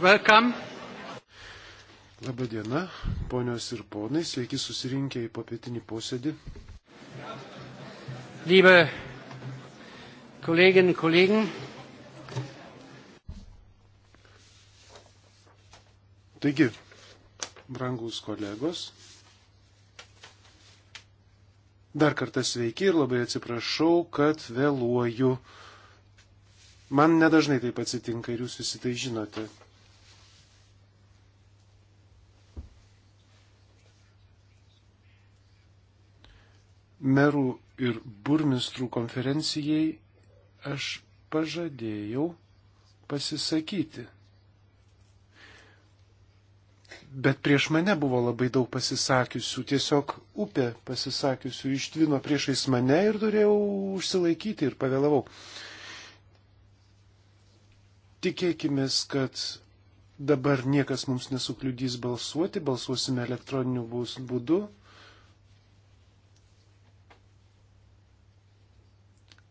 Welcome. Labadiena, ponios ir ponai, sveiki susirinkę į papietinį posėdį. Liebe Kolleginnen, Kollegen. Taigi, brangus kolegos, dar kartą sveiki ir labai atsiprašau, kad vėluoju. Man nedažnai taip atsitinka ir jūs visi tai žinote. merų ir burmistrų konferencijai aš pažadėjau pasisakyti. Bet prieš mane buvo labai daug pasisakiusių, tiesiog upė pasisakiusių ištvino priešais mane ir turėjau užsilaikyti ir pavėlavau. Tikėkime, kad dabar niekas mums nesukliudys balsuoti, balsuosime elektroniniu būdu,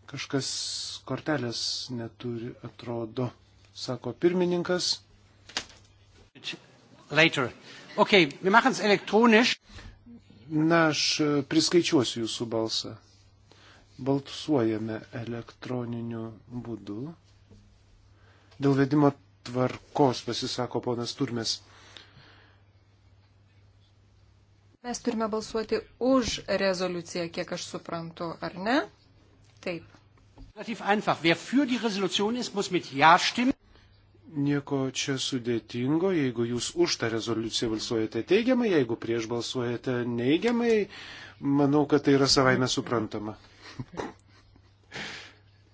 Kažkas kortelės neturi, atrodo, sako pirmininkas. Later. Okay, wir machen es elektronisch. Na, aš priskaičiuosiu jūsų balsą. Balsuojame elektroniniu būdu. Dėl vedimo tvarkos pasisako ponas Turmes. Mes turime balsuoti už rezoliuciją, kiek aš suprantu, ar ne? Taip. Relativ einfach. Wer für die Resolution ist, muss mit Ja stimmen. Nieko čia sudėtingo, jeigu jūs už tą rezoliuciją balsuojate teigiamai, jeigu prieš balsuojate neigiamai, manau, kad tai yra savaime suprantama.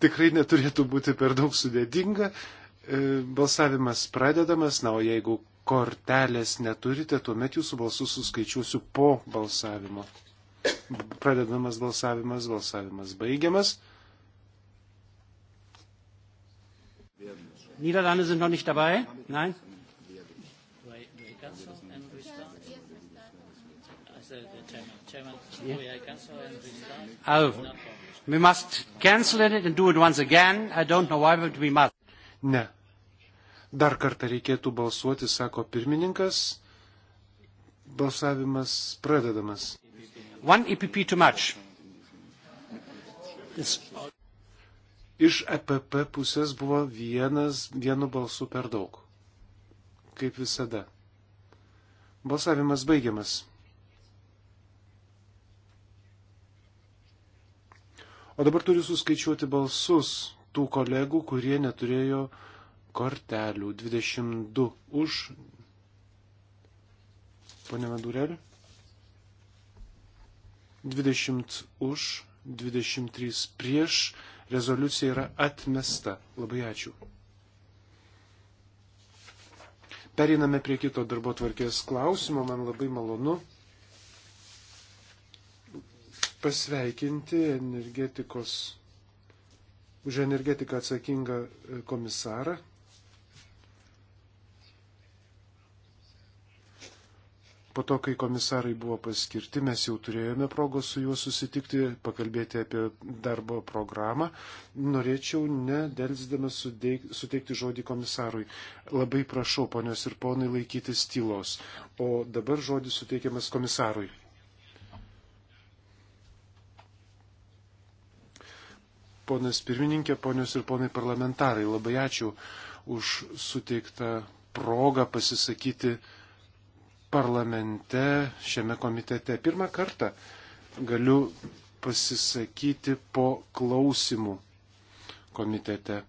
Tikrai neturėtų būti per daug sudėtinga. E, balsavimas pradedamas, na, o jeigu kortelės neturite, tuomet jūsų balsus suskaičiuosiu po balsavimo. Pradedamas balsavimas, balsavimas baigiamas. Niederlande sind noch nicht dabei? Nein? Oh, we must cancel it and do it once again. I don't know why, but we must. Ne. Dar kartą reikėtų balsuoti, sako pirmininkas. Balsavimas pradedamas. One EPP too much. It's iš EPP pusės buvo vienas, vienu balsu per daug. Kaip visada. Balsavimas baigiamas. O dabar turiu suskaičiuoti balsus tų kolegų, kurie neturėjo kortelių. 22 už. Pone Madurelį. 20 už, 23 prieš, rezoliucija yra atmesta. Labai ačiū. Periname prie kito darbo tvarkės klausimo. Man labai malonu pasveikinti energetikos, už energetiką atsakingą e, komisarą Po to, kai komisarai buvo paskirti, mes jau turėjome progos su juo susitikti, pakalbėti apie darbo programą. Norėčiau nedelsdamas suteikti žodį komisarui. Labai prašau, ponios ir ponai, laikytis tylos. O dabar žodis suteikiamas komisarui. Ponas pirmininkė, ponios ir ponai parlamentarai, labai ačiū už suteiktą progą pasisakyti parlamente, šiame komitete. Pirmą kartą galiu pasisakyti po klausimų komitete.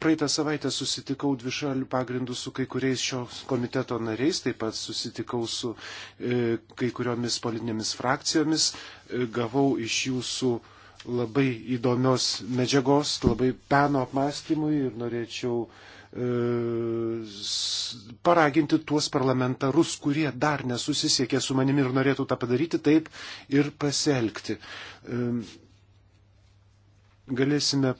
Praeitą savaitę susitikau dvišalių pagrindų su kai kuriais šios komiteto nariais, taip pat susitikau su e, kai kuriomis politinėmis frakcijomis, e, gavau iš jūsų labai įdomios medžiagos, labai peno apmąstymui ir norėčiau e, E, paraginti tuos parlamentarus, kurie dar nesusisiekė su manimi ir norėtų tą padaryti, taip ir pasielgti. E, galėsime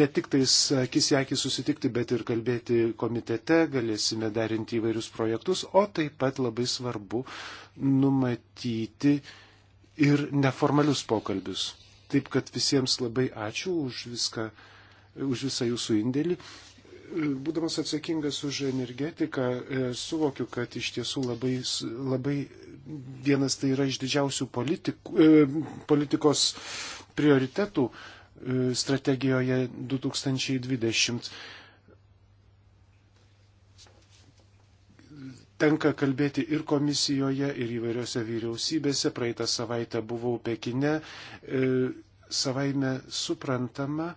ne tik tais akis į akį susitikti, bet ir kalbėti komitete, galėsime derinti įvairius projektus, o taip pat labai svarbu numatyti ir neformalius pokalbius. Taip kad visiems labai ačiū už viską, už visą jūsų indėlį būdamas atsakingas už energetiką, e, suvokiu, kad iš tiesų labai, labai vienas tai yra iš didžiausių politik, e, politikos prioritetų e, strategijoje 2020. tenka kalbėti ir komisijoje, ir įvairiose vyriausybėse. Praeitą savaitę buvau Pekine. Savaime suprantama,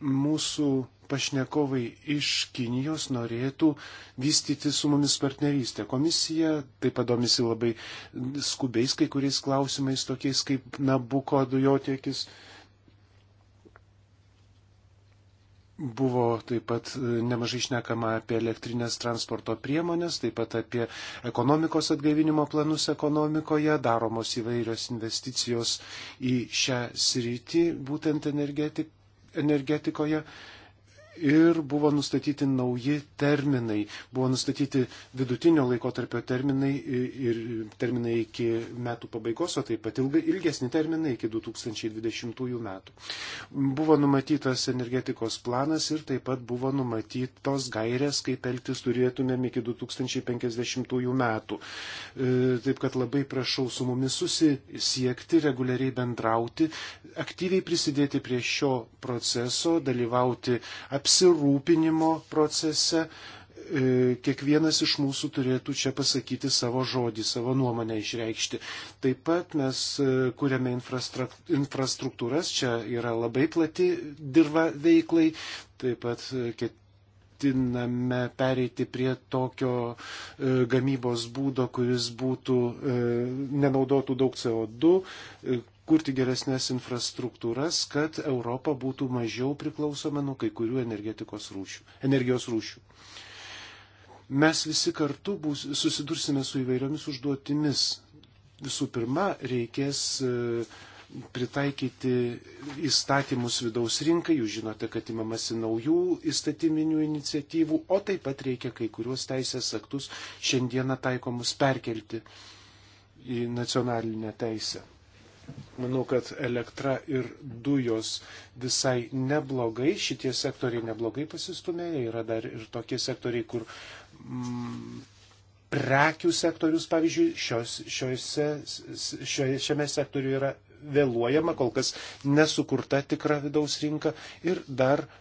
mūsų pašnekovai iš Kinijos norėtų vystyti su mumis partnerystę. Komisija taip pat domisi labai skubiais kai kuriais klausimais, tokiais kaip Nabuko dujotiekis. Buvo taip pat e, nemažai išnekama apie elektrinės transporto priemonės, taip pat apie ekonomikos atgaivinimo planus ekonomikoje, daromos įvairios investicijos į šią sritį, būtent energetik, energetikoje ir buvo nustatyti nauji terminai. Buvo nustatyti vidutinio laiko tarpio terminai ir terminai iki metų pabaigos, o taip pat ilgai, ilgesni terminai iki 2020 metų. Buvo numatytas energetikos planas ir taip pat buvo numatytos gairės, kaip elgtis turėtumėm iki 2050 metų. E, taip kad labai prašau su mumis susisiekti, reguliariai bendrauti, aktyviai prisidėti prie šio proceso, dalyvauti apie apsirūpinimo procese e, kiekvienas iš mūsų turėtų čia pasakyti savo žodį, savo nuomonę išreikšti. Taip pat mes e, kuriame infrastruktūras, čia yra labai plati dirba veiklai, taip pat e, ketiname pereiti prie tokio gamybos būdo, kuris būtų, nenaudotų daug CO2, kurti geresnės infrastruktūras, kad Europa būtų mažiau priklausoma nuo kai kurių energetikos rūšių, energijos rūšių. Mes visi kartu bus, susidursime su įvairiomis užduotimis. Visų pirma, reikės e, pritaikyti įstatymus vidaus rinkai, jūs žinote, kad imamasi naujų įstatyminių iniciatyvų, o taip pat reikia kai kuriuos teisės aktus šiandieną taikomus perkelti į nacionalinę teisę. Manau, kad elektra ir dujos visai neblogai, šitie sektoriai neblogai pasistumėjo, yra dar ir tokie sektoriai, kur mm, prekių sektorius, pavyzdžiui, šios, šiose, šioje, šiame sektoriu yra vėluojama, kol kas nesukurta tikra vidaus rinka ir dar uh,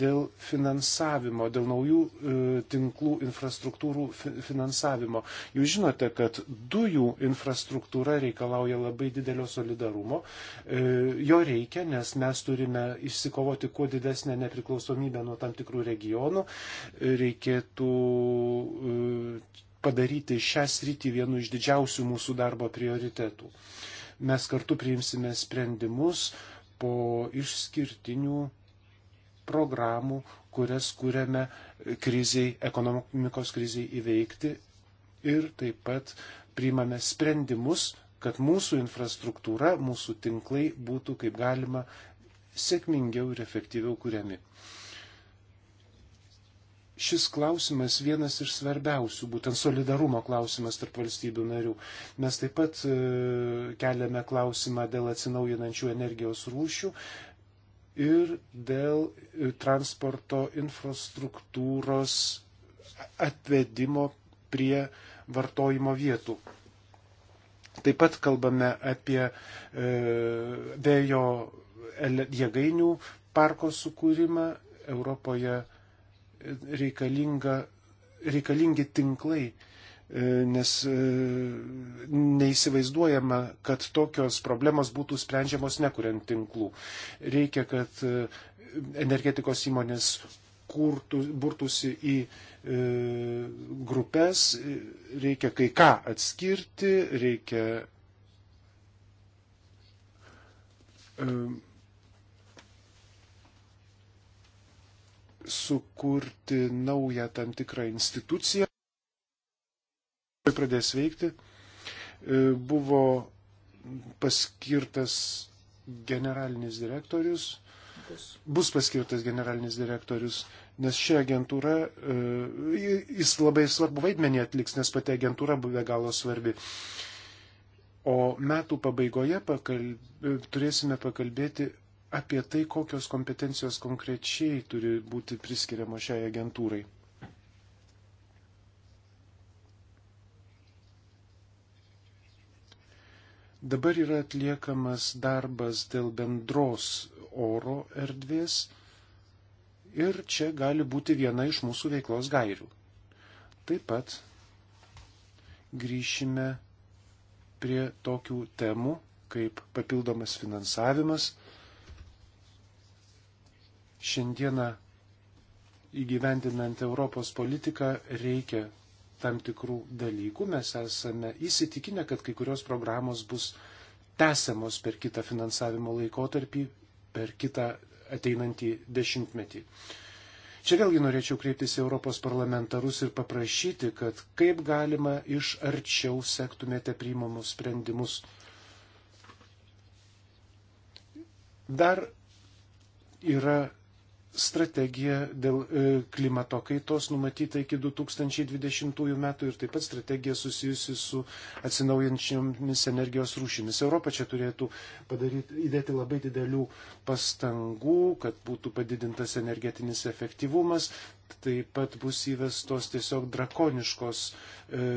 dėl finansavimo, dėl naujų e, tinklų infrastruktūrų fi, finansavimo. Jūs žinote, kad dujų infrastruktūra reikalauja labai didelio solidarumo. E, jo reikia, nes mes turime išsikovoti kuo didesnę nepriklausomybę nuo tam tikrų regionų. E, reikėtų. E, padaryti šią sritį vienu iš didžiausių mūsų darbo prioritetų. Mes kartu priimsime sprendimus po išskirtinių programų, kurias kūrėme kriziai, ekonomikos kriziai įveikti ir taip pat priimame sprendimus, kad mūsų infrastruktūra, mūsų tinklai būtų kaip galima sėkmingiau ir efektyviau kūriami. Šis klausimas vienas iš svarbiausių, būtent solidarumo klausimas tarp valstybių narių. Mes taip pat e, keliame klausimą dėl atsinaujinančių energijos rūšių, ir dėl e, transporto infrastruktūros atvedimo prie vartojimo vietų. Taip pat kalbame apie e, vėjo jėgainių parko sukūrimą. Europoje e, reikalingi tinklai E, nes e, neįsivaizduojama, kad tokios problemos būtų sprendžiamos nekuriant tinklų. Reikia, kad e, energetikos įmonės kurtų, burtųsi į grupės, reikia kai ką atskirti, reikia sukurti naują tam tikrą instituciją pradės veikti, e, buvo paskirtas generalinis direktorius, bus paskirtas generalinis direktorius, nes ši agentūra, e, jis labai svarbu vaidmenį atliks, nes pati agentūra be galo svarbi. O metų pabaigoje pakalb... E, turėsime pakalbėti apie tai, kokios kompetencijos konkrečiai turi būti priskiriamo šiai agentūrai. Dabar yra atliekamas darbas dėl bendros oro erdvės ir čia gali būti viena iš mūsų veiklos gairių. Taip pat grįšime prie tokių temų kaip papildomas finansavimas. Šiandieną įgyvendinant Europos politiką reikia tam tikrų dalykų. Mes esame įsitikinę, kad kai kurios programos bus tęsiamos per kitą finansavimo laikotarpį, per kitą ateinantį dešimtmetį. Čia vėlgi norėčiau kreiptis į Europos parlamentarus ir paprašyti, kad kaip galima iš arčiau sektumėte priimamus sprendimus. Dar yra strategija dėl e, klimato kaitos numatyta iki 2020 metų ir taip pat strategija susijusi su atsinaujančiomis energijos rūšimis. Europa čia turėtų padaryti, įdėti labai didelių pastangų, kad būtų padidintas energetinis efektyvumas, taip pat bus įvestos tiesiog drakoniškos, e,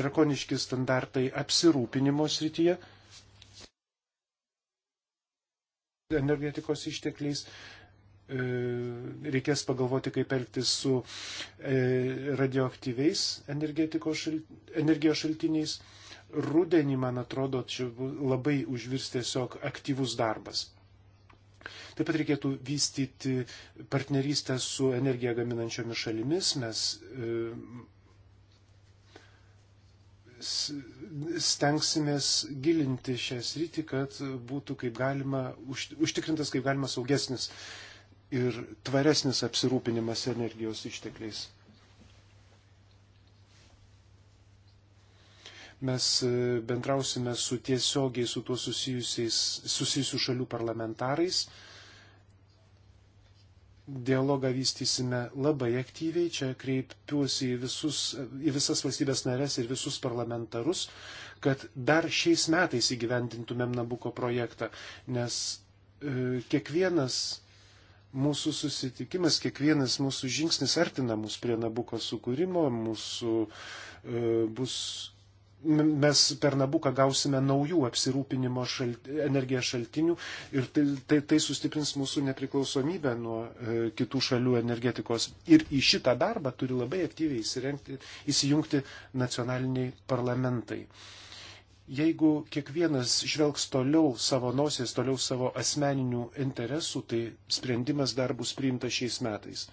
drakoniški standartai apsirūpinimo srityje energetikos ištekliais E, reikės pagalvoti, kaip elgtis su e, radioaktyviais šalt, energijos šaltiniais. Rudenį, man atrodo, čia labai užvirs tiesiog aktyvus darbas. Taip pat reikėtų vystyti partnerystę su energiją gaminančiomis šalimis. Mes e, stengsimės gilinti šią sritį, kad būtų kaip galima, užtikrintas kaip galima saugesnis uh, ir tvaresnis apsirūpinimas energijos ištekliais. Mes e, bendrausime su tiesiogiai su tuo susijusių šalių parlamentarais. Dialogą vystysime labai aktyviai. Čia kreipiuosi į, visus, į visas valstybės narės ir visus parlamentarus, kad dar šiais metais įgyvendintumėm Nabuko projektą, nes e, kiekvienas Mūsų susitikimas, kiekvienas mūsų žingsnis artina mus prie Nabuko sukūrimo, mūsų e, bus mes per nabuką gausime naujų apsirūpinimo šalt, energijos šaltinių ir tai, tai, tai sustiprins mūsų nepriklausomybę nuo e, kitų šalių energetikos. Ir į šitą darbą turi labai aktyviai įsijungti nacionaliniai parlamentai. E, Jeigu kiekvienas žvelgs toliau savo nosies, toliau savo asmeninių interesų, tai sprendimas dar bus priimtas šiais metais.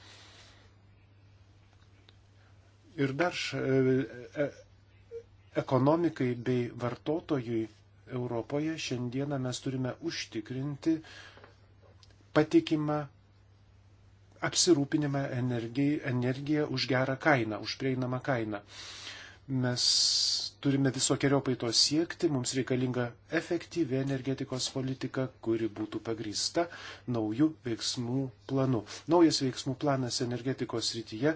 Ir dar e, e, ekonomikai bei vartotojui Europoje šiandieną mes turime užtikrinti patikimą apsirūpinimą energiją už gerą kainą, už prieinamą kainą. Mes turime visokiojopai to siekti, mums reikalinga efektyvi energetikos politika, kuri būtų pagrįsta naujų veiksmų planu. Naujas veiksmų planas energetikos rytyje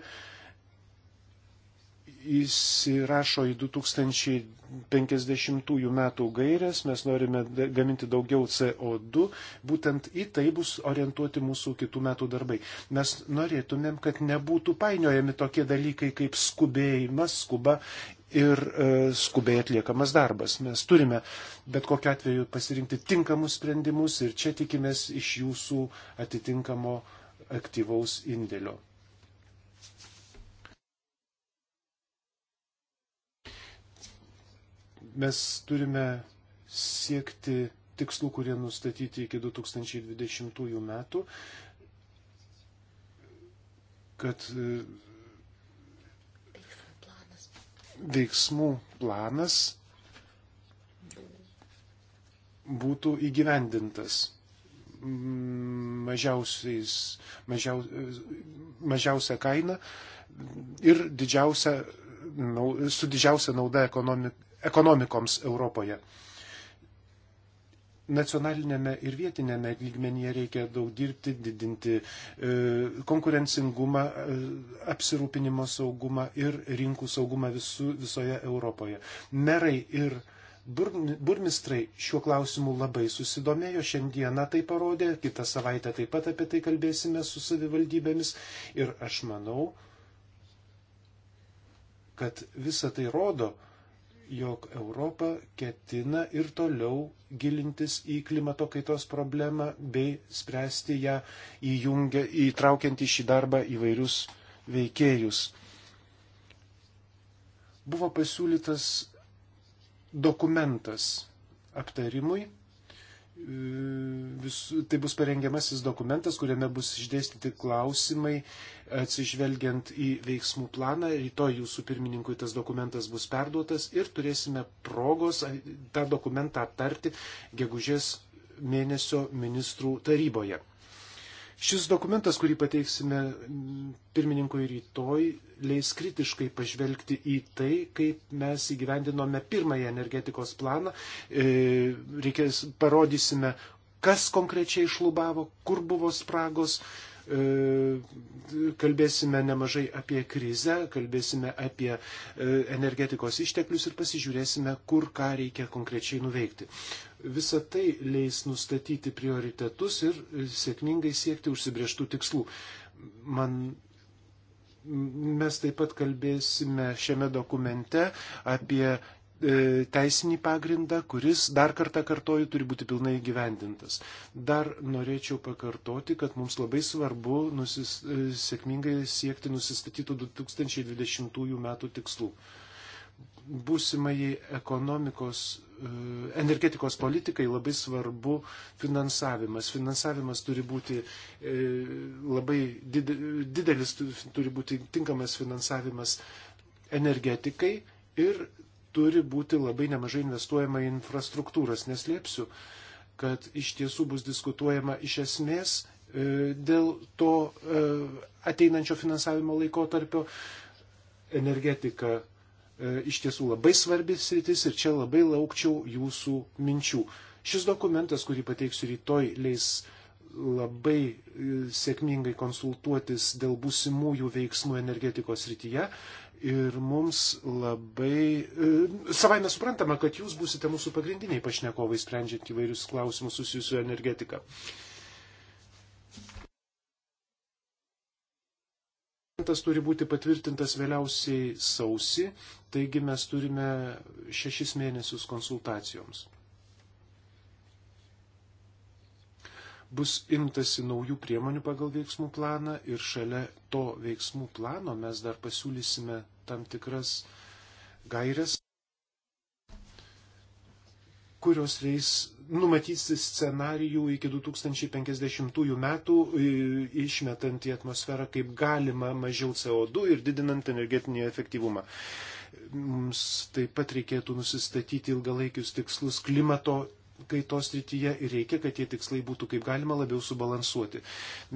įsirašo į 2050 metų gairias, mes norime gaminti daugiau CO2, būtent į tai bus orientuoti mūsų kitų metų darbai. Mes norėtumėm, kad nebūtų painiojami tokie dalykai kaip skubėjimas, skuba ir e, skubiai atliekamas darbas. Mes turime bet kokiu atveju pasirinkti tinkamus sprendimus ir čia tikimės iš jūsų atitinkamo aktyvaus indėlio. mes turime siekti tikslų, kurie nustatyti iki 2020 metų, kad e, veiksmų planas būtų įgyvendintas mažiausiais, mažiau, mažiausia kaina ir didžiausia, su didžiausia nauda ekonomik, ekonomikoms Europoje. Nacionalinėme ir vietinėme lygmenyje reikia daug dirbti, didinti e, konkurencingumą, e, apsirūpinimo saugumą ir rinkų saugumą visu, visoje Europoje. Merai ir Burmistrai šiuo klausimu labai susidomėjo, šiandieną tai parodė, kitą savaitę taip pat apie tai kalbėsime su savivaldybėmis ir aš manau, kad visa tai rodo, jog Europa ketina ir toliau gilintis į klimato kaitos problemą bei spręsti ją įjungia, įtraukiant į šį darbą įvairius veikėjus. Buvo pasiūlytas dokumentas aptarimui vis, tai bus parengiamasis dokumentas, kuriame bus išdėstyti klausimai atsižvelgiant į veiksmų planą. Rytoj jūsų pirmininkui tas dokumentas bus perduotas ir turėsime progos tą dokumentą aptarti gegužės mėnesio ministrų taryboje. Šis dokumentas, kurį pateiksime pirmininkui rytoj, leis kritiškai pažvelgti į tai, kaip mes įgyvendinome pirmąją energetikos planą. E, reikės, parodysime, kas konkrečiai išlubavo, kur buvo spragos. E, kalbėsime nemažai apie krizę, kalbėsime apie e, energetikos išteklius ir pasižiūrėsime, kur ką reikia konkrečiai nuveikti. Visą tai leis nustatyti prioritetus ir e, sėkmingai siekti užsibrieštų tikslų. Man, mes taip pat kalbėsime šiame dokumente apie e, teisinį pagrindą, kuris, dar kartą kartoju, turi būti pilnai gyvendintas. Dar norėčiau pakartoti, kad mums labai svarbu nusis, e, sėkmingai siekti nusistatytų 2020 metų tikslų būsimai ekonomikos E, energetikos politikai labai svarbu finansavimas. Finansavimas turi būti e, labai didelis, turi būti tinkamas finansavimas energetikai ir turi būti labai nemažai investuojama į infrastruktūras. Neslėpsiu, kad iš tiesų bus diskutuojama iš esmės e, dėl to ateinančio finansavimo laikotarpio energetika E, iš tiesų labai svarbi sritis ir čia labai laukčiau jūsų minčių. Šis dokumentas, kurį pateiksiu rytoj, leis labai e, sėkmingai konsultuotis dėl būsimųjų veiksmų energetikos rytyje. Ir mums labai e, savai mes suprantame, kad jūs būsite mūsų pagrindiniai pašnekovai, sprendžiant įvairius klausimus susijusiu energetika. Dokumentas turi būti patvirtintas vėliausiai sausi, taigi mes turime šešis mėnesius konsultacijoms. Bus imtasi naujų priemonių pagal veiksmų planą ir šalia to veiksmų plano mes dar pasiūlysime tam tikras gairias kurios leis numatyti scenarijų iki 2050 metų, išmetant į atmosferą kaip galima mažiau CO2 ir didinant energetinį efektyvumą. Mums taip pat reikėtų nusistatyti ilgalaikius tikslus klimato kaitos rytyje ir reikia, kad tie tikslai būtų kaip galima labiau subalansuoti.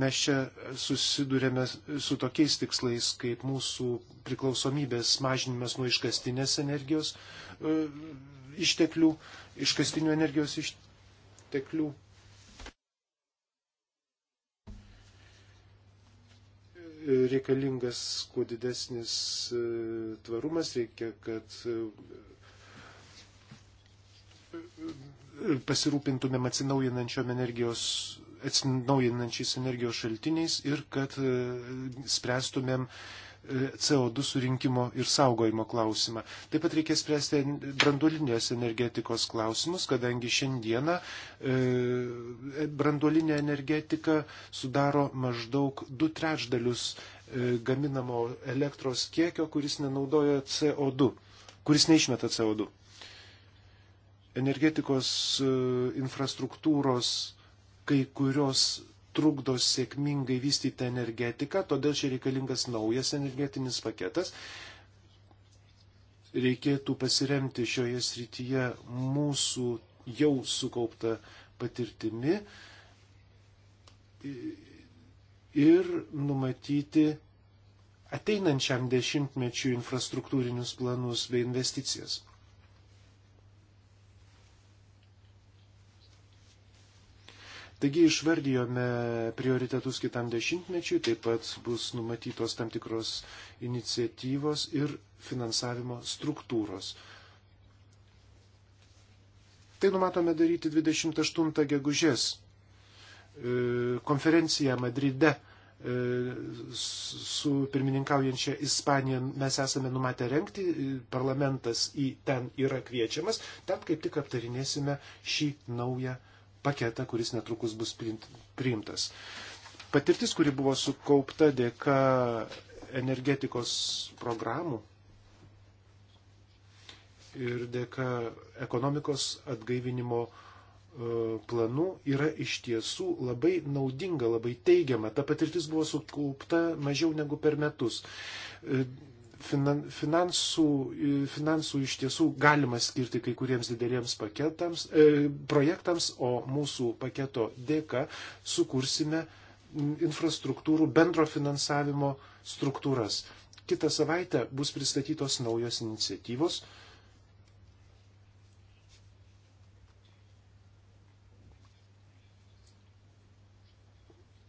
Mes čia susidurėme su tokiais tikslais, kaip mūsų priklausomybės mažinimas nuo iškastinės energijos e, išteklių iškastinių energijos išteklių. Reikalingas kuo didesnis e, tvarumas, reikia, kad e, e, pasirūpintumėm atsinaujinančiom energijos atsinaujinančiais energijos šaltiniais ir kad spręstumėm uh, CO2 surinkimo ir saugojimo klausimą. Taip pat reikės spręsti branduolinės energetikos klausimus, kadangi šiandieną e, branduolinė energetika sudaro maždaug du trečdalius e, gaminamo elektros kiekio, kuris nenaudoja CO2, kuris neišmeta CO2. Energetikos e, infrastruktūros kai kurios trukdo sėkmingai vystyti energetiką, todėl čia reikalingas naujas energetinis paketas. Reikėtų pasiremti šioje srityje mūsų jau sukauptą patirtimi ir numatyti ateinančiam dešimtmečiu infrastruktūrinius planus bei investicijas. Taigi išvardijome prioritetus kitam dešimtmečiui, taip pat bus numatytos tam tikros iniciatyvos ir finansavimo struktūros. Tai numatome daryti 28 gegužės e, konferenciją Madride e, su pirmininkaujančia Ispanija mes esame numatę renkti, e, parlamentas į ten yra kviečiamas, ten kaip tik aptarinėsime šį naują paketą, kuris netrukus bus priimtas. Patirtis, kuri buvo sukaupta dėka energetikos programų ir dėka ekonomikos atgaivinimo e, planų yra iš tiesų labai naudinga, labai teigiama. Ta patirtis buvo sukaupta mažiau negu per metus. E, finansų, finansų iš tiesų galima skirti kai kuriems dideliems paketams, e, projektams, o mūsų paketo dėka sukursime infrastruktūrų bendro finansavimo struktūras. Kitą savaitę bus pristatytos naujos iniciatyvos.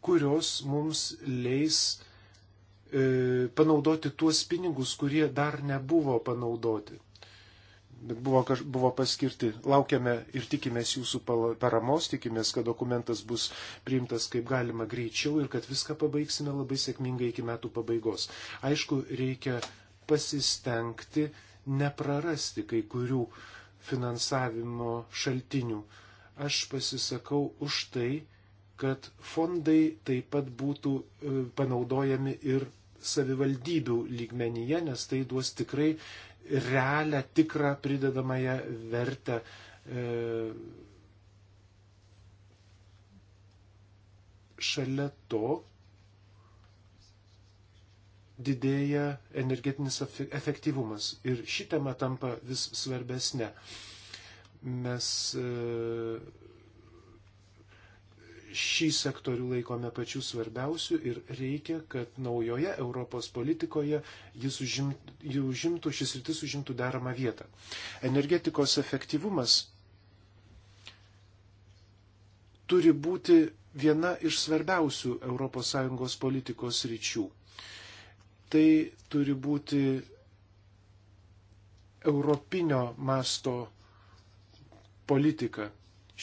kurios mums leis E, panaudoti tuos pinigus, kurie dar nebuvo panaudoti. Bet buvo, kaž, buvo paskirti. Laukiame ir tikimės jūsų paramos, tikimės, kad dokumentas bus priimtas kaip galima greičiau ir kad viską pabaigsime labai sėkmingai iki metų pabaigos. Aišku, reikia pasistengti neprarasti kai kurių finansavimo šaltinių. Aš pasisakau už tai, kad fondai taip pat būtų e, panaudojami ir savivaldybių lygmenyje, nes tai duos tikrai realią, tikrą pridedamąją vertę. E, šalia to didėja energetinis efektyvumas ir ši tema tampa vis svarbesnė. Mes e, šį sektorių laikome pačiu svarbiausiu ir reikia, kad naujoje Europos politikoje jis užimt, užimtų, šis rytis užimtų deramą vietą. Energetikos efektyvumas turi būti viena iš svarbiausių ES politikos ryčių. Tai turi būti europinio masto politika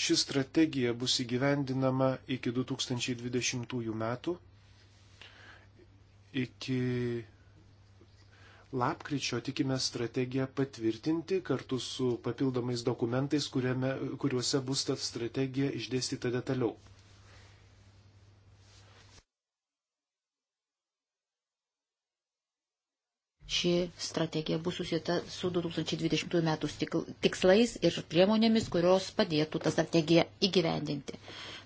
Ši strategija bus įgyvendinama iki 2020 metų, iki lapkričio tikime strategiją patvirtinti kartu su papildomais dokumentais, kuriame, kuriuose bus ta strategija išdėstyta detaliau. ši strategija bus susijęta su 2020 metų tikslais ir priemonėmis, kurios padėtų tą strategiją įgyvendinti.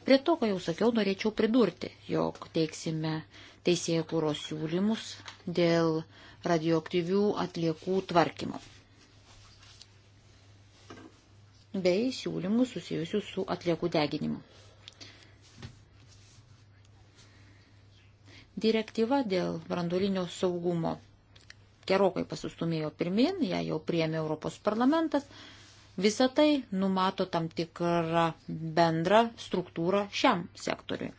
Prie to, ką jau sakiau, norėčiau pridurti, jog teiksime teisėjų kūros siūlymus dėl radioaktyvių atliekų tvarkymo bei siūlymų susijusių su atliekų deginimu. Direktyva dėl brandolinio saugumo gerokai pasistumėjo pirmin, ją jau priėmė Europos parlamentas. Visą tai numato tam tikrą bendrą struktūrą šiam sektoriui.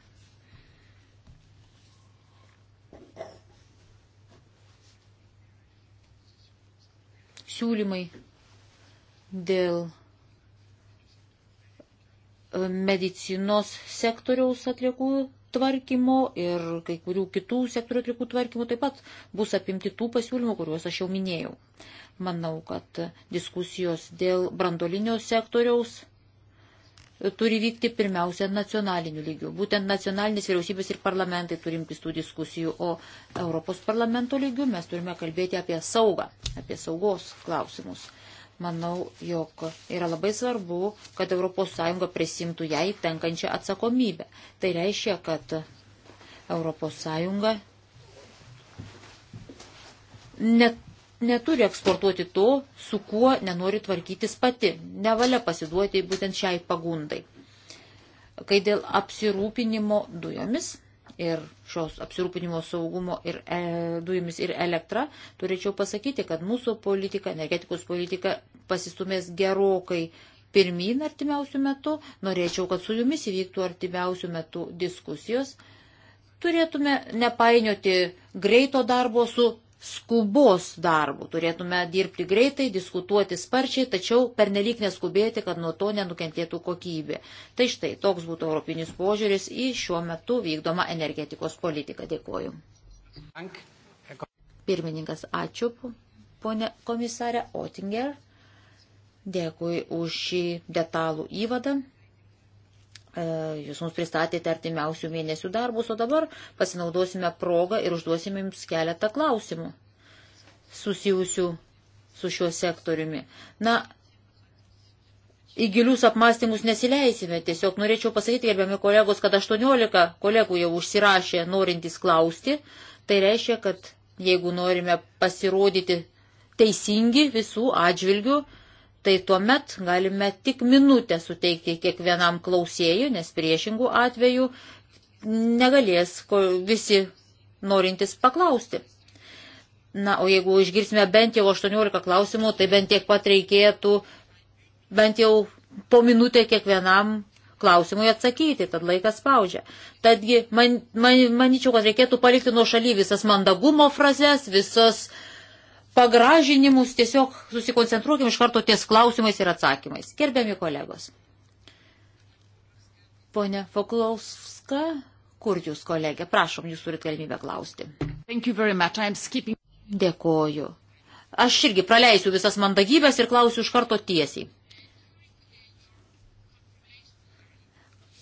Siūlymai dėl e, medicinos sektoriaus atliekų tvarkymo ir kai kurių kitų sektorių atlikų tvarkymo taip pat bus apimti tų pasiūlymų, kuriuos aš jau minėjau. Manau, kad diskusijos dėl brandolinio sektoriaus turi vykti pirmiausia nacionaliniu lygiu. Būtent nacionalinės vyriausybės ir parlamentai turimtis tų diskusijų, o Europos parlamento lygiu mes turime kalbėti apie saugą, apie saugos klausimus. Manau, jog yra labai svarbu, kad ES prisimtų jai tenkančią atsakomybę. Tai reiškia, kad ES net, neturi eksportuoti to, su kuo nenori tvarkytis pati. Nevalia pasiduoti būtent šiai pagundai. Kai dėl apsirūpinimo dujomis ir šios apsirūpinimo saugumo ir e, dujomis ir elektra, turėčiau pasakyti, kad mūsų politika, energetikos politika pasistumės gerokai pirmin artimiausių metų. Norėčiau, kad su jumis įvyktų artimiausių metų diskusijos. Turėtume nepainioti greito darbo su skubos darbų. Turėtume dirbti greitai, diskutuoti sparčiai, tačiau pernelyg neskubėti, kad nuo to nenukentėtų kokybė. Tai štai toks būtų europinis požiūris į šiuo metu vykdomą energetikos politiką. Dėkuoju. Pirmininkas, ačiū, ponė komisarė Otinger. Dėkui už šį detalų įvadą. E, jūs mums pristatėte artimiausių mėnesių darbus, o dabar pasinaudosime progą ir užduosime jums keletą klausimų susijusių su šiuo sektoriumi. Na, į gilius apmastymus nesileisime, tiesiog norėčiau pasakyti, gerbiami kolegos, kad 18 kolegų jau užsirašė norintys klausti, tai reiškia, kad jeigu norime pasirodyti teisingi visų atžvilgių, tai tuomet galime tik minutę suteikti kiekvienam klausėjui, nes priešingų atveju negalės visi norintys paklausti. Na, o jeigu išgirsime bent jau 18 klausimų, tai bent tiek pat reikėtų bent jau po minutę kiekvienam klausimui atsakyti, tad laikas spaudžia. Tadgi, man, man, manyčiau, kad reikėtų palikti nuo šaly visas mandagumo frazes, visas uh, pagražinimus, tiesiog susikoncentruokim iš karto ties klausimais ir atsakymais. Gerbiami kolegos. Pone Foklauska, kur jūs kolegė? Prašom, jūs turit galimybę klausti. Skipping... Dėkoju. Aš irgi praleisiu visas mandagybės ir klausiu iš karto tiesiai.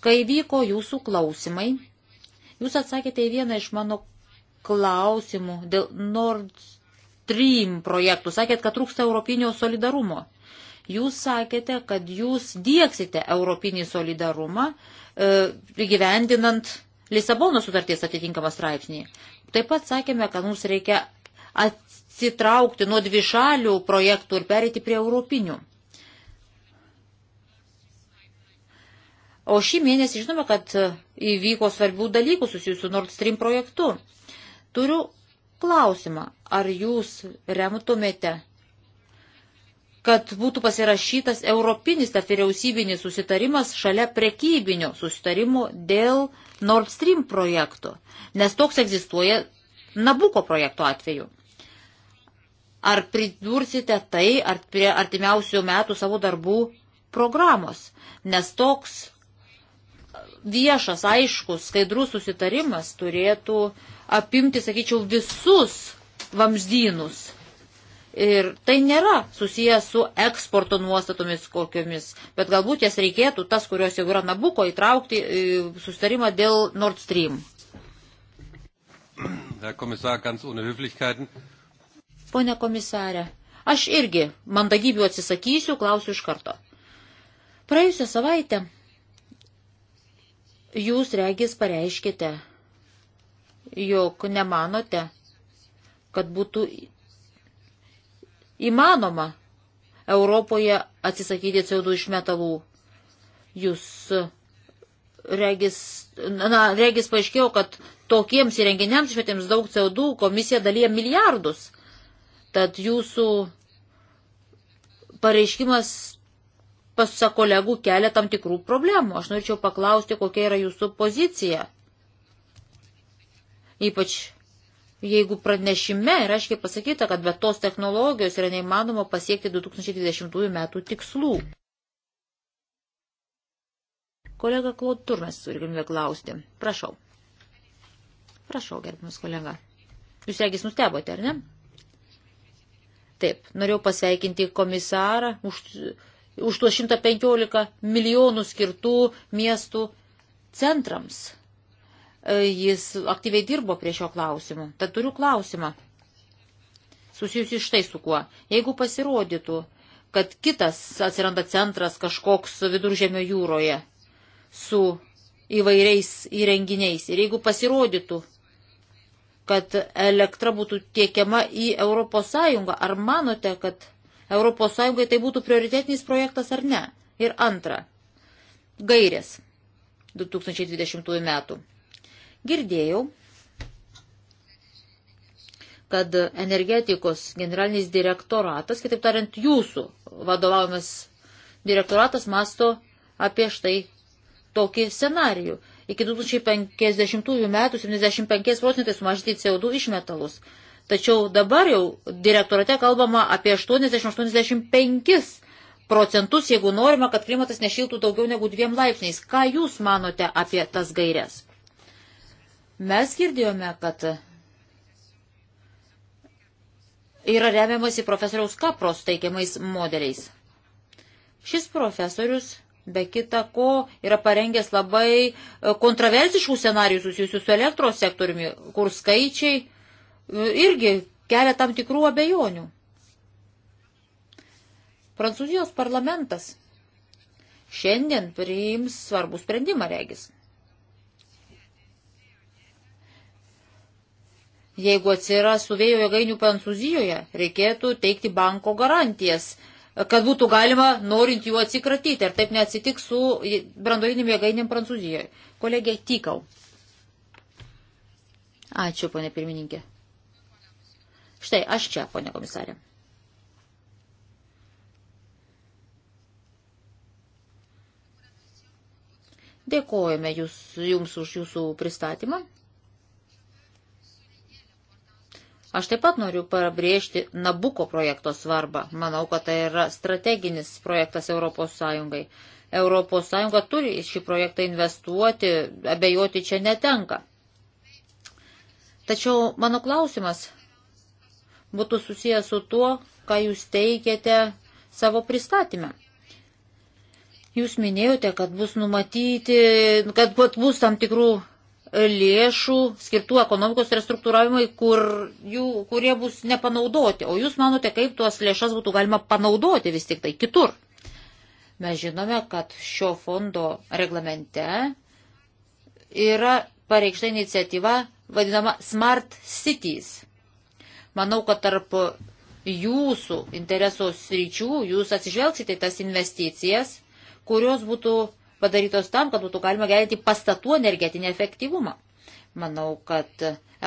Kai vyko jūsų klausimai, jūs atsakėte į vieną iš mano klausimų dėl Nord Stream projektų. Sakėt, kad trūksta europinio solidarumo. Jūs sakėte, kad jūs dieksite europinį solidarumą, e, įgyvendinant e, Lisabono sutarties atitinkamą straipsnį. Taip pat sakėme, kad mums reikia atsitraukti nuo dvišalių projektų ir perėti prie europinių. O šį mėnesį žinome, kad įvyko svarbių dalykų susijusių Nord Stream projektu. Turiu klausimą, ar jūs remtumėte, kad būtų pasirašytas europinis tarp vyriausybinis susitarimas šalia prekybinio susitarimo dėl Nord Stream projektų, nes toks egzistuoja Nabuko projektų atveju. Ar pridursite tai ar prie artimiausių metų savo darbų programos, nes toks viešas, aiškus, skaidrus susitarimas turėtų uh, apimti, sakyčiau, visus vamzdynus. Ir tai nėra susijęs su eksporto nuostatomis kokiomis, bet galbūt jas reikėtų, tas, kurios jau yra nabuko, įtraukti į sustarimą dėl Nord Stream. Komisar, Pone komisarė, aš irgi mandagybių atsisakysiu, klausiu iš karto. Praėjusią savaitę jūs regis pareiškite, jog nemanote, kad būtų įmanoma Europoje atsisakyti CO2 iš metalų. Jūs regis, na, regis paaiškėjo, kad tokiems įrenginiams išmetėms daug CO2 komisija dalyja milijardus. Tad jūsų pareiškimas pas kolegų kelia tam tikrų problemų. Aš norėčiau paklausti, kokia yra jūsų pozicija Ypač jeigu pranešime yra aiškiai pasakyta, kad be tos technologijos yra neįmanoma pasiekti 2020 metų tikslų. Kolega Klaud Turmes turi galimybę klausti. Prašau. Prašau, gerbimas kolega. Jūs regis nustebote, ar ne? Taip, norėjau pasveikinti komisarą už, už tuos 115 milijonų skirtų miestų centrams E, jis aktyviai dirbo prie šio klausimų. Tad turiu klausimą. Susijusi štai su kuo. Jeigu pasirodytų, kad kitas atsiranda centras kažkoks viduržėmio jūroje su įvairiais įrenginiais ir jeigu pasirodytų, kad elektra būtų tiekiama į ES, ar manote, kad ES tai būtų prioritetinis projektas ar ne? Ir antra, gairės 2020 metų. Girdėjau, kad energetikos generalinis direktoratas, kitaip tariant, jūsų vadovaujamas direktoratas masto apie štai tokį scenarijų. Iki 2050 metų 75 procentai sumažinti CO2 išmetalus. Tačiau dabar jau direktorate kalbama apie 80-85 procentus, jeigu norima, kad klimatas nešiltų daugiau negu dviem laipsniais. Ką Jūs manote apie tas gairias? Mes girdėjome, kad yra remiamasi profesoriaus Kapros teikiamais modeliais. Šis profesorius be kita ko yra parengęs labai e, kontroversiškų scenarijų susijusių su elektros sektoriumi, kur skaičiai e, irgi kelia tam tikrų abejonių. Prancūzijos parlamentas šiandien priims svarbų sprendimą, regis. Jeigu atsirastų vėjo jėgainių Prancūzijoje, reikėtų teikti banko garantijas, kad būtų galima norint jų atsikratyti. Ar taip neatsitiks su brandolinėm jėgainėm Prancūzijoje? Kolegė Tykau. Ačiū, ponė pirmininkė. Štai aš čia, ponė komisarė. Dėkojame jūs, jums už jūsų pristatymą. Aš taip pat noriu pabrėžti Nabuko projekto svarbą. Manau, kad tai yra strateginis projektas Europos Sąjungai. Europos Sąjunga turi šį projektą investuoti, abejoti čia netenka. Tačiau mano klausimas būtų susijęs su tuo, ką jūs teikėte savo pristatymę. Jūs minėjote, kad bus numatyti, kad bus tam tikrų lėšų skirtų ekonomikos restruktūravimui, kur jų, kurie bus nepanaudoti. O jūs manote, kaip tuos lėšas būtų galima panaudoti vis tik tai kitur? Mes žinome, kad šio fondo reglamente yra pareikšta iniciatyva vadinama Smart Cities. Manau, kad tarp jūsų interesų sričių jūs atsižvelgsite tas investicijas, kurios būtų padarytos tam, kad būtų galima gerinti pastatų energetinį efektyvumą. Manau, kad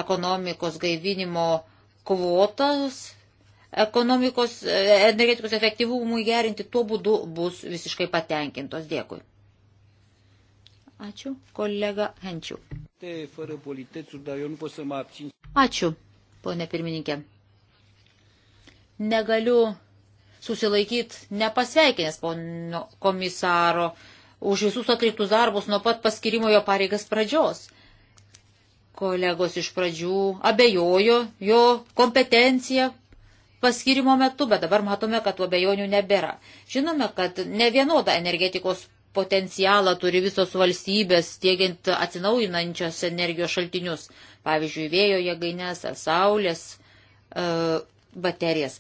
ekonomikos gaivinimo kvotas ekonomikos e, energetikos efektyvumui gerinti tuo būdu bus visiškai patenkintos. Dėkui. Ačiū, kolega Henčių. Ačiū, ponė pirmininkė. Negaliu susilaikyti nepasveikinęs pono komisaro už visus atliktus darbus nuo pat paskirimo jo pareigas pradžios. Kolegos iš pradžių abejojo jo kompetenciją paskirimo metu, bet dabar matome, kad tų abejonių nebėra. Žinome, kad ne vienodą energetikos potencialą turi visos valstybės, tiekiant atsinaujinančios energijos šaltinius, pavyzdžiui, vėjo jėgainės ar saulės e, baterijas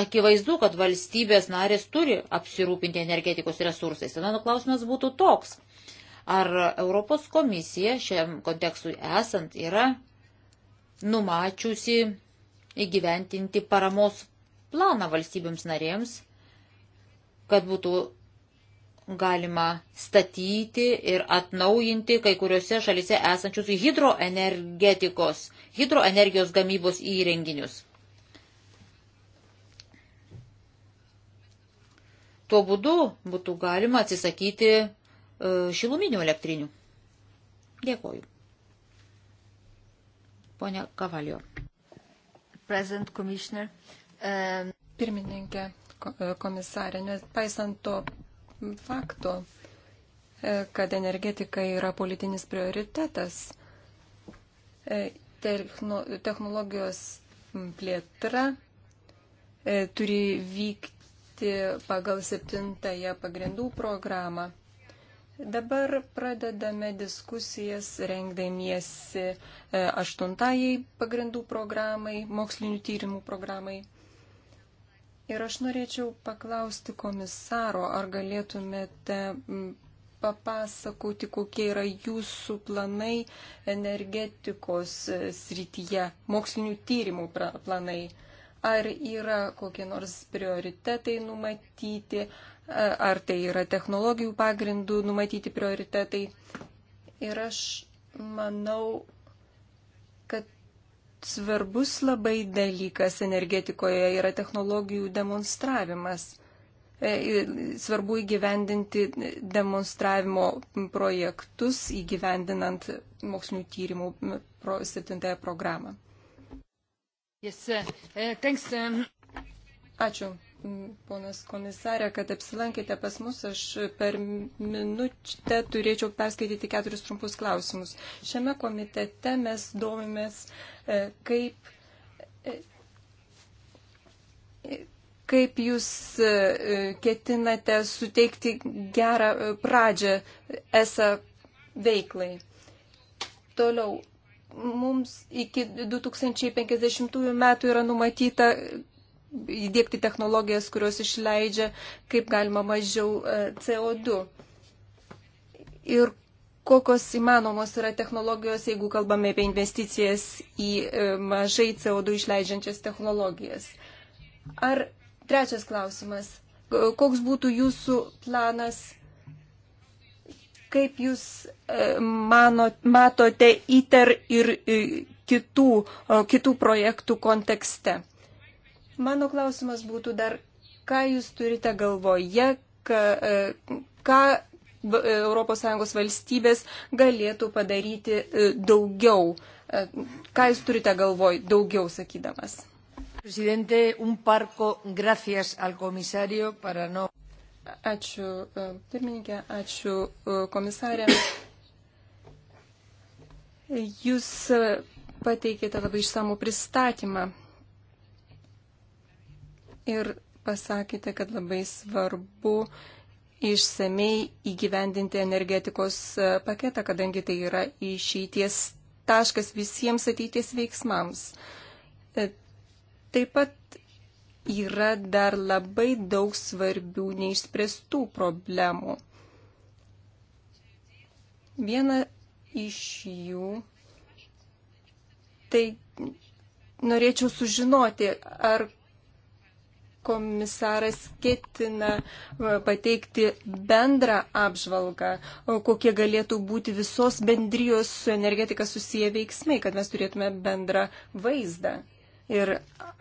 akivaizdu, kad valstybės narės turi apsirūpinti energetikos resursais. Tada klausimas būtų toks. Ar Europos komisija šiam kontekstui esant yra numačiusi įgyventinti paramos planą valstybėms narėms, kad būtų galima statyti ir atnaujinti kai kuriuose šalise esančius hidroenergetikos, hidroenergijos gamybos įrenginius. Tuo būdu būtų galima atsisakyti e, šiluminių elektrinių. Dėkoju. Pone Kavalio. President Commissioner. Um... Pirmininkė, e, komisarė, nepaisant to fakto, e, kad energetika yra politinis prioritetas, technologijos plėtra turi vykti dirbti pagal septintąją pagrindų programą. Dabar pradedame diskusijas rengdamiesi e, aštuntajai pagrindų programai, mokslinių tyrimų programai. Ir aš norėčiau paklausti komisaro, ar galėtumėte papasakoti, kokie yra jūsų planai energetikos e, srityje, mokslinių tyrimų planai ar yra kokie nors prioritetai numatyti, ar tai yra technologijų pagrindų numatyti prioritetai. Ir aš manau, kad svarbus labai dalykas energetikoje yra technologijų demonstravimas. E, svarbu įgyvendinti demonstravimo projektus įgyvendinant mokslinių tyrimų septintąją programą. Yes, uh, thanks, um... Ačiū, ponas komisarė, kad apsilankėte pas mus. Aš per minutę turėčiau perskaityti keturis trumpus klausimus. Šiame komitete mes domimės, e, kaip, e, kaip jūs e, ketinate suteikti gerą pradžią esą veiklai. Toliau mums iki 2050 metų yra numatyta įdėkti technologijas, kurios išleidžia kaip galima mažiau e, CO2. Ir kokios įmanomos yra technologijos, jeigu kalbame apie investicijas į e, mažai CO2 išleidžiančias technologijas. Ar trečias klausimas. Koks būtų jūsų planas Kaip Jūs e, mano, matote ITER ir e, kitų, kitų projektų kontekste? Mano klausimas būtų dar, ką Jūs turite galvoje, e, ką, ką ES valstybės galėtų padaryti daugiau? Ką Jūs turite galvoj daugiau sakydamas? Presidente, un parco gracias al comisario para no. Ačiū e, pirmininkė, ačiū e, komisarė. Jūs e, pateikėte labai išsamų pristatymą ir pasakėte, kad labai svarbu išsamei įgyvendinti energetikos paketą, kadangi tai yra išeities taškas visiems ateities veiksmams. Taip pat yra dar labai daug svarbių neišspręstų problemų. Viena iš jų, tai norėčiau sužinoti, ar komisaras ketina pateikti bendrą apžvalgą, kokie galėtų būti visos bendrijos su energetika susiję veiksmai, kad mes turėtume bendrą vaizdą ir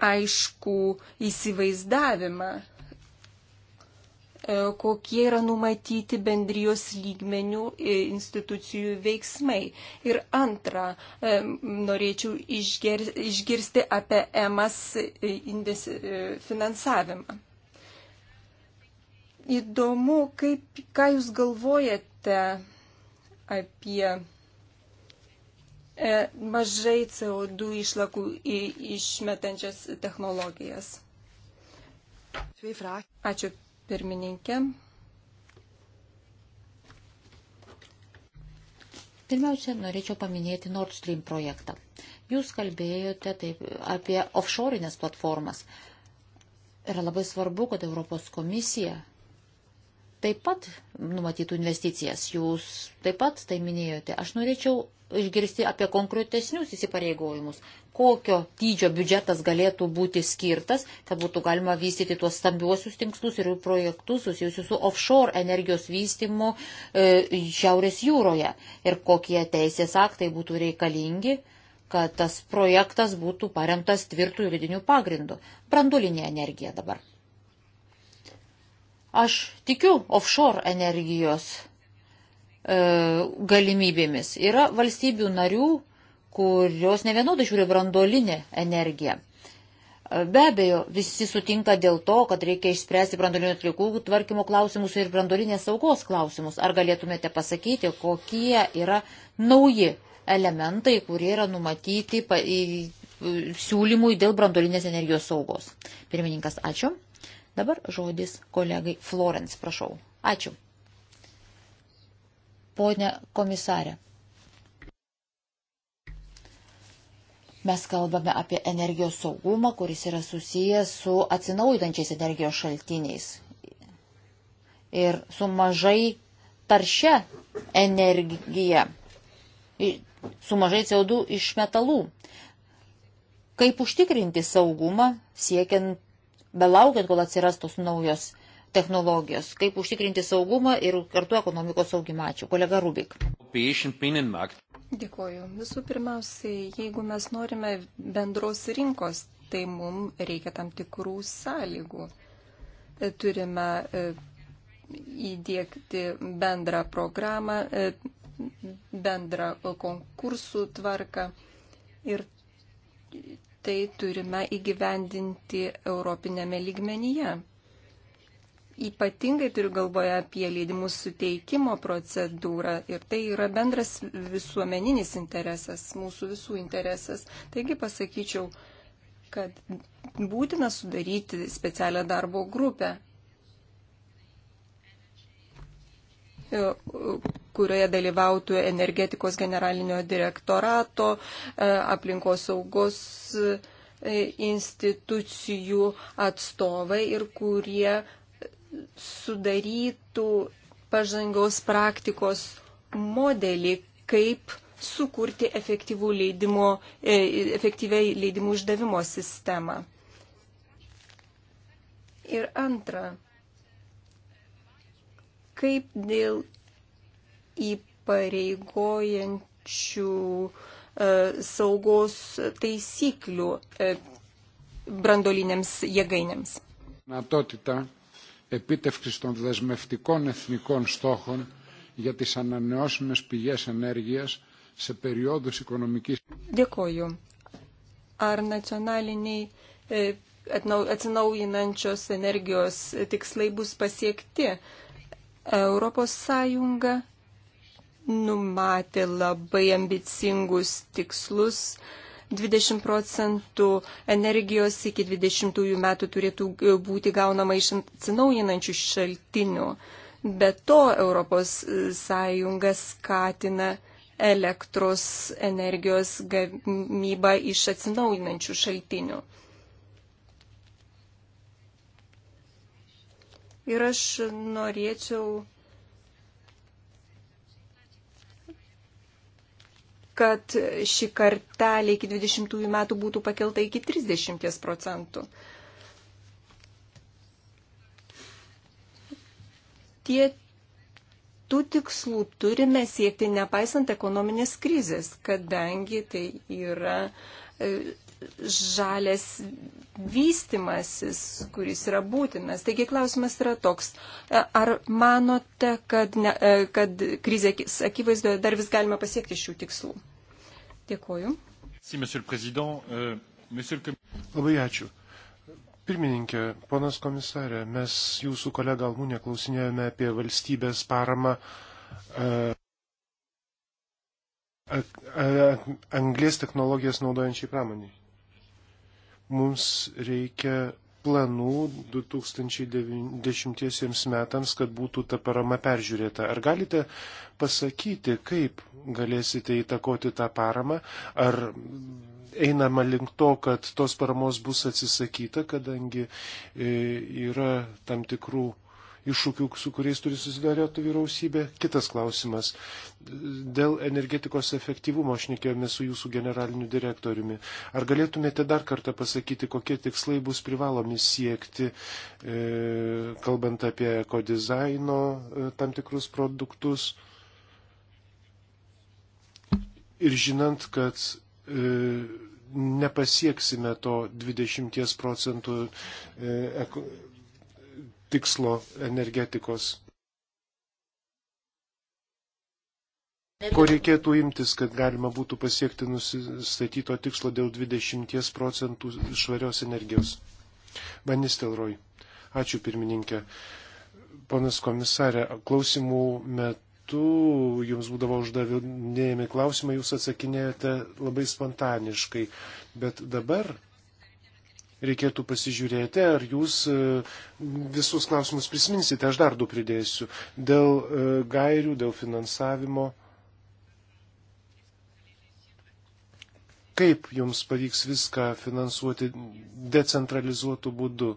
aišku įsivaizdavimą, e, kokie yra numatyti bendrijos lygmenių e, institucijų veiksmai. Ir antra, e, norėčiau išgirsti apie EMAS finansavimą. Įdomu, kaip, ką Jūs galvojate apie E, mažai CO2 išlakų išmetančias technologijas. Ačiū pirmininkė. Pirmiausia, norėčiau paminėti Nord Stream projektą. Jūs kalbėjote taip apie offshore'inės platformas. Yra labai svarbu, kad Europos komisija taip pat numatytų investicijas. Jūs taip pat tai minėjote. Aš norėčiau išgirsti apie konkretesnius įsipareigojimus. Kokio dydžio biudžetas galėtų būti skirtas, kad būtų galima vystyti tuos stambiuosius tinklus ir projektus susijusius su offshore energijos vystimu e, Šiaurės jūroje. Ir kokie teisės aktai būtų reikalingi, kad tas projektas būtų paremtas tvirtų juridinių pagrindų. Brandulinė energija dabar. Aš tikiu offshore energijos e, galimybėmis. Yra valstybių narių, kurios ne vienodai žiūri brandolinę energiją. E, be abejo, visi sutinka dėl to, kad reikia išspręsti brandolinių atlikų tvarkymo klausimus ir brandolinės saugos klausimus. Ar galėtumėte pasakyti, kokie yra nauji elementai, kurie yra numatyti siūlymui dėl brandolinės energijos saugos? Pirmininkas, ačiū. Dabar žodis kolegai Florence, prašau. Ačiū. Pone komisarė, mes kalbame apie energijos saugumą, kuris yra susijęs su atsinaujančiais energijos šaltiniais ir su mažai taršia energija, su mažai CO2 iš metalų. Kaip užtikrinti saugumą, siekiant belaukiant, kol atsiras tos naujos technologijos, kaip užtikrinti saugumą ir kartu ekonomikos augimą. Ačiū. Kolega Rubik. Dėkuoju. Visų pirmiausiai, jeigu mes norime bendros rinkos, tai mums reikia tam tikrų sąlygų. E, turime e, įdėkti bendrą programą, e, bendrą konkursų tvarką ir tai turime įgyvendinti europinėme lygmenyje. Ypatingai turiu galvoje apie leidimų suteikimo procedūrą ir tai yra bendras visuomeninis interesas, mūsų visų interesas. Taigi pasakyčiau, kad būtina sudaryti specialią darbo grupę E, kurioje dalyvautų energetikos generalinio direktorato, e, aplinkos saugos e, institucijų atstovai ir kurie sudarytų pažangos praktikos modelį, kaip sukurti leidimo, efektyviai leidimų išdavimo sistemą. Ir antra, kaip dėl įpareigojančių e, saugos taisyklių e, brandolinėms jėgainėms. Natotita επίτευξης των δεσμευτικών εθνικών στόχων για τις ανανεώσιμες πηγές ενέργειας σε περιόδους οικονομικής... Dėkoju. Ar nacionaliniai e, atnaujinančios energijos tikslai bus pasiekti? E, Europos Sąjunga numatė labai ambicingus tikslus. 20 procentų energijos iki 20 metų turėtų e, būti gaunama iš atsinaujinančių šaltinių. Be to ES e, skatina elektros energijos gamybą iš atsinaujinančių šaltinių. Ir aš norėčiau, kad šį kartelį iki 20 metų būtų pakelta iki 30 procentų. Tie tų tikslų turime siekti nepaisant ekonominės krizės, kadangi tai yra e, žalės vystimasis, kuris yra būtinas. Taigi klausimas yra toks, e, ar manote, kad, ne, e, kad krizė akivaizdoje dar vis galima pasiekti šių tikslų? Dėkuoju. Si, euh, Labai ačiū. Pirmininkė, ponas komisarė, mes jūsų kolegą Almūnę klausinėjome apie valstybės paramą e, anglės technologijas naudojančiai pramoniai. Mums reikia planų 2010 metams, kad būtų ta parama peržiūrėta. Ar galite pasakyti, kaip galėsite įtakoti tą paramą? Ar einama link to, kad tos paramos bus atsisakyta, kadangi e, yra tam tikrų iššūkių, su kuriais turi susidarėti vyriausybė. Kitas klausimas. Dėl energetikos efektyvumo aš nekėjome su jūsų generaliniu direktoriumi. Ar galėtumėte dar kartą pasakyti, kokie tikslai bus privalomi siekti, e, kalbant apie ekodizaino e, tam tikrus produktus? Ir žinant, kad e, nepasieksime to 20 procentų tikslo energetikos? Ko reikėtų imtis, kad galima būtų pasiekti nusistatyto tikslo dėl 20 procentų švarios energijos? Banistelroj. Ačiū pirmininkė. Ponas komisarė, klausimų metu jums būdavo uždavinėjami klausimai, jūs atsakinėjote labai spontaniškai, bet dabar reikėtų pasižiūrėti, ar jūs e, visus klausimus prisiminsite, aš dar du pridėsiu, dėl e, gairių, dėl finansavimo. Kaip jums pavyks viską finansuoti decentralizuotų būdų?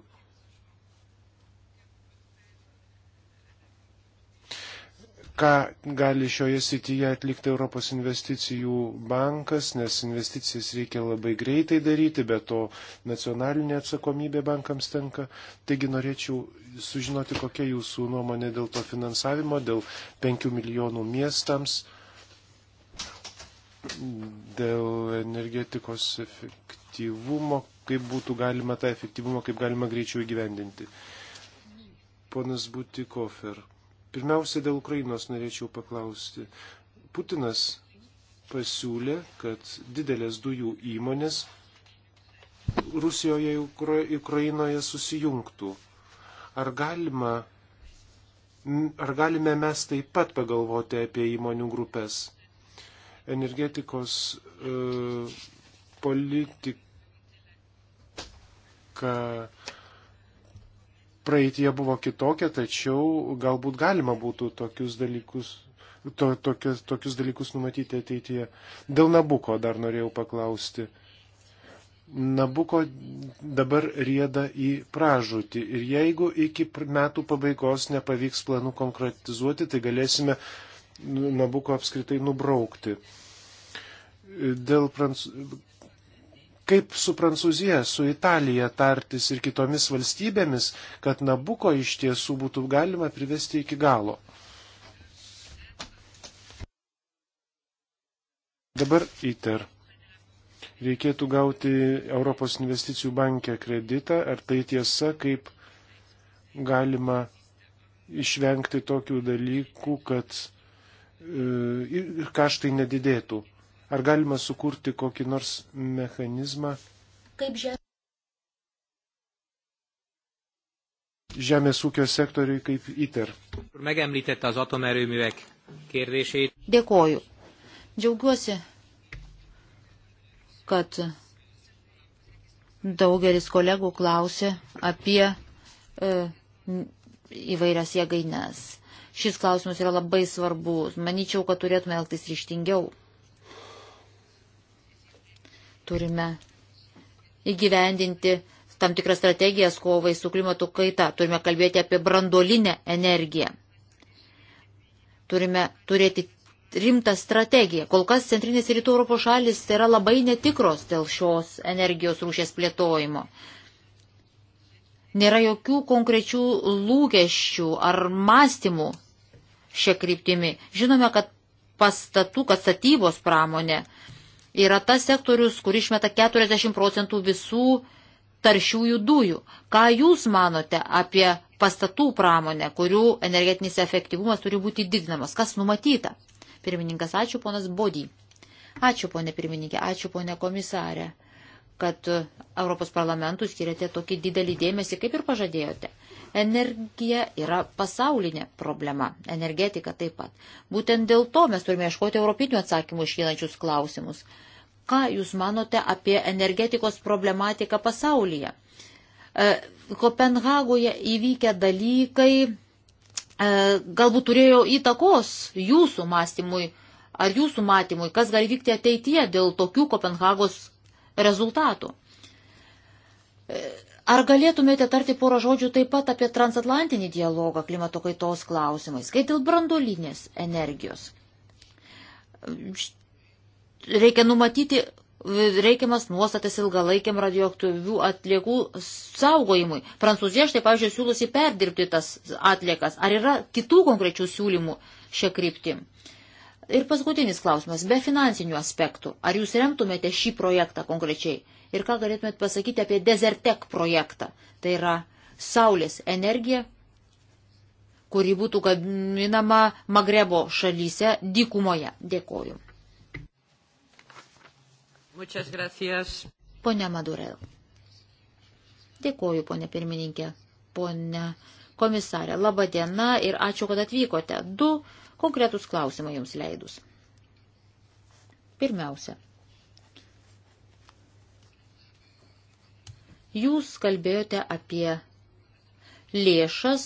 ką gali šioje srityje atlikti Europos investicijų bankas, nes investicijas reikia labai greitai daryti, bet to nacionalinė atsakomybė bankams tenka. Taigi norėčiau sužinoti, kokia jūsų nuomonė dėl to finansavimo, dėl 5 milijonų miestams, dėl energetikos efektyvumo, kaip būtų galima tą efektyvumą, kaip galima greičiau įgyvendinti. Ponas Būtikofer. Pirmiausia, dėl Ukrainos norėčiau paklausti. Putinas pasiūlė, kad didelės dujų įmonės Rusijoje ir Ukrainoje susijungtų. Ar, galima, ar galime mes taip pat pagalvoti apie įmonių grupės? Energetikos e, politika praeitie buvo kitokia, tačiau galbūt galima būtų tokius dalykus, to, tokius, tokius dalykus numatyti ateityje. Dėl Nabuko dar norėjau paklausti. Nabuko dabar rieda į pražūtį ir jeigu iki metų pabaigos nepavyks planų konkretizuoti, tai galėsime Nabuko apskritai nubraukti. Dėl prancūzų kaip su Prancūzija, su Italija tartis ir kitomis valstybėmis, kad Nabuko iš tiesų būtų galima privesti iki galo. Dabar ITER. Reikėtų gauti Europos investicijų bankę kreditą, ar tai tiesa, kaip galima išvengti tokių dalykų, kad e, kaštai nedidėtų. Ar galima sukurti kokį nors mechanizmą? Kaip žemė. Žemės ūkio sektoriui kaip ITER. Megemlítette az atomerőművek kérdését. Dėkoju. Džiaugiuosi, kad daugelis kolegų klausė apie e, įvairias jėgaines. Šis klausimas yra labai svarbus. Manyčiau, kad turėtume elgtis ryštingiau. Turime įgyvendinti tam tikras strategijas kovai su klimato kaita. Turime kalbėti apie brandolinę energiją. Turime turėti rimtą strategiją. Kol kas centrinės rytų Europos šalis tai yra labai netikros dėl šios energijos rūšės plėtojimo. Nėra jokių konkrečių lūkesčių ar mąstymų šia kryptimi. Žinome, kad pastatų, kad statybos pramonė uh, yra tas sektorius, kur išmeta 40 procentų visų taršiųjų dujų. Ką Jūs manote apie pastatų pramonę, kurių energetinis efektyvumas turi būti didinamas? Kas numatyta? Pirmininkas, ačiū ponas Bodį. Ačiū ponė pirmininkė, ačiū ponė komisarė kad Europos parlamentų skiriate tokį didelį dėmesį, kaip ir pažadėjote. Energija yra pasaulinė problema, energetika taip pat. Būtent dėl to mes turime ieškoti europinių atsakymų iškylančius klausimus. Ką Jūs manote apie energetikos problematiką pasaulyje? E, Kopenhagoje įvykę dalykai e, galbūt turėjo įtakos jūsų mąstymui ar jūsų matymui, kas gali vykti ateityje dėl tokių Kopenhagos rezultatų. Ar galėtumėte tarti porą žodžių taip pat apie transatlantinį dialogą klimato kaitos klausimais, kai dėl brandolinės energijos? Reikia numatyti reikiamas nuostatas ilgalaikiam radioaktyvių atliekų saugojimui. Prancūzija štai, pavyzdžiui, siūlosi perdirbti tas atliekas. Ar yra kitų konkrečių siūlymų šią kryptim? Uh, Ir paskutinis klausimas, be finansinių aspektų, ar jūs remtumėte šį projektą konkrečiai ir ką galėtumėte pasakyti apie Desertec projektą, tai yra saulės energija, kuri būtų gaminama Magrebo šalyse dykumoje. Dėkoju. Pone Madurel. Dėkoju, pone pirmininkė, pone komisarė. Labą dieną ir ačiū, kad atvykote. Du Konkretus klausimai jums leidus. Pirmiausia. Jūs kalbėjote apie lėšas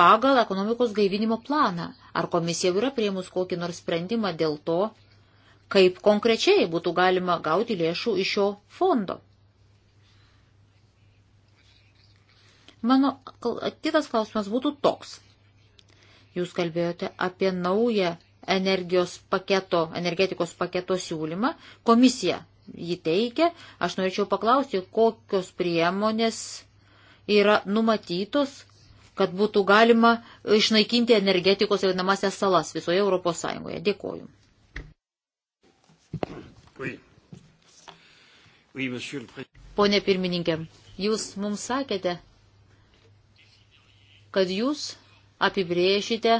pagal ekonomikos gaivinimo planą. Ar komisija yra prieimus kokį nors sprendimą dėl to, kaip konkrečiai būtų galima gauti lėšų iš šio fondo? Mano kitas klausimas būtų toks. Jūs kalbėjote apie naują energijos paketo, energetikos paketo siūlymą. Komisija jį teikia. Aš norėčiau paklausti, kokios priemonės yra numatytos, kad būtų galima išnaikinti energetikos vadinamasias salas visoje Europos Sąjungoje. Dėkoju. Pone pirmininkė, jūs mums sakėte, kad jūs apibrėžite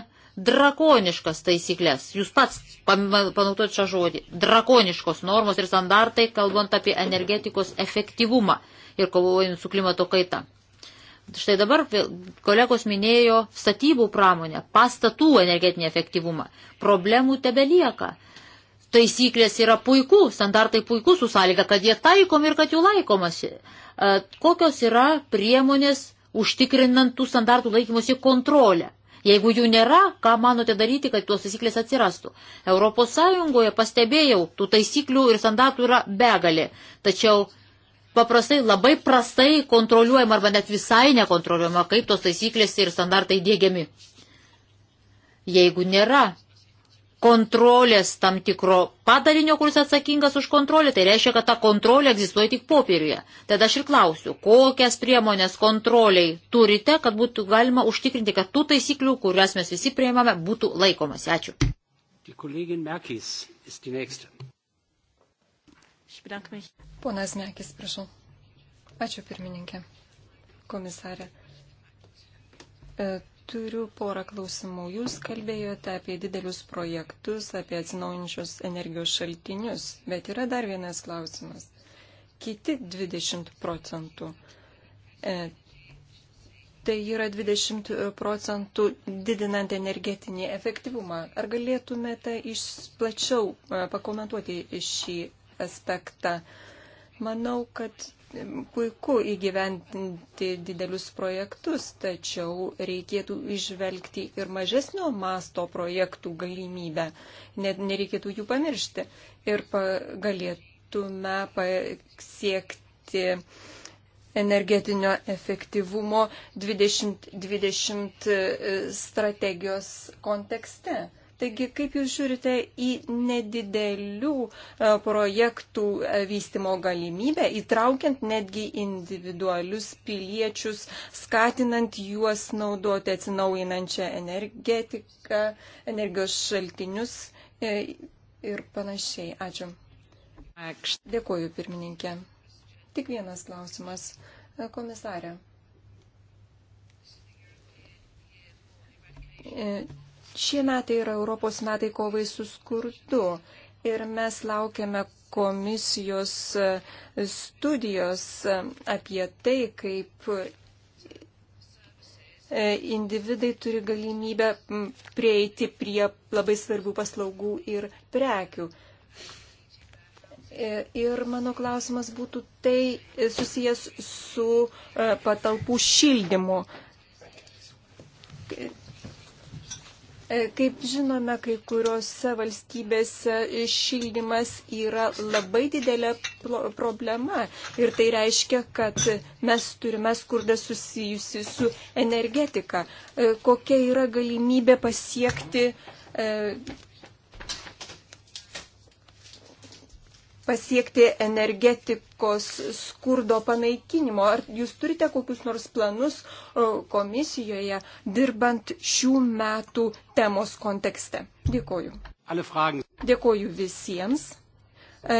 drakoniškas taisyklės. Jūs pats panautot šią žodį. Drakoniškos normos ir standartai, kalbant apie energetikos efektyvumą ir kovojant su klimato kaita. Štai dabar kolegos minėjo statybų pramonę, pastatų energetinį efektyvumą. Problemų tebelieka. Taisyklės yra puiku, standartai puiku su sąlyga, kad jie taikomi ir kad jų laikomasi. Kokios yra priemonės užtikrinant tų standartų laikymosi kontrolę. Jeigu jų nėra, ką manote daryti, kad tuos taisyklės atsirastų? Europos Sąjungoje pastebėjau, tų taisyklių ir standartų yra begalė, tačiau paprastai labai prastai kontroliuojama arba net visai nekontroliuojama, kaip tos taisyklės ir standartai dėgiami. Jeigu nėra kontrolės tam tikro padalinio, kuris atsakingas už kontrolę, tai reiškia, kad ta kontrolė egzistuoja tik popieriuje. Tad aš ir klausiu, kokias priemonės kontroliai turite, kad būtų galima užtikrinti, kad tų taisyklių, kurias mes visi prieimame, būtų laikomasi. Ačiū. Ponas Mekis, prašau. Ačiū pirmininkė, komisarė. E, Turiu porą klausimų. Jūs kalbėjote apie didelius projektus, apie atsinaujinčios energijos šaltinius, bet yra dar vienas klausimas. Kiti 20 procentų. E, tai yra 20 procentų didinant energetinį efektyvumą. Ar galėtumėte iš plačiau e, pakomentuoti šį aspektą? Manau, kad puiku įgyventinti didelius projektus, tačiau reikėtų išvelgti ir mažesnio masto projektų galimybę. Net nereikėtų jų pamiršti. Ir pa, galėtume pasiekti energetinio efektyvumo 2020 e, strategijos kontekste. Taigi, kaip Jūs žiūrite į nedidelių e, projektų e, vystimo galimybę, įtraukiant netgi individualius piliečius, skatinant juos naudoti atsinaujinančią energetiką, energijos šaltinius e, ir panašiai. Ačiū. Dėkuoju, pirmininkė. Tik vienas klausimas. Komisarė Šie metai yra Europos metai kovai su skurdu ir mes laukiame komisijos e, studijos e, apie tai, kaip e, individai turi galimybę prieiti prie labai svarbių paslaugų ir prekių. Ir mano klausimas būtų tai susijęs su patalpų šildymu E, kaip žinome, kai kuriuose valstybėse šildymas yra labai didelė problema ir tai reiškia, kad mes turime skurdą susijusi su energetika. E, kokia yra galimybė pasiekti e, pasiekti energetikos skurdo panaikinimo. Ar jūs turite kokius nors planus e, komisijoje dirbant šių metų temos kontekste? Dėkoju. Dėkoju visiems. E,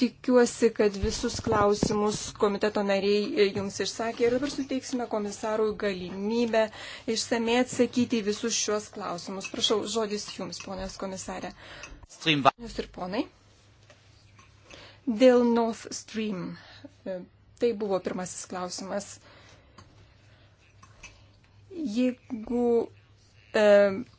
tikiuosi, kad visus klausimus komiteto nariai e, jums išsakė ir dabar suteiksime komisarui galimybę išsamei atsakyti į visus šiuos klausimus. Prašau, žodis jums, ponės komisarė. Jūs ir ponai. Dėl North Stream. Tai buvo pirmasis klausimas. Jeigu e,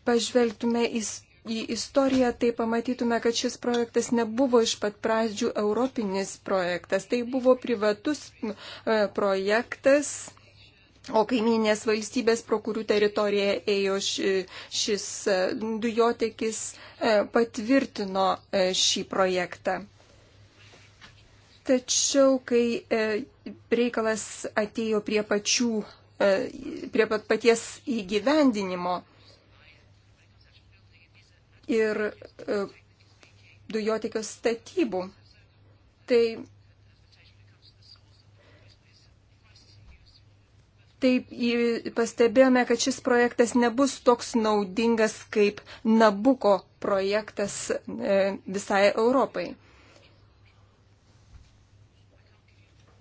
pažvelgtume į, į istoriją, tai pamatytume, kad šis projektas nebuvo iš pat pradžių europinis projektas. Tai buvo privatus e, projektas. O kaiminės valstybės, pro kurių teritoriją ėjo ši, šis e, dujotekis, e, patvirtino e, šį projektą. Tačiau, kai e, reikalas atėjo prie pačių, e, prie pat paties įgyvendinimo ir e, dujotikio statybų, tai, tai pastebėjome, kad šis projektas nebus toks naudingas kaip Nabuko projektas visai Europai.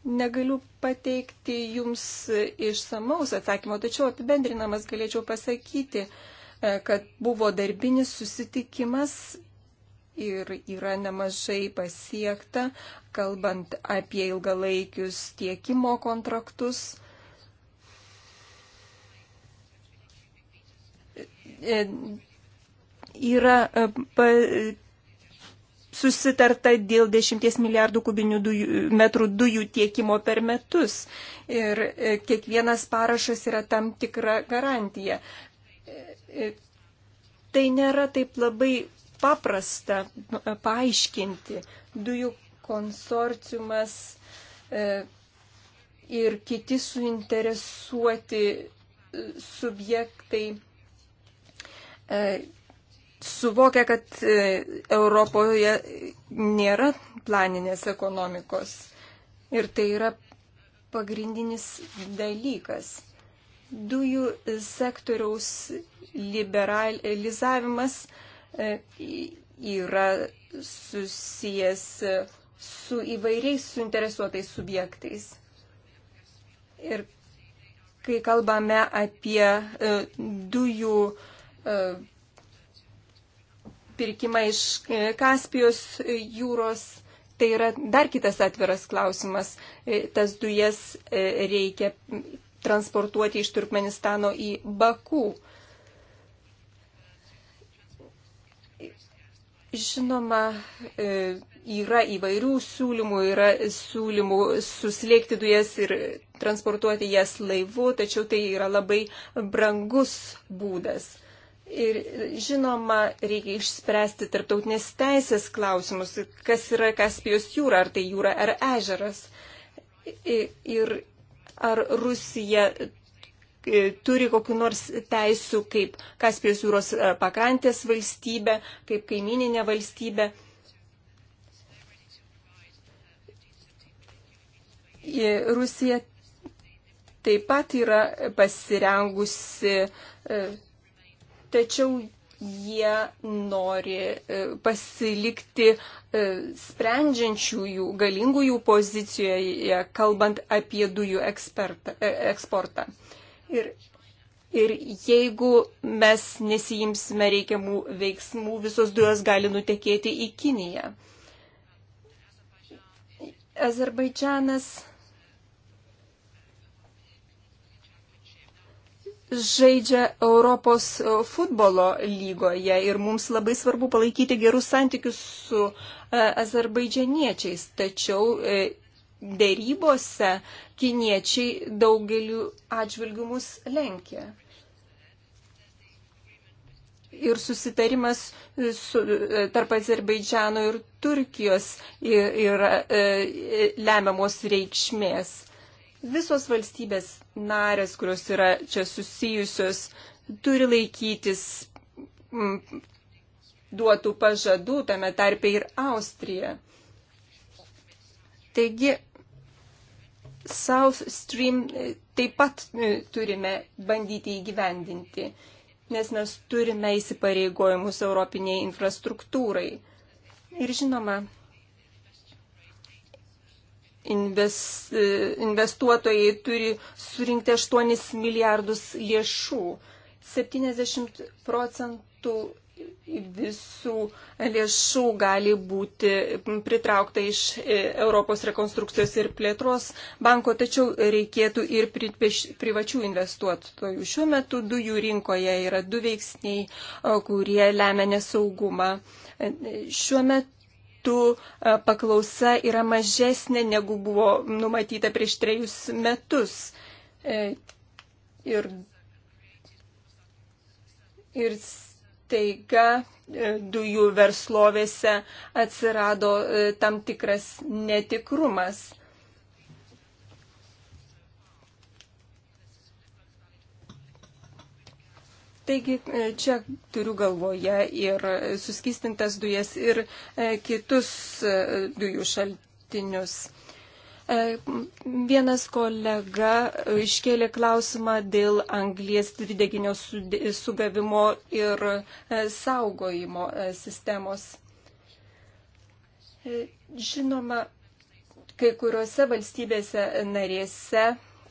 Negaliu pateikti jums išsamaus atsakymo, tačiau apibendrinamas galėčiau pasakyti, e, kad buvo darbinis susitikimas ir yra nemažai pasiekta, kalbant apie ilgalaikius tiekimo kontraktus. E, e, yra susitarta dėl 10 milijardų kubinių dujų, metrų dujų tiekimo per metus. Ir e, kiekvienas parašas yra tam tikra garantija. E, tai nėra taip labai paprasta nu, e, paaiškinti. Dujų konsorciumas ir kiti suinteresuoti subjektai suvokia, kad e, Europoje nėra planinės ekonomikos. Ir tai yra pagrindinis dalykas. Dujų sektoriaus liberalizavimas e, yra susijęs su įvairiais suinteresuotais subjektais. Ir kai kalbame apie e, dujų pirkimą iš e, Kaspijos jūros. Tai yra dar kitas atviras klausimas. E, tas dujas e, reikia transportuoti iš Turkmenistano į Bakų. Žinoma, yra įvairių siūlymų, yra siūlymų suslėgti dujas ir transportuoti jas laivu, tačiau tai yra labai brangus būdas. Ir žinoma, reikia išspręsti tarptautinės teisės klausimus, kas yra Kaspijos jūra, ar tai jūra ar ežeras. Ir ar Rusija e, turi kokiu nors teisų kaip Kaspijos jūros e, pakrantės valstybė, kaip kaimininė valstybė. Rusija taip pat yra pasirengusi e, tačiau jie nori e, pasilikti e, sprendžiančiųjų, galingųjų pozicijoje, kalbant apie dujų ekspertą, e, eksportą. Ir, ir jeigu mes nesijimsime reikiamų veiksmų, visos dujos gali nutekėti į Kiniją. Azerbaidžianas žaidžia Europos e, futbolo lygoje ir mums labai svarbu palaikyti gerus santykius su e, azerbaidžianiečiais. Tačiau e, dėrybose kiniečiai daugeliu atžvilgių mus lenkia. Ir susitarimas su, tarp Azerbaidžiano ir Turkijos yra lemiamos reikšmės. Visos valstybės narės, kurios yra čia susijusios, turi laikytis mm, duotų pažadų, tame tarpe ir Austrija. Taigi, South Stream e, taip pat e, turime bandyti įgyvendinti, nes mes turime įsipareigojimus europiniai infrastruktūrai. Ir žinoma, investuotojai turi surinkti 8 milijardus lėšų. 70 procentų visų lėšų gali būti pritraukta iš e, Europos rekonstrukcijos ir plėtros banko, tačiau reikėtų ir privačių investuotojų. Šiuo metu dujų rinkoje yra du veiksniai, kurie lemia nesaugumą. E, šiuo metu metu e, paklausa yra mažesnė negu buvo numatyta prieš trejus metus. E, ir, ir staiga e, dujų verslovėse atsirado tam tikras netikrumas. Taigi e, čia turiu galvoje ir suskistintas dujas ir e, kitus e, dujų šaltinius. Vienas kolega iškėlė klausimą dėl anglies dvideginio sugavimo ir saugojimo sistemos. Žinoma, kai kuriuose valstybėse narėse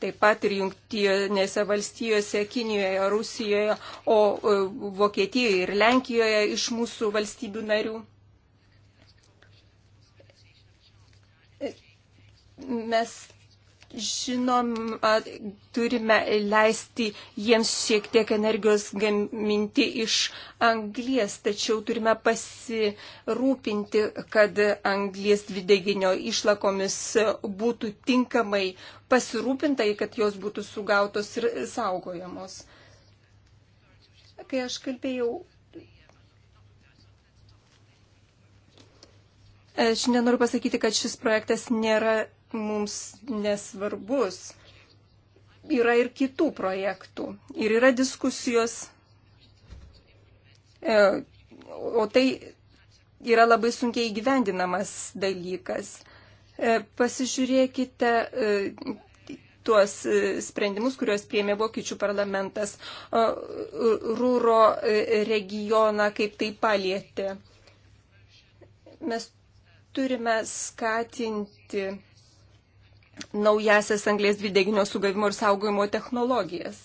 taip pat ir jungtinėse valstijose, Kinijoje, Rusijoje, o e, Vokietijoje ir Lenkijoje iš mūsų valstybių narių. E, mes Žinoma, turime leisti jiems šiek tiek energijos gaminti iš anglies, tačiau turime pasirūpinti, kad anglies dvideginio išlakomis būtų tinkamai pasirūpintai, kad jos būtų sugautos ir saugojamos. Kai aš kalbėjau Aš nenoriu pasakyti, kad šis projektas nėra mums nesvarbus. Yra ir kitų projektų. Ir yra diskusijos. E, o tai yra labai sunkiai įgyvendinamas dalykas. E, pasižiūrėkite e, tuos sprendimus, kuriuos priemė Vokiečių parlamentas, rūro regioną, kaip tai palietė. Mes turime skatinti naujasias anglės dvideginio sugavimo ir saugojimo technologijas.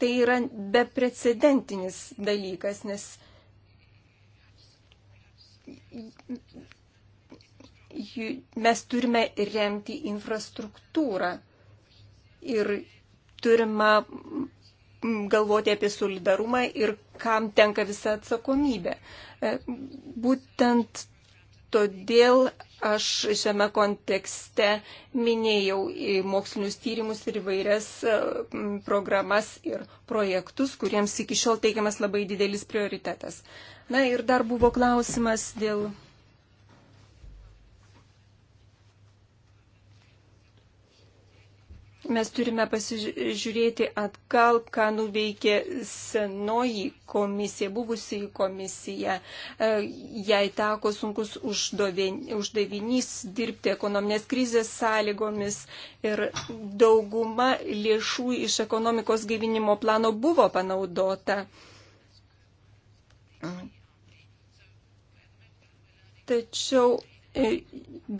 Tai yra beprecedentinis dalykas, nes mes turime remti infrastruktūrą ir turime galvoti apie solidarumą ir kam tenka visa atsakomybė. Būtent Todėl aš šiame kontekste minėjau mokslinius tyrimus ir įvairias e, programas ir projektus, kuriems iki šiol teikiamas labai didelis prioritetas. Na ir dar buvo klausimas dėl mes turime pasižiūrėti atgal, ką nuveikė senoji komisija, buvusi komisija. E, jai teko sunkus uždavinys dirbti ekonominės krizės sąlygomis ir dauguma lėšų iš ekonomikos gyvinimo plano buvo panaudota. Tačiau E,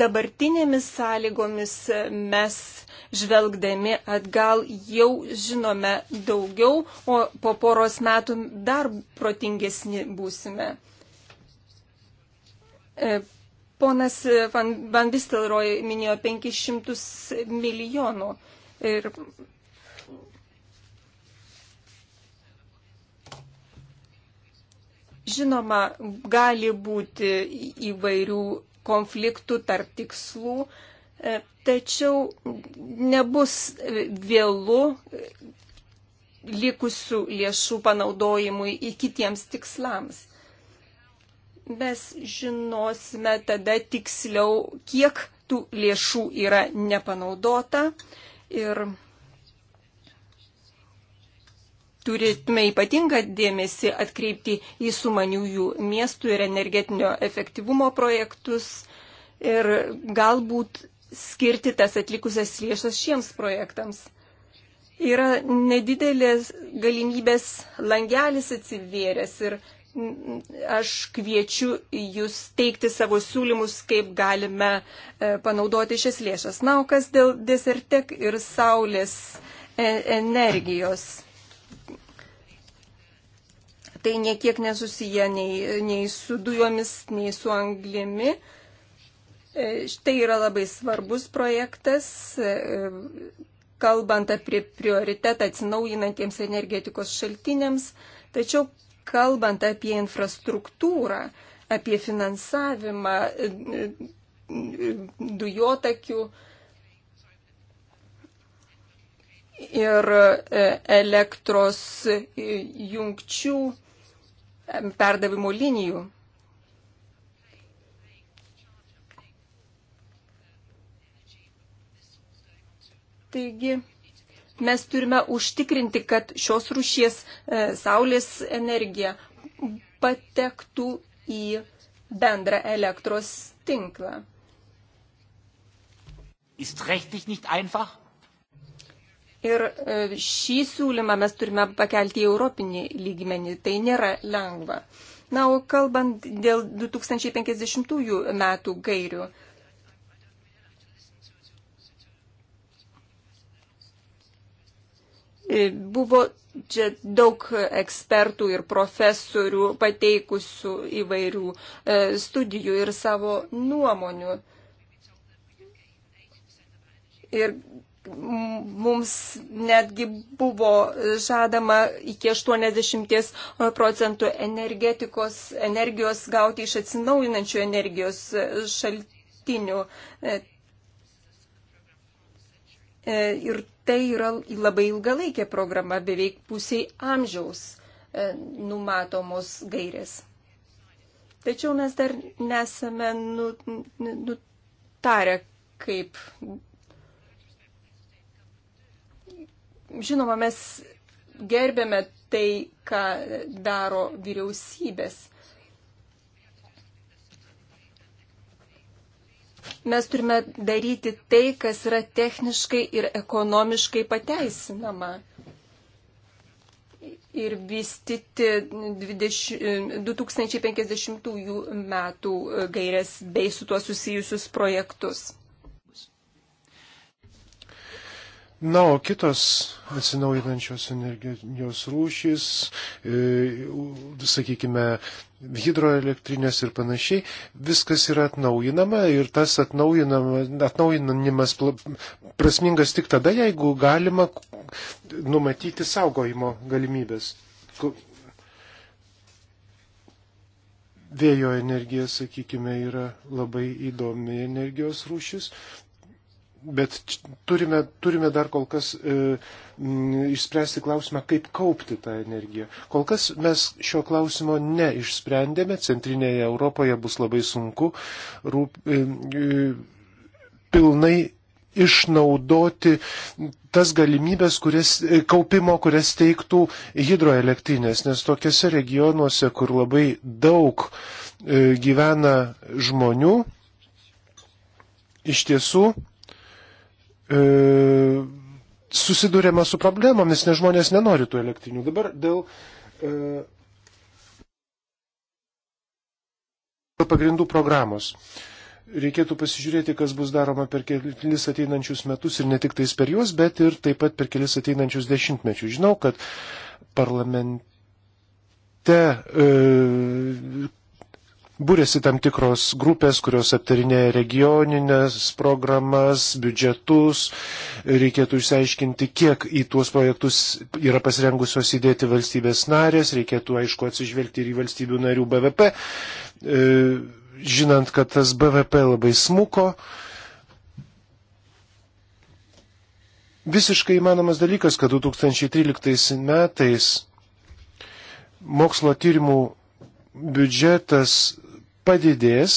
dabartinėmis sąlygomis mes žvelgdami atgal jau žinome daugiau, o po poros metų dar protingesni būsime. E, ponas Van, Van Vistelroj minėjo 500 milijonų. Ir žinoma, gali būti įvairių konfliktų tarp tikslų, e, tačiau nebus vėlu likusių lėšų panaudojimui į kitiems tikslams. Mes žinosime tada tiksliau, kiek tų lėšų yra nepanaudota ir turėtume ypatingą dėmesį atkreipti į sumaniųjų miestų ir energetinio efektyvumo projektus ir galbūt skirti tas atlikusias lėšas šiems projektams. Yra nedidelės galimybės langelis atsivėręs ir aš kviečiu jūs teikti savo siūlymus, kaip galime e, panaudoti šias lėšas. Na, o kas dėl desertek ir saulės e, energijos? tai niekiek nesusiję nei, nei su dujomis, nei su anglimi. Štai e, yra labai svarbus projektas, e, kalbant apie prioritetą atsinaujinantiems energetikos šaltiniams, tačiau kalbant apie infrastruktūrą, apie finansavimą e, dujotakių ir elektros jungčių perdavimo linijų. Taigi mes turime užtikrinti, kad šios rušies e, saulės energija patektų į bendrą elektros tinklą. Ist rechtlich nicht einfach? Ir e, šį siūlymą mes turime pakelti į europinį lygmenį. Tai nėra lengva. Na, o kalbant dėl 2050 metų gairių. E, buvo čia daug ekspertų ir profesorių pateikusių įvairių e, studijų ir savo nuomonių. Ir mums netgi buvo žadama iki 80 procentų energijos gauti iš atsinaujinančių energijos šaltinių. E, ir tai yra labai ilgalaikė programa, beveik pusiai amžiaus e, numatomos gairės. Tačiau mes dar nesame nu, nu, nutarę, kaip Žinoma, mes gerbėme tai, ką daro vyriausybės. Mes turime daryti tai, kas yra techniškai ir ekonomiškai pateisinama. Ir vystyti 20, 2050 metų gairias bei su tuo susijusius projektus. Na, o kitos atsinaujinančios energijos rūšys, e, sakykime, hidroelektrinės ir panašiai, viskas yra atnaujinama ir tas atnaujinimas prasmingas tik tada, jeigu galima numatyti saugojimo galimybės. Vėjo energija, sakykime, yra labai įdomi energijos rūšis, bet turime, turime dar kol kas e, m, išspręsti klausimą, kaip kaupti tą energiją. Kol kas mes šio klausimo neišsprendėme, centrinėje Europoje bus labai sunku rūp, e, e, pilnai išnaudoti tas galimybės, kurias, e, kaupimo, kurias teiktų hidroelektrinės, nes tokiuose regionuose, kur labai daug e, gyvena žmonių, iš tiesų E, susidurėme su problemomis, nes žmonės nenori tų elektrinių. Dabar dėl, e, dėl pagrindų programos. Reikėtų pasižiūrėti, kas bus daroma per kelis ateinančius metus ir ne tik tais per juos, bet ir taip pat per kelis ateinančius dešimtmečius. Žinau, kad parlamente e, būrėsi tam tikros grupės, kurios aptarinėja regioninės programas, biudžetus. Reikėtų išsiaiškinti, kiek į tuos projektus yra pasirengusios įdėti valstybės narės. Reikėtų, aišku, atsižvelgti ir į valstybių narių BVP. E, žinant, kad tas BVP labai smuko. Visiškai įmanomas dalykas, kad 2013 metais mokslo tyrimų biudžetas padidės,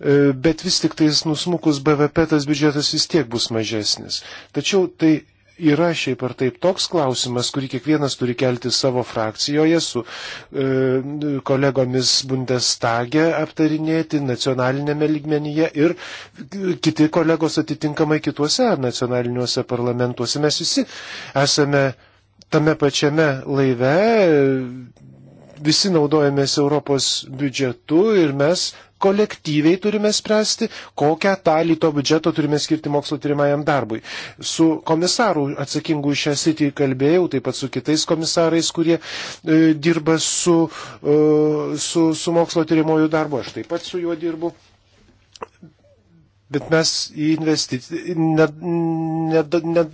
e, bet vis tik tais nusmukus BVP tas biudžetas vis tiek bus mažesnis. Tačiau tai yra šiaip ar taip toks klausimas, kurį kiekvienas turi kelti savo frakcijoje su e, kolegomis Bundestage aptarinėti nacionalinėme lygmenyje ir kiti kolegos atitinkamai kituose nacionaliniuose parlamentuose. Mes visi esame tame pačiame laive, visi naudojamės Europos biudžetu ir mes kolektyviai turime spręsti, kokią dalį to biudžeto turime skirti mokslo tyrimajam darbui. Su komisaru atsakingu šią sitį kalbėjau, taip pat su kitais komisarais, kurie e, dirba su, e, su, su mokslo tyrimojų darbu, aš taip pat su juo dirbu. Bet mes į investiciją nedaug ne, ne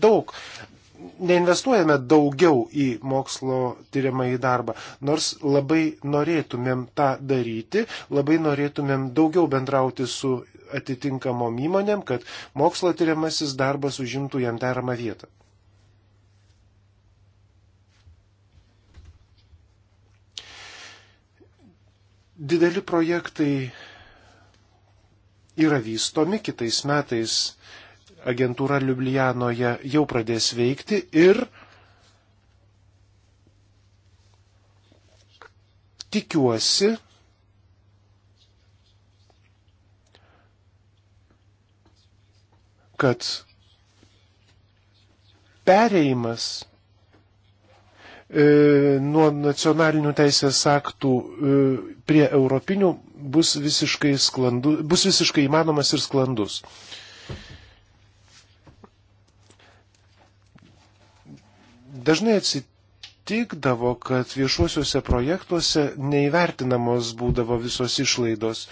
neinvestuojame daugiau į mokslo tyriamą į darbą, nors labai norėtumėm tą daryti, labai norėtumėm daugiau bendrauti su atitinkamom įmonėm, kad mokslo tyriamasis darbas užimtų jam deramą vietą. Dideli projektai yra vystomi kitais metais agentūra Liublianoje jau pradės veikti ir tikiuosi, kad pereimas e, nuo nacionalinių teisės aktų e, prie europinių bus visiškai, sklandu, bus visiškai įmanomas ir sklandus. Dažnai atsitikdavo, kad viešuosiuose projektuose neįvertinamos būdavo visos išlaidos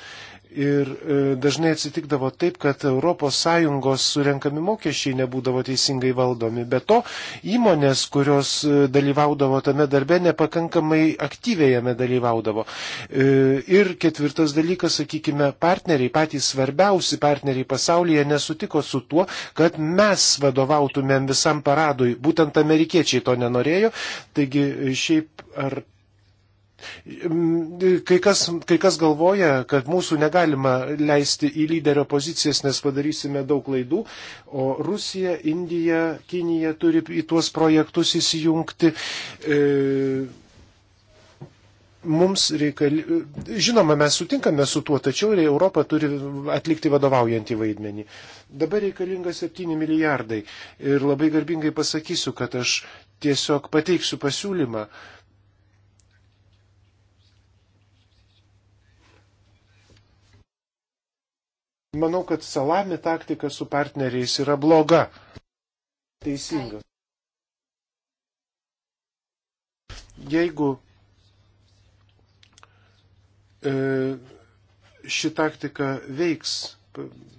Ir e, dažnai atsitikdavo taip, kad ES surenkami mokesčiai nebūdavo teisingai valdomi. Be to, įmonės, kurios e, dalyvaudavo tame darbe, nepakankamai aktyviai jame dalyvaudavo. E, ir ketvirtas dalykas, sakykime, partneriai, patys svarbiausi partneriai pasaulyje nesutiko su tuo, kad mes vadovautumėm visam paradui. Būtent amerikiečiai to nenorėjo. Taigi, šiaip ar Kai kas, kai kas galvoja, kad mūsų negalima leisti į lyderio pozicijas, nes padarysime daug klaidų, o Rusija, Indija, Kinija turi į tuos projektus įsijungti. E, mums reikali... Žinoma, mes sutinkame su tuo, tačiau Europa turi atlikti vadovaujantį vaidmenį. Dabar reikalinga 7 milijardai. Ir labai garbingai pasakysiu, kad aš tiesiog pateiksiu pasiūlymą, Manau, kad salami taktika su partneriais yra bloga. Teisinga. Jeigu e, ši taktika veiks,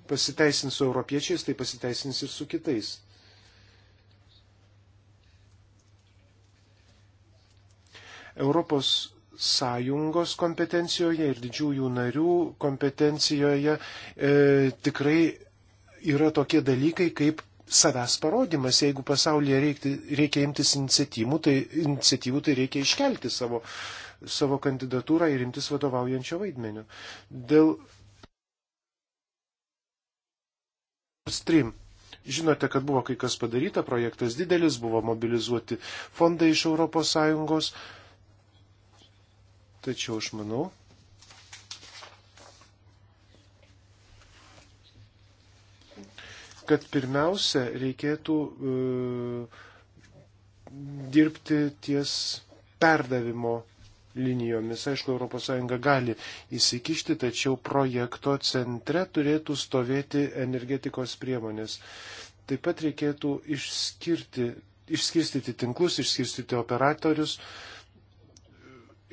pasiteisins su europiečiais, tai pasiteisins ir su kitais. Europos sąjungos kompetencijoje ir didžiųjų narių kompetencijoje e, tikrai yra tokie dalykai kaip savęs parodimas. Jeigu pasaulyje reikti, reikia imtis iniciatyvų, tai, iniciatyvų, tai reikia iškelti savo, savo kandidatūrą ir imtis vadovaujančio vaidmenio. Dėl Stream. Žinote, kad buvo kai kas padaryta, projektas didelis, buvo mobilizuoti fondai iš ES Tačiau aš manau, kad pirmiausia reikėtų e, dirbti ties perdavimo linijomis. Aišku, ES gali įsikišti, tačiau projekto centre turėtų stovėti energetikos priemonės. Taip pat reikėtų išskirti, išskirstyti tinklus, išskirstyti operatorius. E,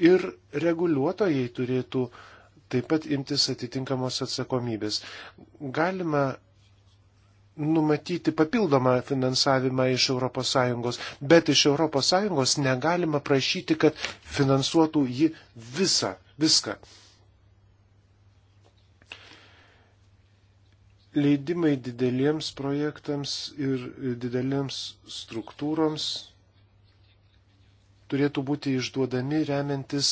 ir reguliuotojai turėtų taip pat imtis atitinkamos atsakomybės. Galima numatyti papildomą finansavimą iš ES, bet iš ES negalima prašyti, kad finansuotų ji visą, viską. Leidimai dideliems projektams ir dideliems struktūroms turėtų būti išduodami remiantis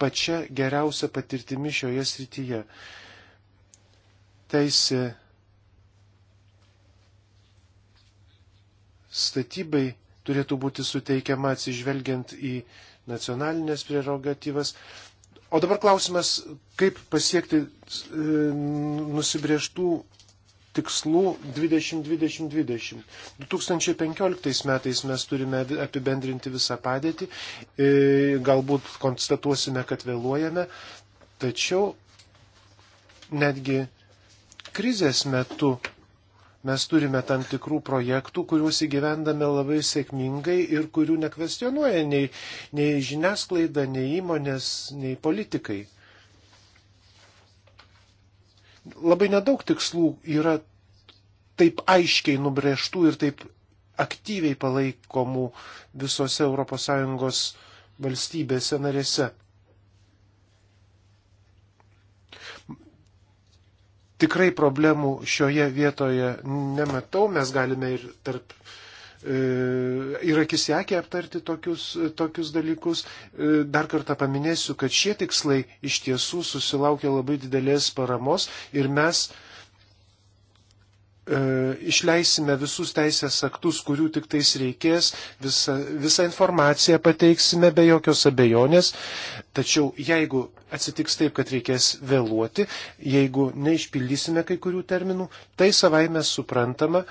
pačia geriausia patirtimi šioje srityje. Teisė statybai turėtų būti suteikiama atsižvelgiant į nacionalinės prerogatyvas. O dabar klausimas, kaip pasiekti e, nusibrieštų tikslų 2020-2020. 2015 metais mes turime apibendrinti visą padėtį, e, galbūt konstatuosime, kad vėluojame, tačiau netgi krizės metu mes turime tam tikrų projektų, kuriuos įgyvendame labai sėkmingai ir kurių nekvestionuoja nei, nei žiniasklaida, nei įmonės, nei politikai. Labai nedaug tikslų yra taip aiškiai nubrėžtų ir taip aktyviai palaikomų visose ES valstybėse narėse. Tikrai problemų šioje vietoje nematau, mes galime ir tarp E, ir akis sekė aptarti tokius, tokius dalykus. E, dar kartą paminėsiu, kad šie tikslai iš tiesų susilaukė labai didelės paramos ir mes e, išleisime visus teisės aktus, kurių tik tais reikės, visą, visą informaciją pateiksime be jokios abejonės, tačiau jeigu atsitiks taip, kad reikės vėluoti, jeigu neišpildysime kai kurių terminų, tai savaime suprantama,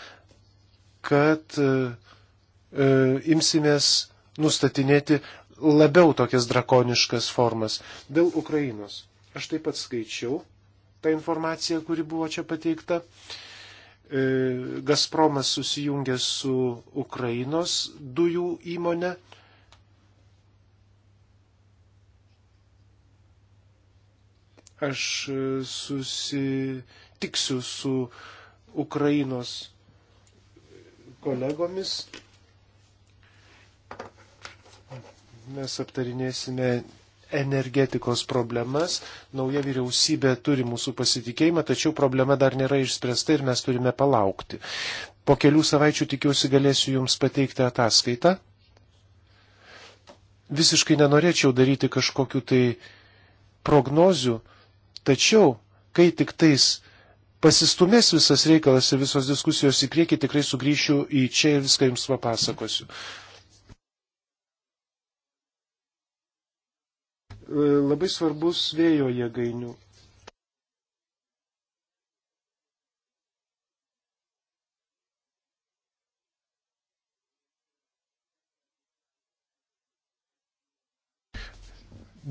kad uh, E, imsimės nustatinėti labiau tokias drakoniškas formas. Dėl Ukrainos. Aš taip pat skaičiau tą informaciją, kuri buvo čia pateikta. E, Gazpromas susijungė su Ukrainos dujų įmonė. Aš e, susitiksiu su Ukrainos kolegomis mes aptarinėsime energetikos problemas. Nauja vyriausybė turi mūsų pasitikėjimą, tačiau problema dar nėra išspręsta ir mes turime palaukti. Po kelių savaičių tikiuosi galėsiu Jums pateikti ataskaitą. Visiškai nenorėčiau daryti kažkokiu tai prognozių, tačiau, kai tik tais pasistumės visas reikalas ir visos diskusijos į priekį, tikrai sugrįšiu į čia ir viską Jums papasakosiu. E, labai svarbus vėjo jėgainių.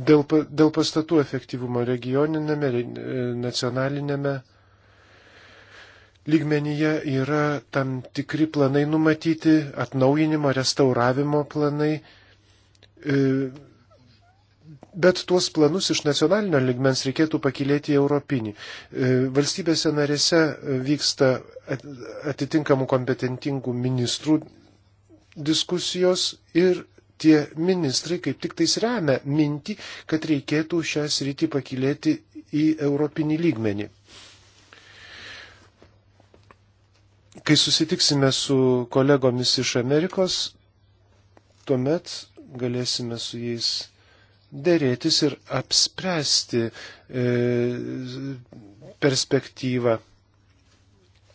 Dėl, dėl pastatų efektyvumo regioninėme, e, nacionalinėme lygmenyje yra tam tikri planai numatyti, atnaujinimo, restauravimo planai e, Bet tuos planus iš nacionalinio ligmens reikėtų pakilėti į europinį. E, valstybėse narėse vyksta atitinkamų kompetentingų ministrų diskusijos ir tie ministrai kaip tik tais remia mintį, kad reikėtų šią sritį pakilėti į europinį lygmenį. Kai susitiksime su kolegomis iš Amerikos, tuomet galėsime su jais dėrėtis ir apspręsti e, perspektyvą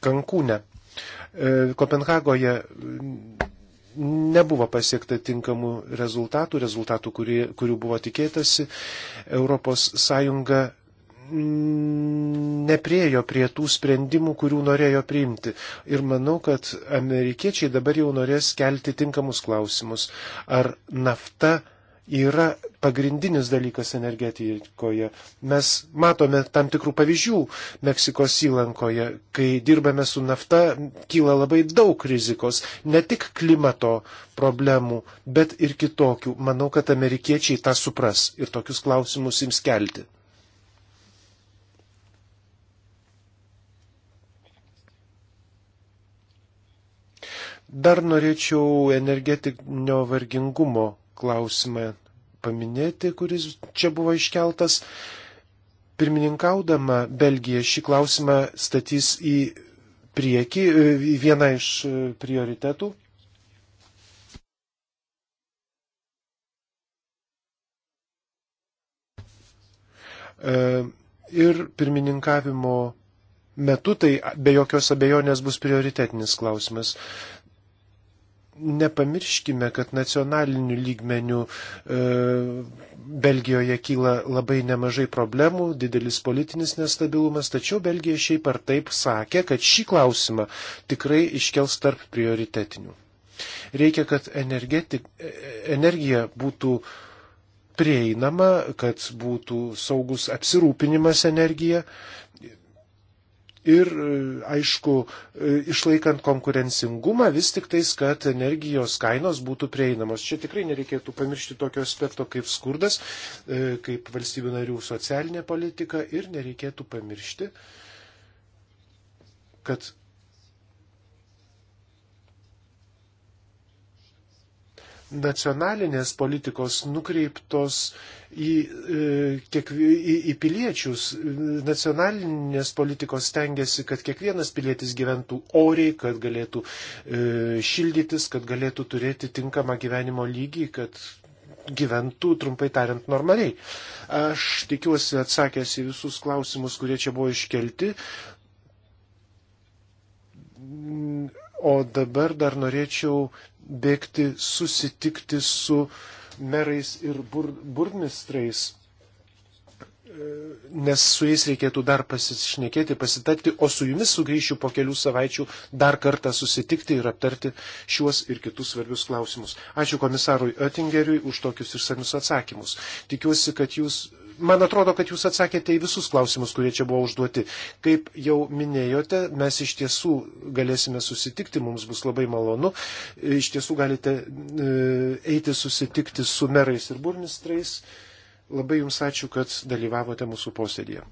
Kankūne. E, Kopenhagoje nebuvo pasiekta tinkamų rezultatų, rezultatų, kurie, kurių buvo tikėtasi. ES nepriejo prie tų sprendimų, kurių norėjo priimti. Ir manau, kad amerikiečiai dabar jau norės kelti tinkamus klausimus. Ar nafta yra pagrindinis dalykas energetikoje. Mes matome tam tikrų pavyzdžių Meksikos įlankoje, kai dirbame su nafta, kyla labai daug rizikos, ne tik klimato problemų, bet ir kitokių. Manau, kad amerikiečiai tą supras ir tokius klausimus jums kelti. Dar norėčiau energetinio vargingumo klausimą paminėti, kuris čia buvo iškeltas. Pirmininkaudama Belgija šį klausimą statys į priekį, e, į vieną iš e, prioritetų. E, ir pirmininkavimo metu tai be jokios abejonės bus prioritetinis klausimas nepamirškime, kad nacionaliniu lygmeniu e, Belgijoje kyla labai nemažai problemų, didelis politinis nestabilumas, tačiau Belgija šiaip ar taip sakė, kad šį klausimą tikrai iškels tarp prioritetinių. Reikia, kad energija būtų prieinama, kad būtų saugus apsirūpinimas energija, ir, e, aišku, e, išlaikant konkurencingumą vis tik tais, kad energijos kainos būtų prieinamos. Čia tikrai nereikėtų pamiršti tokio aspekto kaip skurdas, e, kaip valstybių narių socialinė politika ir nereikėtų pamiršti, kad nacionalinės politikos nukreiptos į, e, į, į piliečius. Nacionalinės politikos stengiasi, kad kiekvienas pilietis gyventų oriai, kad galėtų e, šildytis, kad galėtų turėti tinkamą gyvenimo lygį, kad gyventų, trumpai tariant, normaliai. Aš tikiuosi atsakęs į visus klausimus, kurie čia buvo iškelti O dabar dar norėčiau bėgti susitikti su merais ir bur, burmistrais, e, nes su jais reikėtų dar pasišnekėti, pasitakti, o su jumis sugrįšiu po kelių savaičių dar kartą susitikti ir aptarti šiuos ir kitus svarbius klausimus. Ačiū komisarui Oettingeriui už tokius išsamius atsakymus. Tikiuosi, kad jūs man atrodo, kad jūs atsakėte į visus klausimus, kurie čia buvo užduoti. Kaip jau minėjote, mes iš tiesų galėsime susitikti, mums bus labai malonu. Iš tiesų galite e, eiti susitikti su merais ir burmistrais. Labai jums ačiū, kad dalyvavote mūsų posėdėje.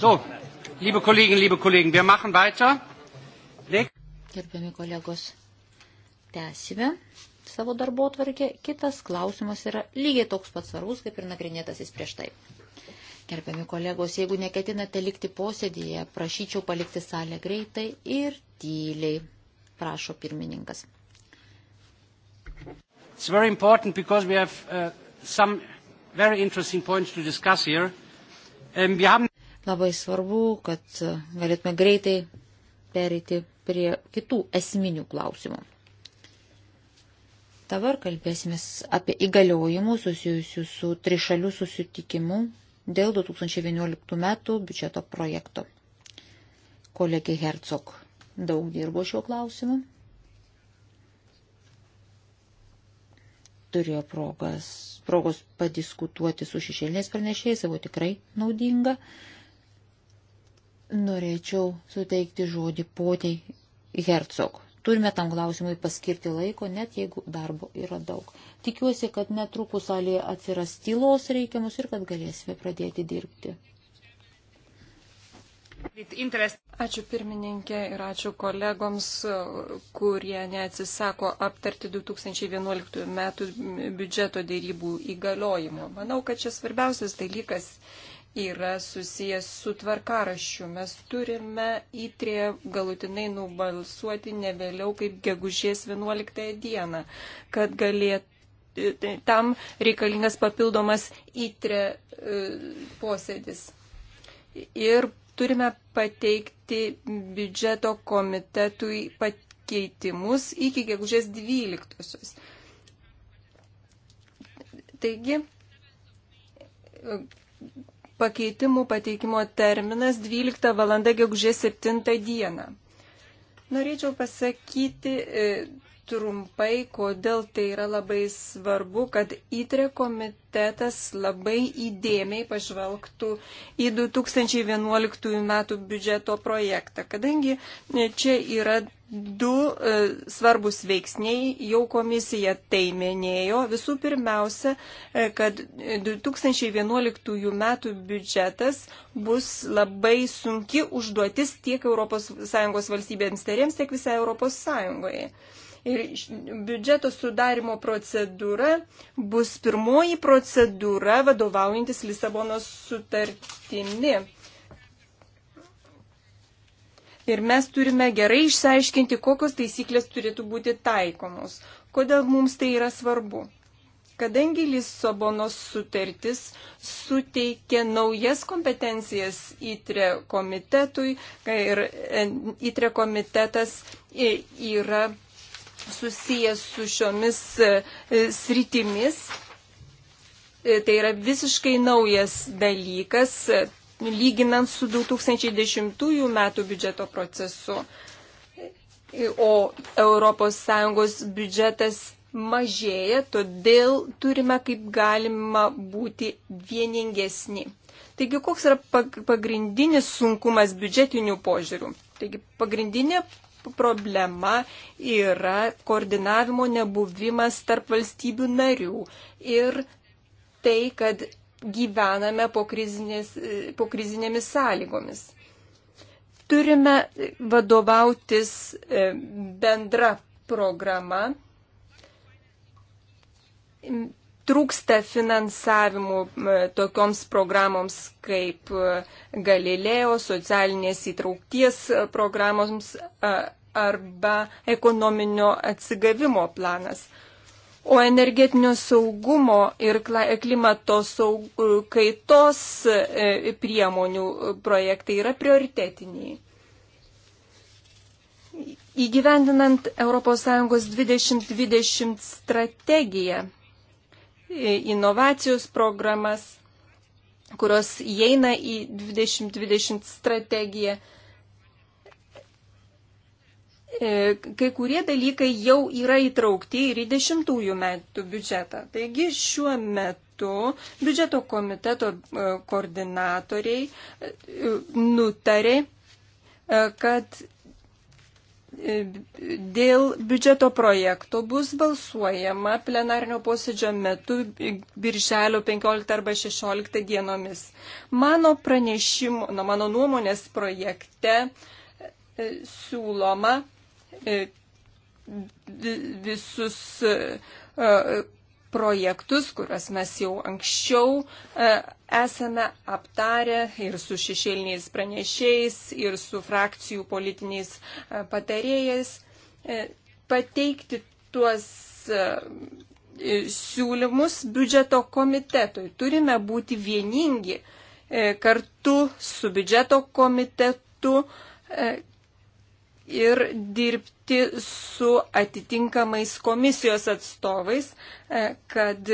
So, liebe Kolleginnen, liebe Kollegen, wir machen weiter. Gerbiami kolegos, tęsime savo darbo tvarkę. Kitas klausimas yra lygiai toks pats svarbus, kaip ir nagrinėtasis prieš tai. Gerbiami kolegos, jeigu neketinate likti posėdėje, prašyčiau palikti salę greitai ir tyliai, prašo pirmininkas. It's very important because we have uh, some very interesting points to discuss here. Um, wir haben Labai svarbu, kad galėtume greitai perėti prie kitų esminių klausimų. Dabar kalbėsime apie įgaliojimus susijusius su trišalių susitikimu dėl 2011 metų biudžeto projekto. Kolegė Hercog daug dirbo šiuo klausimu. Turėjo progas, progos padiskutuoti su šešėliniais pranešėjais, savo tai tikrai naudinga. Uh, Norėčiau suteikti žodį poniai Hercog. Turime tam klausimui paskirti laiko, net jeigu darbo yra daug. Tikiuosi, kad netrukus salėje atsiras tylos reikiamus ir kad galėsime pradėti dirbti. Ačiū pirmininkė ir ačiū kolegoms, kurie neatsisako aptarti 2011 metų biudžeto dėrybų įgaliojimo. Manau, kad čia svarbiausias dalykas yra susijęs su tvarkarašiu. Mes turime įtrė galutinai nubalsuoti ne vėliau kaip gegužės 11 dieną, kad galėtų. E, tam reikalingas papildomas įtrė e, posėdis. Ir turime pateikti biudžeto komitetui pakeitimus iki gegužės 12. -osios. Taigi, Pakeitimų pateikimo terminas 12 val. gegužės 7 dieną. Norėčiau pasakyti e, trumpai, kodėl tai yra labai svarbu, kad įtre komitetas labai įdėmiai pažvelgtų į 2011 metų biudžeto projektą, kadangi čia yra du e, svarbus veiksniai, jau komisija tai minėjo. Visų pirmiausia, e, kad 2011 metų biudžetas bus labai sunki užduotis tiek ES valstybėms tarėms, tiek visai ES. Ir biudžeto sudarimo procedūra bus pirmoji procedūra vadovaujantis Lisabonos sutartimi. Ir mes turime gerai išsiaiškinti, kokios taisyklės turėtų būti taikomos. Kodėl mums tai yra svarbu? kadangi Lisabonos sutartis suteikė naujas kompetencijas įtre komitetui ir įtre e, komitetas e, yra susijęs su šiomis e, e, sritimis. E, tai yra visiškai naujas dalykas, lyginant su 2010 metų biudžeto procesu. O ES biudžetas mažėja, todėl turime kaip galima būti vieningesni. Taigi, koks yra pagrindinis sunkumas biudžetinių požiūrių? Taigi, pagrindinė problema yra koordinavimo nebuvimas tarp valstybių narių ir tai, kad gyvename po, krizinės, po krizinėmis sąlygomis. Turime vadovautis e, bendra programa trūksta finansavimų tokioms programoms kaip e, Galileo, socialinės įtraukties e, programoms e, arba ekonominio atsigavimo planas. O energetinio saugumo ir klimato saug... kaitos priemonių projektai yra prioritetiniai. Įgyvendinant ES 2020 strategiją inovacijos programas, kurios įeina į 2020 strategiją. E, kai kurie dalykai jau yra įtraukti ir į dešimtųjų metų biudžetą. Taigi šiuo metu biudžeto komiteto e, koordinatoriai e, nutarė, kad Dėl biudžeto projekto bus balsuojama plenarnio posėdžio metu birželio 15 arba 16 dienomis. Mano pranešimo, nuo mano nuomonės projekte e, siūloma e, visus e, projektus, kuriuos mes jau anksčiau e, esame aptarę ir su šešėliniais pranešėjais, ir su frakcijų politiniais e, patarėjais, e, pateikti tuos siūlymus biudžeto komitetui. Turime būti vieningi kartu su biudžeto komitetu, ir dirbti su atitinkamais komisijos atstovais, e, kad,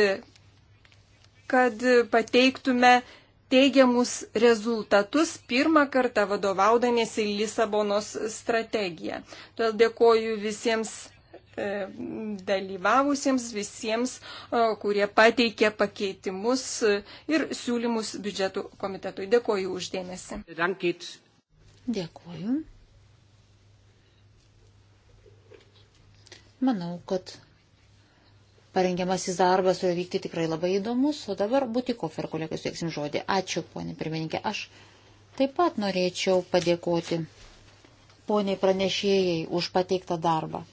kad pateiktume teigiamus rezultatus pirmą kartą vadovaudamiesi Lisabonos strategiją. Todėl dėkoju visiems e, dalyvavusiems visiems, e, kurie pateikė pakeitimus ir siūlymus biudžetų komitetui. Dėkoju uždėmesi. Dėkoju. Manau, kad parengiamasis darbas turi vykti tikrai labai įdomus, o dabar Butikov ir kolegai suėksim žodį. Ačiū, ponė pirmininkė. Aš taip pat norėčiau padėkoti poniai pranešėjai už pateiktą darbą.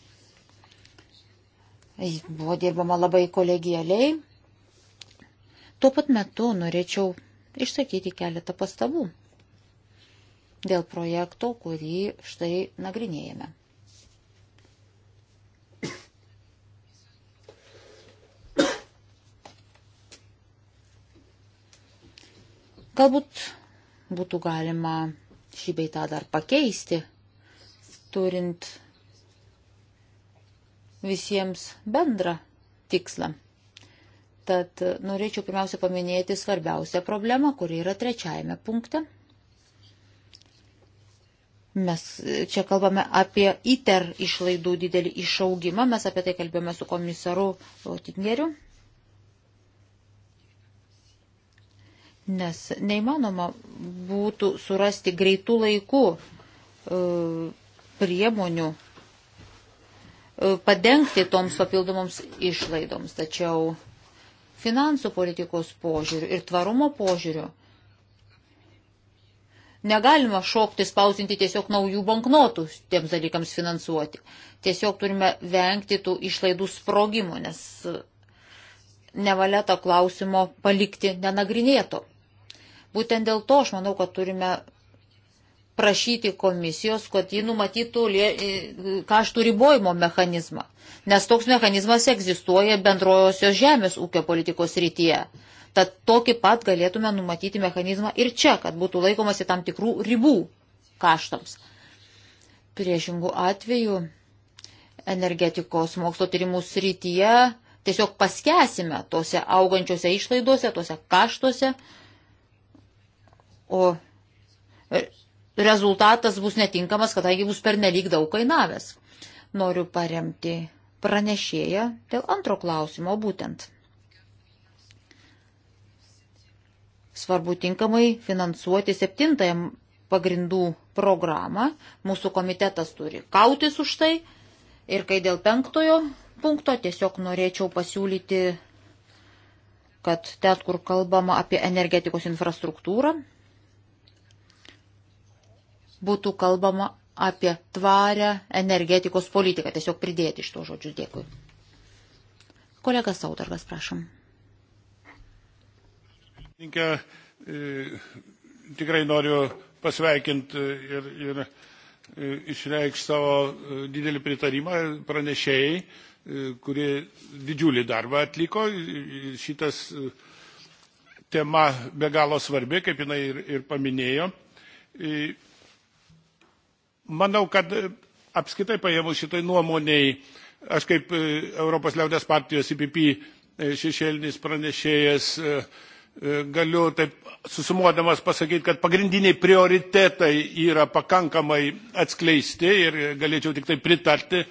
Jis buvo dirbama labai kolegialiai. Tuo pat metu norėčiau išsakyti keletą pastabų dėl projekto, kurį štai nagrinėjame. Galbūt būtų galima šį beitą dar pakeisti, turint visiems bendrą tikslą. Tad norėčiau pirmiausia paminėti svarbiausią problemą, kuri yra trečiajame punkte. Mes čia kalbame apie ITER išlaidų didelį išaugimą, mes apie tai kalbėjome su komisaru Otingeriu, nes neįmanoma būtų surasti greitų laikų e, priemonių e, padengti toms papildomoms išlaidoms. Tačiau finansų politikos požiūrių ir tvarumo požiūrių negalima šokti spausinti tiesiog naujų banknotų tiems dalykams finansuoti. Tiesiog turime vengti tų išlaidų sprogimo, nes nevalia to klausimo palikti nenagrinėto. Būtent dėl to aš manau, kad turime prašyti komisijos, kad ji numatytų e, kaštų ribojimo mechanizmą, nes toks mechanizmas egzistuoja bendrojosios žemės ūkio politikos rytyje. Tad tokį pat galėtume numatyti mechanizmą ir čia, kad būtų laikomasi tam tikrų ribų kaštams. Priešingų atvejų energetikos mokslo tyrimų srityje tiesiog paskesime tose augančiose išlaidose, tose kaštuose, o rezultatas bus netinkamas, kadangi bus pernelyg daug kainavęs. Noriu paremti pranešėją dėl antro klausimo būtent. Svarbu tinkamai finansuoti septintąją pagrindų programą. Mūsų komitetas turi kautis už tai. Ir kai dėl penktojo punkto tiesiog norėčiau pasiūlyti, kad ten, kur kalbama apie energetikos infrastruktūrą, būtų kalbama apie tvarę energetikos politiką. Tiesiog pridėti iš to žodžių. Dėkui. Kolega Saudargas, prašom. Inke, tikrai noriu pasveikinti ir, ir e, išreikšti savo e, didelį pritarimą pranešėjai, e, kurie didžiulį darbą atliko. Šitas tema be galo svarbi, kaip jinai ir, ir paminėjo manau, kad e, apskaitai paėmų šitai nuomoniai, aš kaip e, Europos liaudės partijos IPP e, šešėlinis pranešėjas galiu taip susumuodamas pasakyti, kad pagrindiniai prioritetai yra pakankamai atskleisti ir galėčiau tik tai pritarti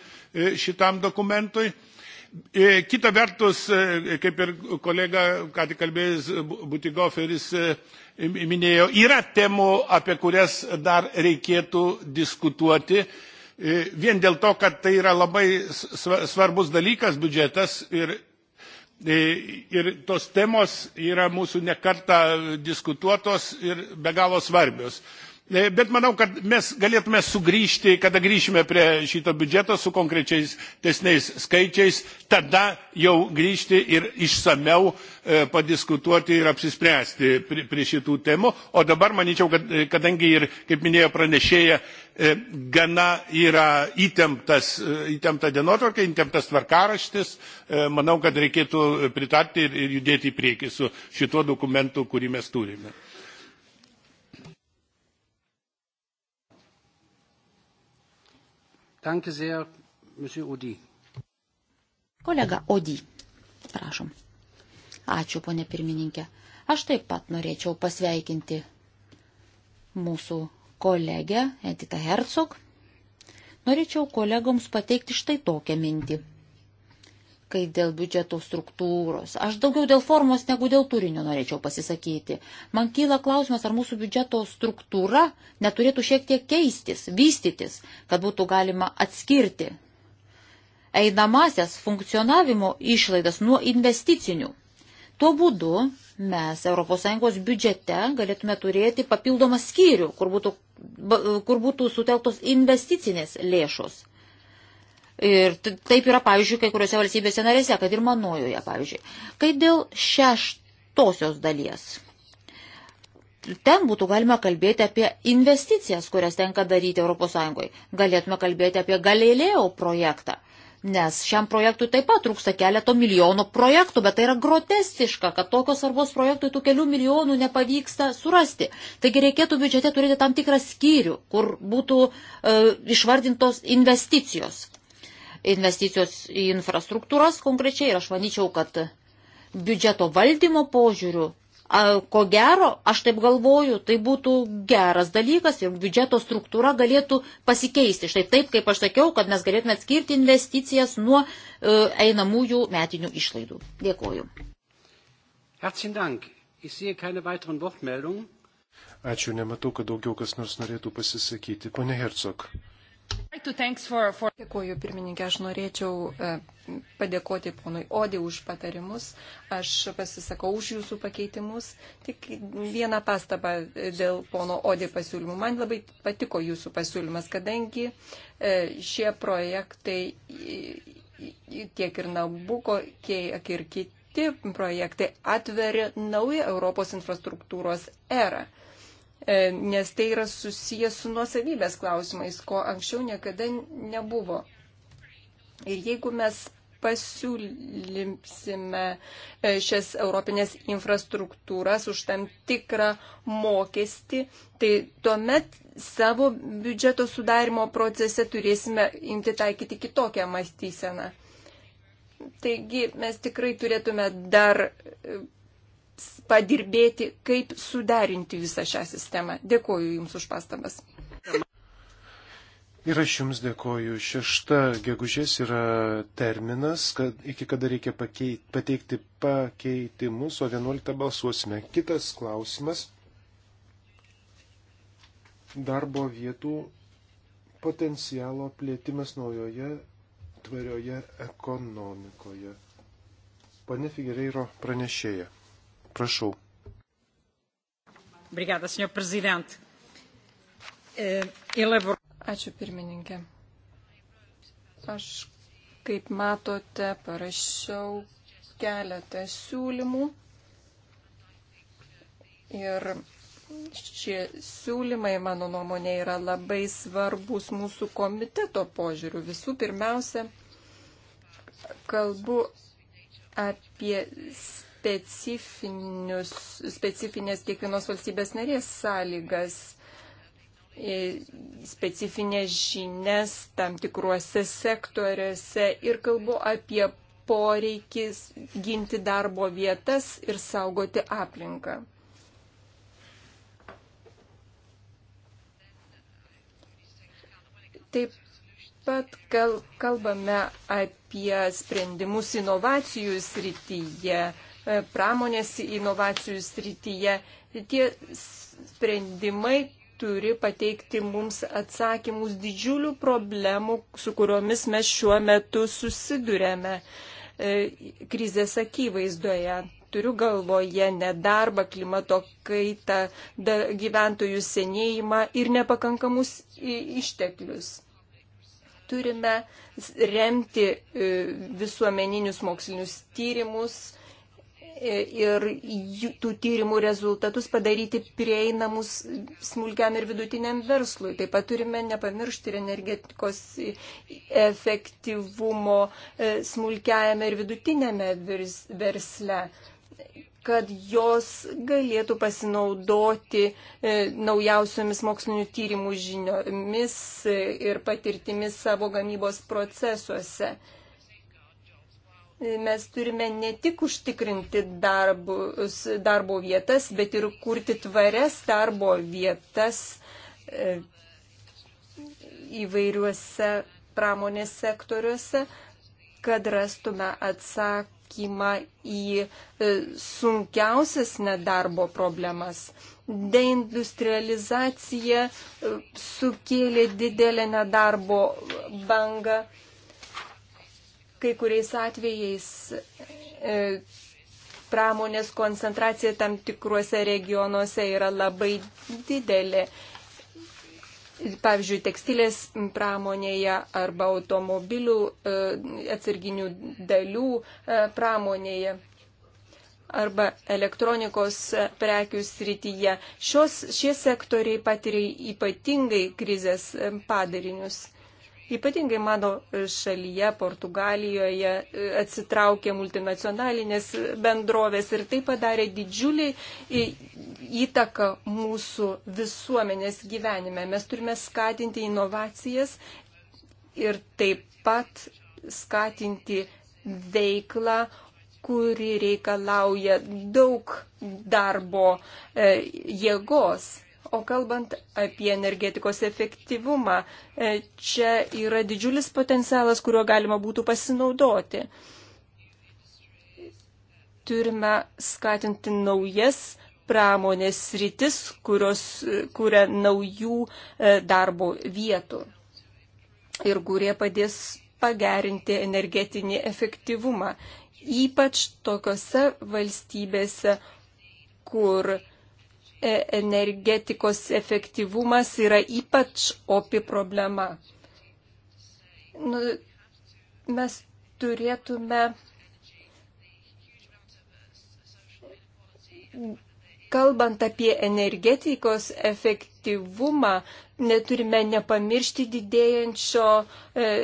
šitam dokumentui. E, kita vertus, e, kaip ir kolega, ką tik kalbėjęs Butigoferis e, minėjo, yra temų, apie kurias dar reikėtų diskutuoti. Vien dėl to, kad tai yra labai svarbus dalykas biudžetas ir, ir tos temos yra mūsų nekarta diskutuotos ir be galo svarbios. E, bet manau, kad mes galėtume sugrįžti, kada grįšime prie šito biudžeto su konkrečiais tesniais skaičiais, tada jau grįžti ir išsameu e, padiskutuoti ir apsispręsti prie, prie šitų temų. O dabar manyčiau, kad, kadangi ir, kaip minėjo pranešėja, e, gana yra įtemptas, įtempta dienotvarkė, įtemptas tvarkaraštis, manau, kad reikėtų pritarti ir, ir judėti į priekį su šituo dokumentu, kurį mes turime. Danke sehr, monsieur Odi. Kolega Odi, prašom. Ačiū, ponė pirmininkė. Aš taip pat norėčiau pasveikinti mūsų kolegę Edita Herzog. Norėčiau kolegoms pateikti štai tokią mintį kai dėl biudžeto struktūros. Aš daugiau dėl formos negu dėl turinio norėčiau pasisakyti. Man kyla klausimas, ar mūsų biudžeto struktūra neturėtų šiek tiek keistis, vystytis, kad būtų galima atskirti einamasias funkcionavimo išlaidas nuo investicinių. Tuo būdu mes ES biudžete galėtume turėti papildomą skyrių, kur būtų, kur būtų sutelktos investicinės lėšos. Ir taip yra, pavyzdžiui, kai kuriuose valstybėse narėse, kad ir manojoje, pavyzdžiui. Kai dėl šeštosios dalies. Ten būtų galima kalbėti apie investicijas, kurias tenka daryti ES. Galėtume kalbėti apie Galileo projektą, nes šiam projektui taip pat trūksta keleto milijonų projektų, bet tai yra grotestiška, kad tokios svarbos projektui tų kelių milijonų nepavyksta surasti. Taigi reikėtų biudžete turėti tam tikrą skyrių, kur būtų e, išvardintos investicijos investicijos į infrastruktūras konkrečiai ir aš manyčiau, kad biudžeto valdymo požiūriu, ko gero, aš taip galvoju, tai būtų geras dalykas ir biudžeto struktūra galėtų pasikeisti. Štai taip, kaip aš sakiau, kad mes galėtume atskirti investicijas nuo e, einamųjų metinių išlaidų. Dėkoju. Ačiū, nematau, kad daugiau kas nors norėtų pasisakyti. Pone Hercog. For, for... Dėkuoju, pirmininkė, aš norėčiau e, padėkoti ponui Odė už patarimus. Aš pasisakau už jūsų pakeitimus. Tik vieną pastabą e, dėl pono Odė pasiūlymų. Man labai patiko jūsų pasiūlymas, kadangi e, šie projektai tiek ir Nabuko, tiek ir kiti projektai atveria naują Europos infrastruktūros erą. E, nes tai yra susijęs su nuosavybės klausimais, ko anksčiau niekada nebuvo. Ir jeigu mes pasiūlimsime e, šias europinės infrastruktūras už tam tikrą mokestį, tai tuomet savo biudžeto sudarimo procese turėsime imti taikyti kitokią mąstyseną. Taigi mes tikrai turėtume dar padirbėti, kaip suderinti visą šią sistemą. Dėkuoju Jums už pastabas. Ir aš Jums dėkoju. Šešta gegužės yra terminas, kad iki kada reikia pakeit, pateikti pakeitimus, o 11 balsuosime. Kitas klausimas. Darbo vietų potencialo plėtimas naujoje tvarioje ekonomikoje. Pane Figereiro pranešėja. Prašau. Brigada, senio prezident. Eh, Ačiū pirmininkė. Aš, kaip matote, parašiau keletą siūlymų ir šie siūlymai, mano nuomonė, yra labai svarbus mūsų komiteto požiūrių. Visų pirmiausia, kalbu apie specifinės kiekvienos valstybės narės sąlygas, specifinės žinias tam tikruose sektoriuose ir kalbu apie poreikis ginti darbo vietas ir saugoti aplinką. Taip pat kalbame apie sprendimus inovacijų srityje E, pramonės inovacijų srityje. Tie sprendimai turi pateikti mums atsakymus didžiulių problemų, su kuriomis mes šiuo metu susidurėme e, krizės akivaizdoje. Turiu galvoje nedarbą, klimato kaitą, gyventojų senėjimą ir nepakankamus išteklius turime remti e, visuomeninius mokslinius tyrimus, ir tų tyrimų rezultatus padaryti prieinamus smulkiam ir vidutiniam verslui. Taip pat turime nepamiršti ir energetikos efektyvumo e, smulkiajame ir vidutinėme versle kad jos galėtų pasinaudoti e, naujausiomis mokslinių tyrimų žiniomis e, ir patirtimis savo gamybos procesuose. E, mes turime ne tik užtikrinti darbus, darbo vietas, bet ir kurti tvarias darbo vietas e, įvairiuose pramonės sektoriuose, kad rastume atsakymą į e, sunkiausias nedarbo problemas. Deindustrializacija e, sukėlė didelę nedarbo bangą kai kuriais atvejais e, pramonės koncentracija tam tikruose regionuose yra labai didelė. Pavyzdžiui, tekstilės pramonėje arba automobilių e, atsarginių dalių e, pramonėje arba elektronikos e, prekių srityje. Šios, šie sektoriai patiria ypatingai krizės e, padarinius. Ypatingai mano šalyje, Portugalijoje, e, atsitraukė multinacionalinės bendrovės ir tai padarė didžiulį įtaką mūsų visuomenės gyvenime. Mes turime skatinti inovacijas ir taip pat skatinti veiklą, kuri reikalauja daug darbo e, jėgos. O kalbant apie energetikos efektyvumą, e, čia yra didžiulis potencialas, kuriuo galima būtų pasinaudoti. Turime skatinti naujas pramonės rytis, kurios e, kuria naujų e, darbo vietų ir kurie padės pagerinti energetinį efektyvumą, ypač tokiose valstybėse, kur E, energetikos efektyvumas yra ypač opi problema. Nu, mes turėtume kalbant apie energetikos efektyvumą, neturime nepamiršti didėjančio, e,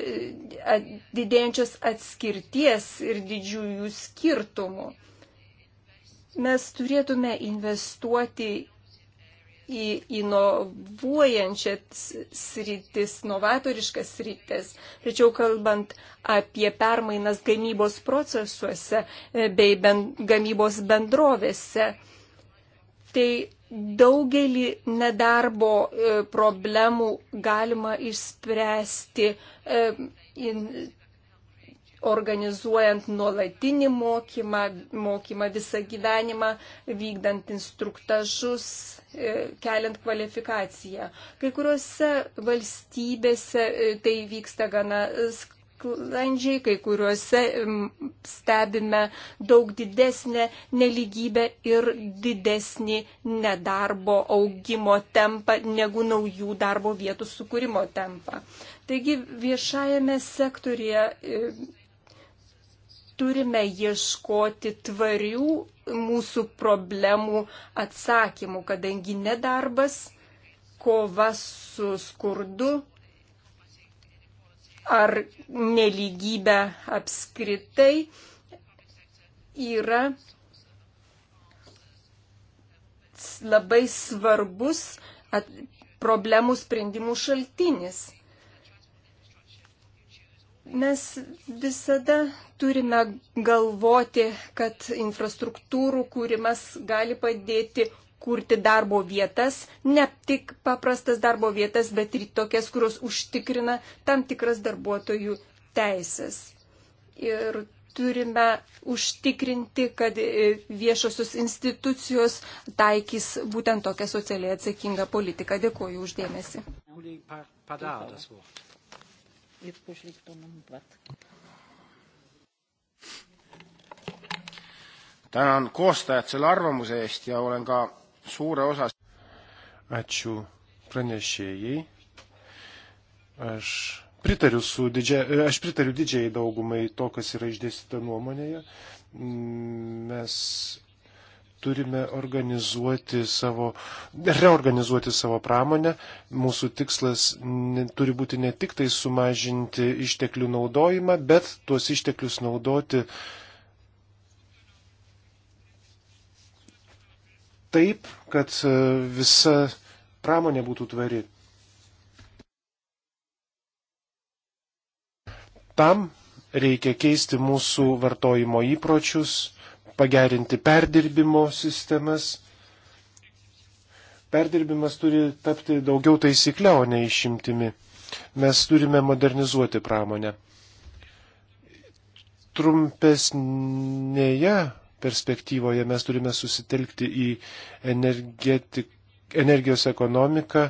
didėjančios atskirties ir didžiųjų skirtumų. Mes turėtume investuoti į inovuojančias sritis, novatoriškas sritis. Tačiau kalbant apie permainas gamybos procesuose e, bei ben, gamybos bendrovėse, tai daugelį nedarbo e, problemų galima išspręsti e, in, organizuojant nuolatinį mokymą, mokymą visą gyvenimą, vykdant instruktažus, e, keliant kvalifikaciją. Kai kuriuose valstybėse e, tai vyksta gana sklandžiai, kai kuriuose stebime daug didesnę neligybę ir didesnį nedarbo augimo tempą negu naujų darbo vietų sukūrimo tempą. Taigi viešajame sektorija e, turime ieškoti tvarių mūsų problemų atsakymų, kadangi nedarbas, kova su skurdu ar neligybė apskritai yra labai svarbus problemų sprendimų šaltinis mes visada turime galvoti, kad infrastruktūrų kūrimas gali padėti kurti darbo vietas, ne tik paprastas darbo vietas, bet ir tokias, kurios užtikrina tam tikras darbuotojų teisės. Ir turime užtikrinti, kad e, viešosios institucijos taikys būtent tokią socialiai atsakingą politiką. Dėkuoju uždėmesi. tänan koostajat selle arvamuse eest ja olen ka suure osa. Ačiū pranešėjai. Aš pritariu, didžia, aš pritariu didžiai daugumai to, kas yra išdėstyta nuomonėje. Mes turime organizuoti savo, reorganizuoti savo pramonę. Mūsų tikslas ne, turi būti ne tik tai sumažinti išteklių naudojimą, bet tuos išteklius naudoti uh, taip, kad e, visa pramonė būtų tvari. Tam reikia keisti mūsų vartojimo įpročius, pagerinti perdirbimo sistemas. Perdirbimas turi tapti daugiau taisykle, o ne išimtimi. Mes turime modernizuoti pramonę. Trumpesnėje perspektyvoje mes turime susitelkti į energijos ekonomiką.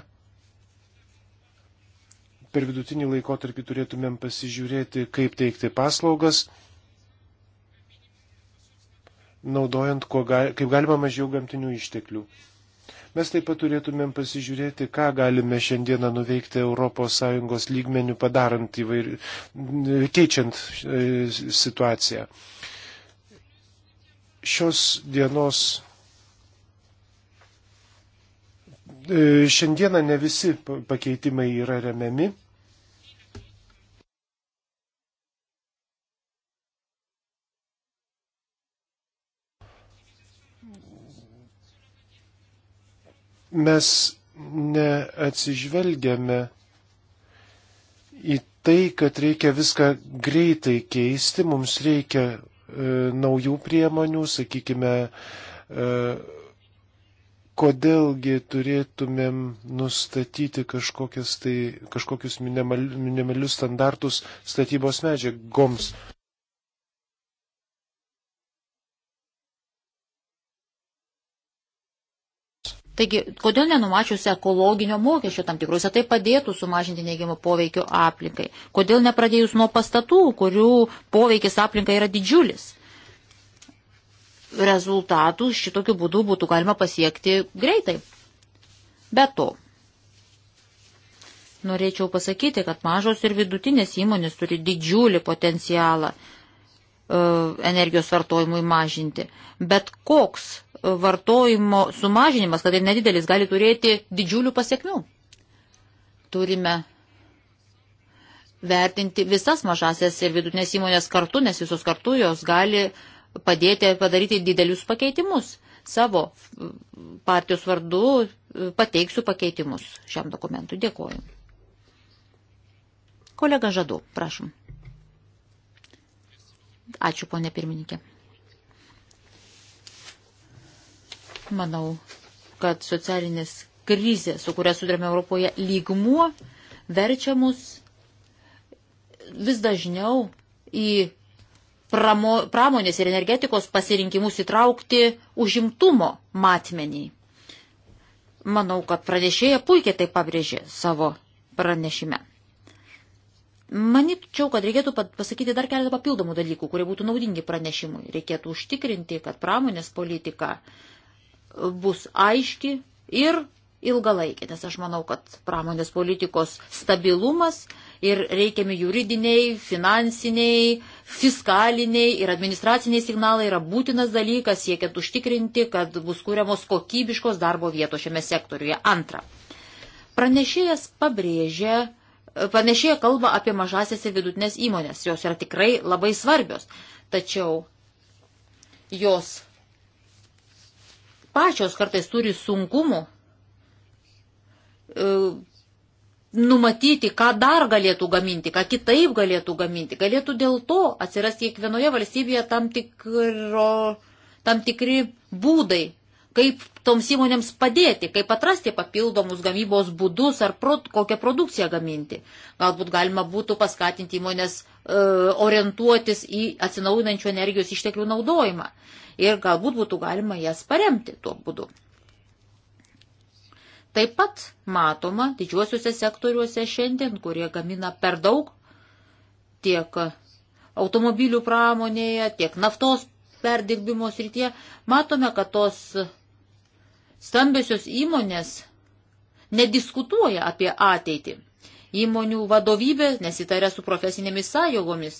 Per vidutinį laikotarpį turėtumėm pasižiūrėti, kaip teikti paslaugas, naudojant gal, kaip galima mažiau gamtinių išteklių. Mes taip pat turėtumėm pasižiūrėti, ką galime šiandieną nuveikti ES lygmenių padarant įvairių, keičiant e, situaciją. Šios dienos e, šiandieną ne visi pakeitimai yra remiami. Mes neatsižvelgiame į tai, kad reikia viską greitai keisti, mums reikia E, naujų priemonių, sakykime, e, kodėlgi turėtumėm nustatyti tai, kažkokius minimal, minimalius standartus statybos medžiagoms. Taigi, kodėl nenumačius ekologinio mokesčio tam tikrose, tai padėtų sumažinti neigiamą poveikio aplinkai? Kodėl nepradėjus nuo pastatų, kurių poveikis aplinkai yra didžiulis? Rezultatų šitokiu būdu būtų galima pasiekti greitai. Be to, norėčiau pasakyti, kad mažos ir vidutinės įmonės turi didžiulį potencialą e, energijos vartojimui mažinti. Bet koks vartojimo sumažinimas, kad ir nedidelis, gali turėti didžiulių pasiekmių. Turime vertinti visas mažasias ir vidutinės įmonės kartu, nes visos kartu jos gali padėti padaryti didelius pakeitimus. Savo partijos vardu pateiksiu pakeitimus šiam dokumentui. Dėkuoju. Kolega Žadu, prašom. Ačiū, ponė pirmininkė. Manau, kad socialinės krizė, su kuria sudurėme Europoje lygmuo, verčia mus vis dažniau į pramo, pramonės ir energetikos pasirinkimus įtraukti užimtumo matmenį. Manau, kad pranešėja puikiai tai pabrėžė savo pranešime. Manyčiau, kad reikėtų pasakyti dar keletą papildomų dalykų, kurie būtų naudingi pranešimui. Reikėtų užtikrinti, kad pramonės politika uh, bus aiški ir ilgalaikė, nes aš manau, kad pramonės politikos stabilumas ir reikiami juridiniai, finansiniai, fiskaliniai ir administraciniai signalai yra būtinas dalykas, siekiant užtikrinti, kad bus kūriamos kokybiškos darbo vietos šiame sektoriuje. Antra. Pranešėjas pabrėžia, pranešėja kalba apie mažasias ir vidutinės įmonės, jos yra tikrai labai svarbios, tačiau jos pačios kartais turi sunkumų e, numatyti, ką dar galėtų gaminti, ką kitaip galėtų gaminti. Galėtų dėl to atsirasti kiekvienoje valstybėje tam, tikro, tam tikri būdai kaip toms įmonėms padėti, kaip atrasti papildomus gamybos būdus ar pro, kokią produkciją gaminti. Galbūt galima būtų paskatinti įmonės e, orientuotis į atsinaujinančių energijos išteklių naudojimą ir galbūt būtų galima jas paremti tuo būdu. Taip pat matoma didžiuosiuose sektoriuose šiandien, kurie gamina per daug tiek automobilių pramonėje, tiek naftos perdirbimo srityje, matome, kad tos Stambiosios įmonės nediskutuoja apie ateitį. Įmonių vadovybė nesitarė su profesinėmis sąjungomis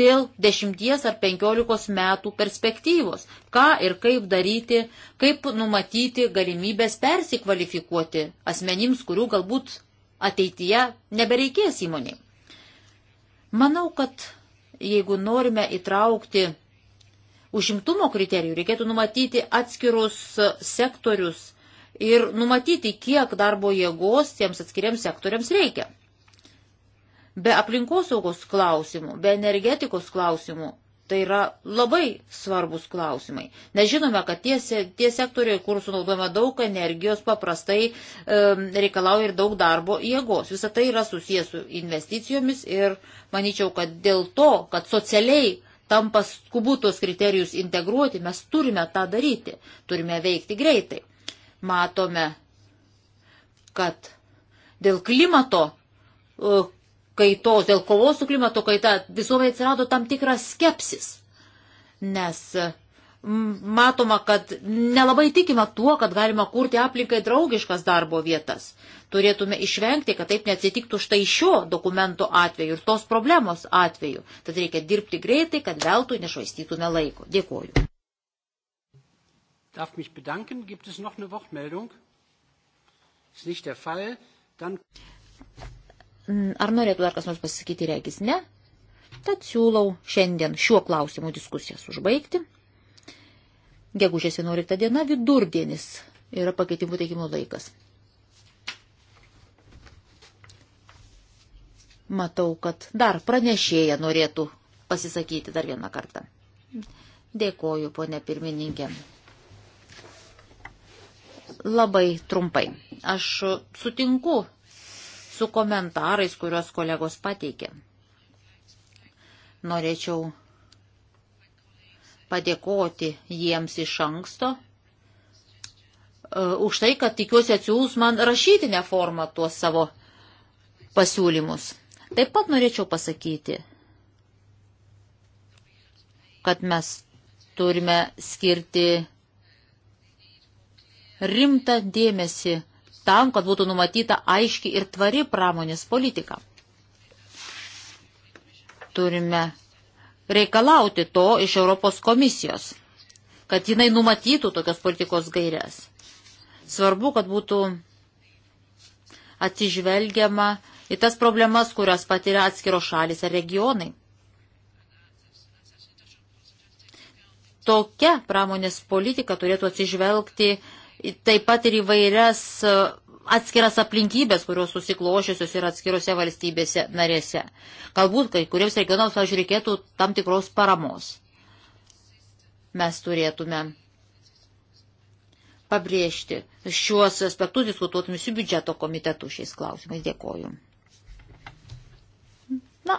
dėl 10 ar 15 metų perspektyvos, ką ir kaip daryti, kaip numatyti galimybės persikvalifikuoti asmenims, kurių galbūt ateityje nebereikės įmoniai. Manau, kad jeigu norime įtraukti užimtumo kriterijų reikėtų numatyti atskirus sektorius ir numatyti, kiek darbo jėgos tiems atskiriams sektoriams reikia. Be aplinkosaugos klausimų, be energetikos klausimų, tai yra labai svarbus klausimai. Nežinome, kad tie, tie sektoriai, kur sunaudojama daug energijos, paprastai e, reikalauja ir daug darbo jėgos. Visą tai yra susijęs su investicijomis ir manyčiau, kad dėl to, kad socialiai tampa skubu tuos kriterijus integruoti, mes turime tą daryti, turime veikti greitai. Matome, kad dėl klimato e, kaitos, dėl kovos su klimato kaita visuomenė atsirado tam tikras skepsis, nes matoma, kad nelabai tikima tuo, kad galima kurti aplinkai draugiškas darbo vietas. Turėtume išvengti, kad taip neatsitiktų štai šio dokumento atveju ir tos problemos atveju. Tad reikia dirbti greitai, kad veltui nešvaistytume laiko. Dėkuoju. Darf mich bedanken. Gibt es noch eine Wortmeldung? Ist nicht der Fall. Dann... Ar norėtų dar kas nors pasakyti, regis ne? Tad siūlau šiandien šiuo klausimu diskusijas užbaigti. Gegužės 11 diena vidurdienis yra pakeitimų teikimo laikas. Matau, kad dar pranešėja norėtų pasisakyti dar vieną kartą. Dėkoju, ponė pirmininkė. Labai trumpai. Aš sutinku su komentarais, kuriuos kolegos pateikė. Norėčiau padėkoti jiems iš anksto e, už tai, kad tikiuosi atsiūs man rašytinę formą tuos savo pasiūlymus. Taip pat norėčiau pasakyti, kad mes turime skirti rimtą dėmesį tam, kad būtų numatyta aiški ir tvari pramonės politika. Turime reikalauti to iš Europos komisijos, kad jinai numatytų tokios politikos gairias. Svarbu, kad būtų atsižvelgiama į tas problemas, kurias patiria atskiros šalis ar regionai. Tokia pramonės politika turėtų atsižvelgti taip pat ir įvairias atskiras aplinkybės, kurios susiklošiusios yra atskirose valstybėse narėse. Galbūt kai kuriems regionams, pavyzdžiui, reikėtų tam tikros paramos. Mes turėtume pabrėžti šiuos aspektus diskutuotume su biudžeto komitetu šiais klausimais. Dėkoju. Na,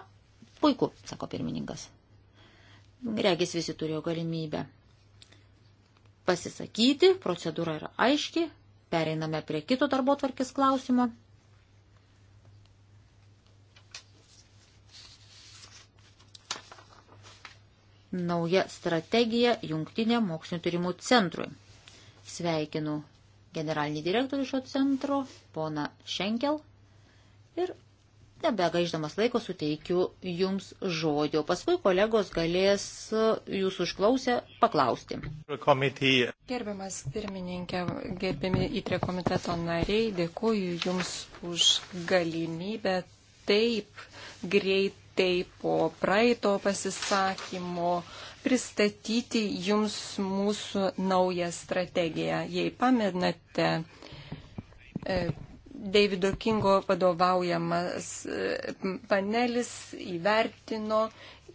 puiku, sako pirmininkas. Regis visi turėjo galimybę pasisakyti, procedūra yra aiški, Pereiname prie kito darbo tvarkės klausimo. Nauja strategija jungtinė mokslinio tyrimų centrui. Sveikinu generalinį direktorių šio centro, pona Šenkel, ir Nebegaiždamas laiko suteikiu jums žodžio. Paskui kolegos galės jūsų užklausę paklausti. Gerbiamas pirmininkė, gerbiami įtrė komiteto nariai, dėkuoju jums už galimybę taip greitai po praeito pasisakymo pristatyti jums mūsų naują strategiją. Jei pamenate, e, Davido Kingo vadovaujamas e, panelis įvertino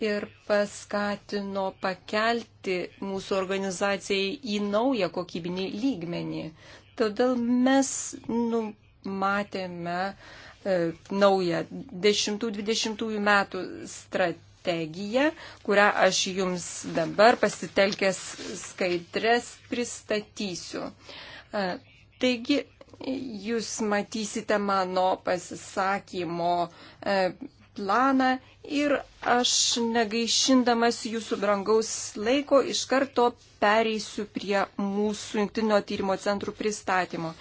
ir paskatino pakelti mūsų organizacijai į naują kokybinį lygmenį. Todėl mes numatėme e, naują 10-20 metų strategiją, kurią aš jums dabar pasitelkęs skaidrės pristatysiu. E, taigi, Jūs matysite mano pasisakymo e, planą ir aš negaišindamas jūsų brangaus laiko iš karto pereisiu prie mūsų jungtinio tyrimo centrų pristatymo.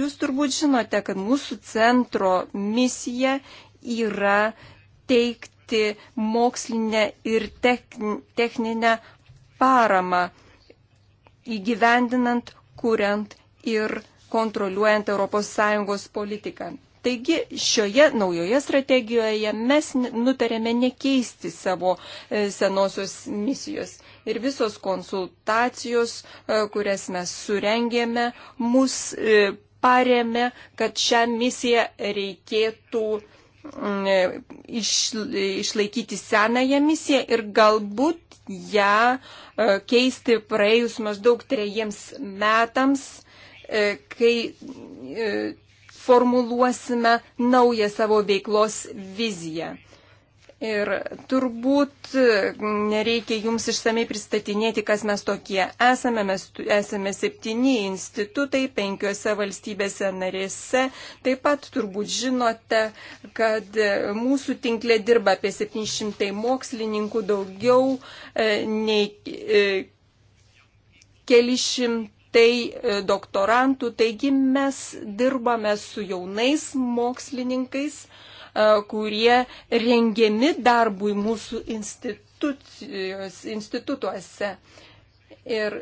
Jūs turbūt žinote, kad mūsų centro misija yra teikti mokslinę ir techninę paramą įgyvendinant, kuriant ir kontroliuojant ES politiką. Taigi šioje naujoje strategijoje mes nutarėme nekeisti savo e, senosios misijos. Ir visos konsultacijos, e, kurias mes surengėme, mus e, paremė, kad šią misiją reikėtų mm, iš, išlaikyti senąją misiją ir galbūt ją keisti praėjus maždaug trejiems metams E, kai e, formuluosime naują savo veiklos viziją. Ir turbūt e, nereikia jums išsamei pristatinėti, kas mes tokie esame. Mes esame septyni institutai penkiose valstybėse narėse. Taip pat turbūt žinote, kad mūsų tinklė dirba apie 700 mokslininkų daugiau nei keli šimtai tai e, doktorantų. Taigi mes dirbame su jaunais mokslininkais, e, kurie rengiami darbui mūsų institutuose. Ir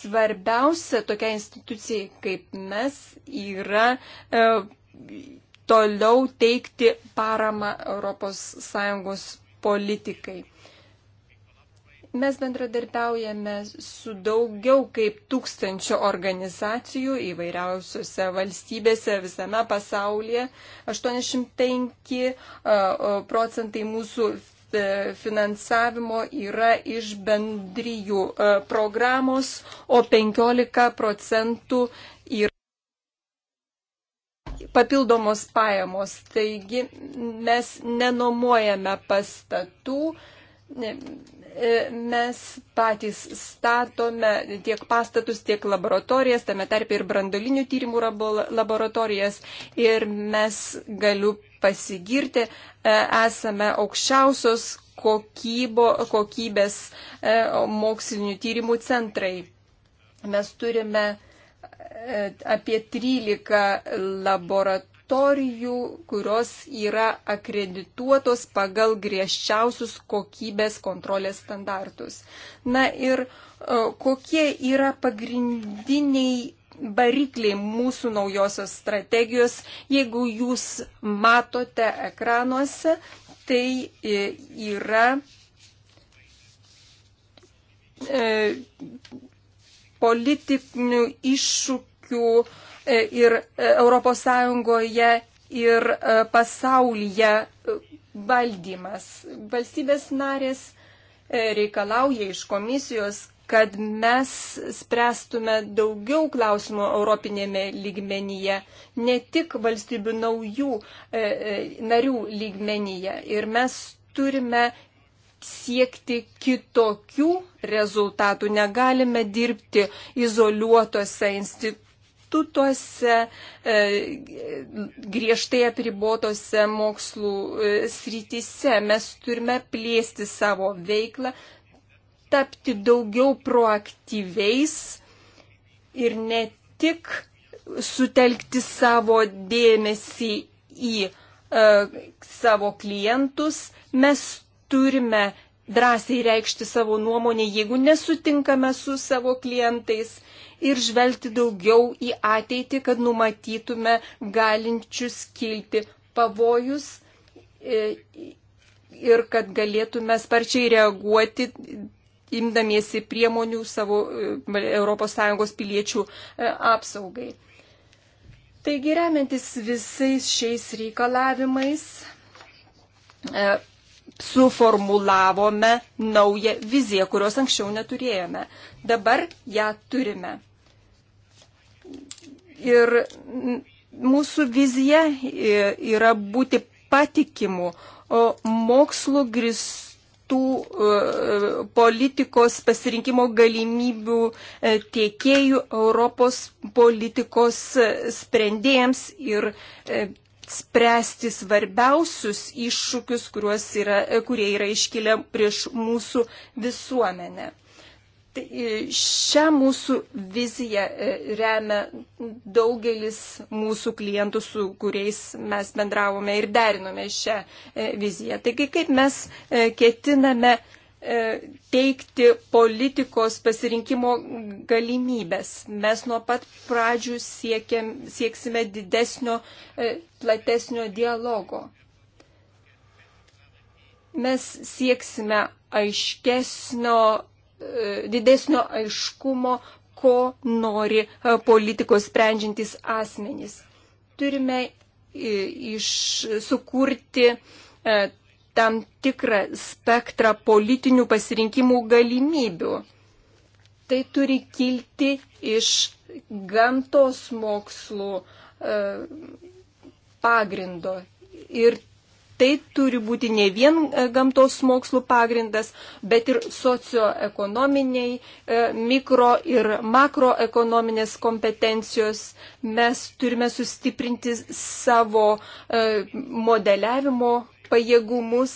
svarbiausia tokia institucija kaip mes yra e, toliau teikti paramą ES politikai. Mes bendradarbiaujame su daugiau kaip tūkstančio organizacijų įvairiausiose valstybėse visame pasaulyje. 85 procentai mūsų e, finansavimo yra iš bendryjų e, programos, o 15 procentų yra papildomos pajamos. Taigi mes nenomuojame pastatų E, mes patys statome tiek pastatus, tiek laboratorijas, tame tarp ir brandolinių tyrimų laboratorijas. Ir mes, galiu pasigirti, e, esame aukščiausios kokybo, kokybės e, mokslinių tyrimų centrai. Mes turime apie 13 laboratorijų laboratorijų, kurios yra akredituotos pagal griežčiausius kokybės kontrolės standartus. Na ir e, kokie yra pagrindiniai varikliai mūsų naujosios strategijos. Jeigu jūs matote ekranuose, tai e, yra e, politinių iššūkių E, ir ES ir e, pasaulyje e, valdymas. Valstybės narės reikalauja iš komisijos, kad mes spręstume daugiau klausimų europinėme lygmenyje, ne tik valstybių naujų e, narių lygmenyje. Ir mes turime siekti kitokių rezultatų, negalime dirbti izoliuotose institucijose institutuose, e, griežtai apribotose mokslų e, srityse. Mes turime plėsti savo veiklą, tapti daugiau proaktyviais ir ne tik sutelkti savo dėmesį į e, savo klientus, mes turime drąsiai reikšti savo nuomonę, jeigu nesutinkame su savo klientais ir žvelgti daugiau į ateitį, kad numatytume galinčius kilti pavojus e, ir kad galėtume sparčiai reaguoti, imdamiesi priemonių savo ES piliečių e, apsaugai. Taigi remiantis visais šiais reikalavimais, e, suformulavome naują viziją, kurios anksčiau neturėjome. Dabar ją turime. Ir mūsų vizija yra būti patikimų mokslo gristų e, politikos pasirinkimo galimybių e, tiekėjų Europos politikos e, sprendėjams ir spręsti svarbiausius iššūkius, yra, kurie yra iškilę prieš mūsų visuomenę. Tai e, šią mūsų viziją e, remia daugelis mūsų klientų, su kuriais mes bendravome ir derinome šią e, viziją. Taigi kaip mes ketiname E, teikti politikos pasirinkimo galimybės. Mes nuo pat pradžių siekiam, sieksime didesnio, e, platesnio dialogo. Mes sieksime aiškesnio, e, didesnio aiškumo, ko nori politikos sprendžiantis asmenys. Turime iš, sukurti tam tikrą spektrą politinių pasirinkimų galimybių. Tai turi kilti iš gamtos mokslų e, pagrindo. Ir tai turi būti ne vien e, gamtos mokslų pagrindas, bet ir socioekonominiai, e, mikro ir makroekonominės kompetencijos. Mes turime sustiprinti savo e, modeliavimo pajėgumus,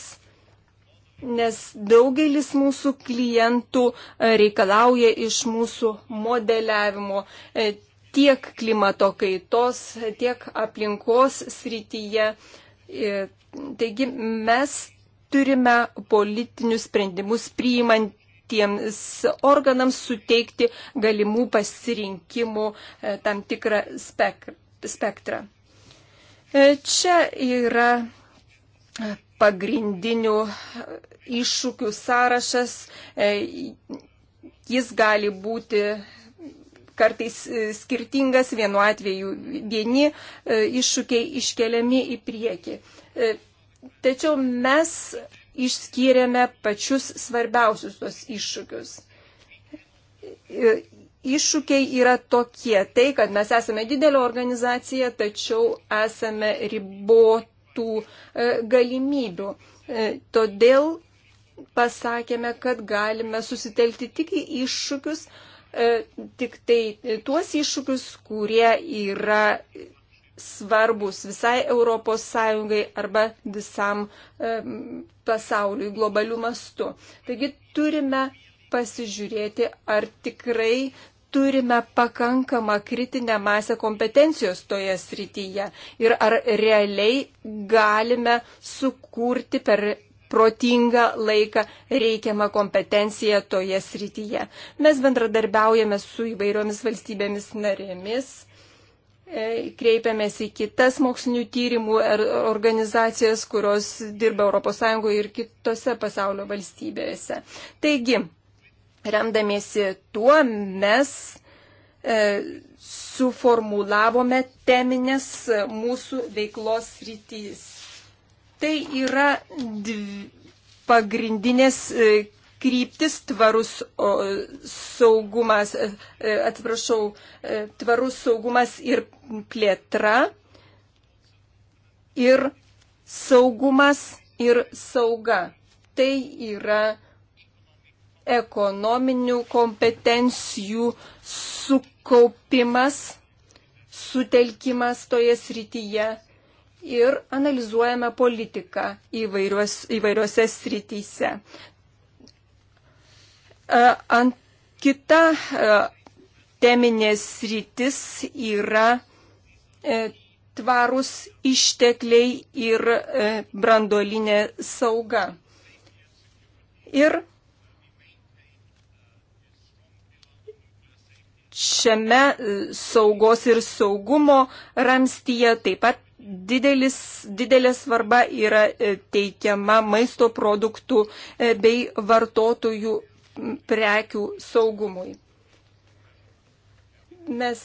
nes daugelis mūsų klientų e, reikalauja iš mūsų modeliavimo e, tiek klimato kaitos, tiek aplinkos srityje. E, taigi mes turime politinius sprendimus priimant tiems organams suteikti galimų pasirinkimų tam tikrą spektrą. Čia yra pagrindinių iššūkių sąrašas. E, jis gali būti kartais e, skirtingas, vienu atveju vieni e, iššūkiai iškeliami į priekį. Tačiau mes išskyrėme pačius svarbiausius tos iššūkius. Iššūkiai yra tokie, tai, kad mes esame didelė organizacija, tačiau esame riboti tų e, galimybių. E, todėl pasakėme, kad galime susitelkti tik į iššūkius, e, tik tai tuos iššūkius, kurie yra svarbus visai Europos Sąjungai arba visam pasauliui globalių mastu. Taigi turime pasižiūrėti, ar tikrai turime pakankamą kritinę masę kompetencijos toje srityje ir ar realiai galime sukurti per protingą laiką reikiamą kompetenciją toje srityje. Mes bendradarbiaujame su įvairiomis valstybėmis narėmis, e, kreipiamės į kitas mokslinių tyrimų er, organizacijas, kurios dirba ES ir kitose pasaulio valstybėse. Taigi, Remdamiesi tuo mes e, suformulavome teminės mūsų veiklos rytys. Tai yra dvi pagrindinės e, kryptis tvarus o, saugumas, e, e, atsiprašau, e, tvarus saugumas ir plėtra ir saugumas ir sauga. Tai yra ekonominių kompetencijų sukaupimas, sutelkimas toje srityje ir analizuojame politiką įvairios, įvairiose srityse. E, ant kita e, teminės sritis yra e, tvarus ištekliai ir brandolinė sauga. Ir trečiame e, saugos ir saugumo ramstyje taip pat didelis, didelė svarba yra e, teikiama maisto produktų e, bei vartotojų prekių saugumui. Mes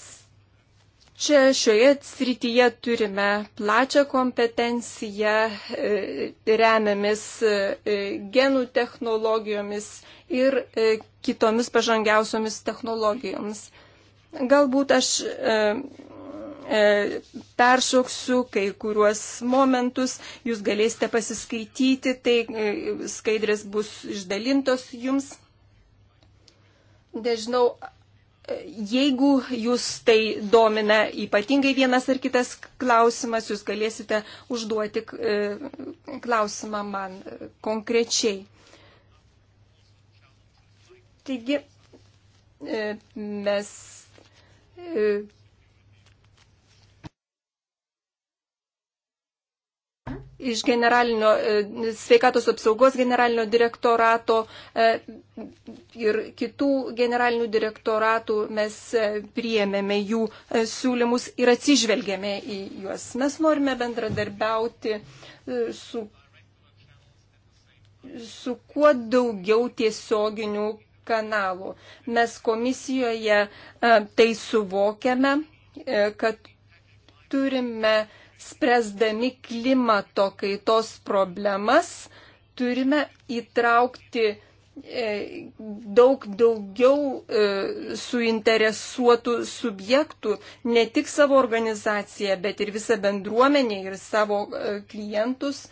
Čia šioje srityje turime plačią kompetenciją, e, remiamis e, e, genų technologijomis ir kitomis pažangiausiomis technologijomis. Galbūt aš peršoksiu kai kuriuos momentus, jūs galėsite pasiskaityti, tai skaidrės bus išdalintos jums. Nežinau, Jeigu jūs tai domina ypatingai vienas ar kitas klausimas, jūs galėsite užduoti e, klausimą man e, konkrečiai. Taigi, e, mes iš generalinio e, sveikatos apsaugos generalinio direktorato e, ir kitų generalinių direktoratų mes e, priėmėme jų siūlymus ir atsižvelgėme į juos. Mes norime bendradarbiauti su, su kuo daugiau tiesioginių kanalų. Mes komisijoje tai suvokiame, kad turime spręsdami klimato kaitos problemas, turime įtraukti e, daug daugiau e, suinteresuotų subjektų, ne tik savo organizaciją, bet ir visą bendruomenę ir savo e, klientus.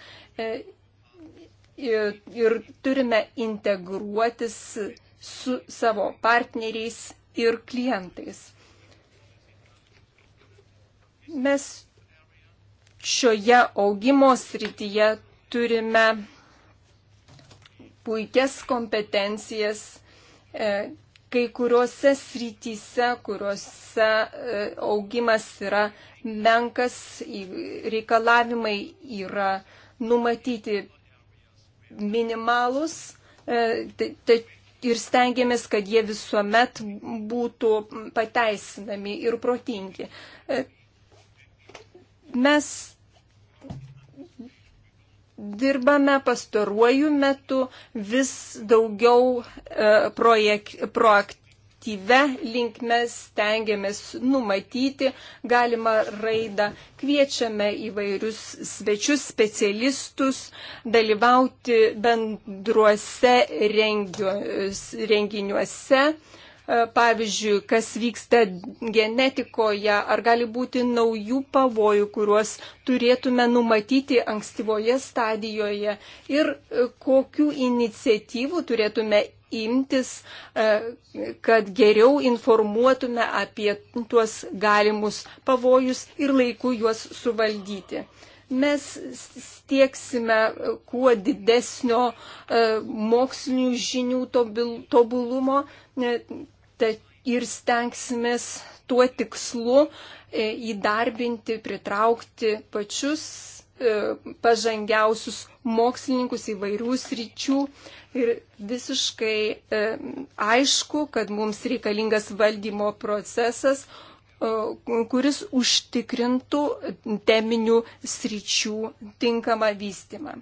Ir, ir turime integruotis su savo partneriais ir klientais. Mes šioje augimo srityje turime puikias kompetencijas e, kai kuriuose srityse, kuriuose e, augimas yra menkas, reikalavimai yra numatyti minimalus e, ir stengiamės, kad jie visuomet būtų pateisinami ir protingi. Mes dirbame pastaruoju metu vis daugiau e, projek, proaktyvę linkmę stengiamės numatyti galimą raidą, kviečiame įvairius svečius specialistus dalyvauti bendruose rengio, renginiuose. E, E, pavyzdžiui, kas vyksta genetikoje, ar gali būti naujų pavojų, kuriuos turėtume numatyti ankstyvoje stadijoje ir e, kokių iniciatyvų turėtume imtis, e, kad geriau informuotume apie tuos galimus pavojus ir laiku juos suvaldyti. Mes stieksime kuo didesnio mokslinių žinių tobulumo, ir stengsimės tuo tikslu e, įdarbinti, pritraukti pačius e, pažangiausius mokslininkus įvairių sričių ir visiškai e, aišku, kad mums reikalingas valdymo procesas, kuris užtikrintų teminių sričių tinkamą vystimą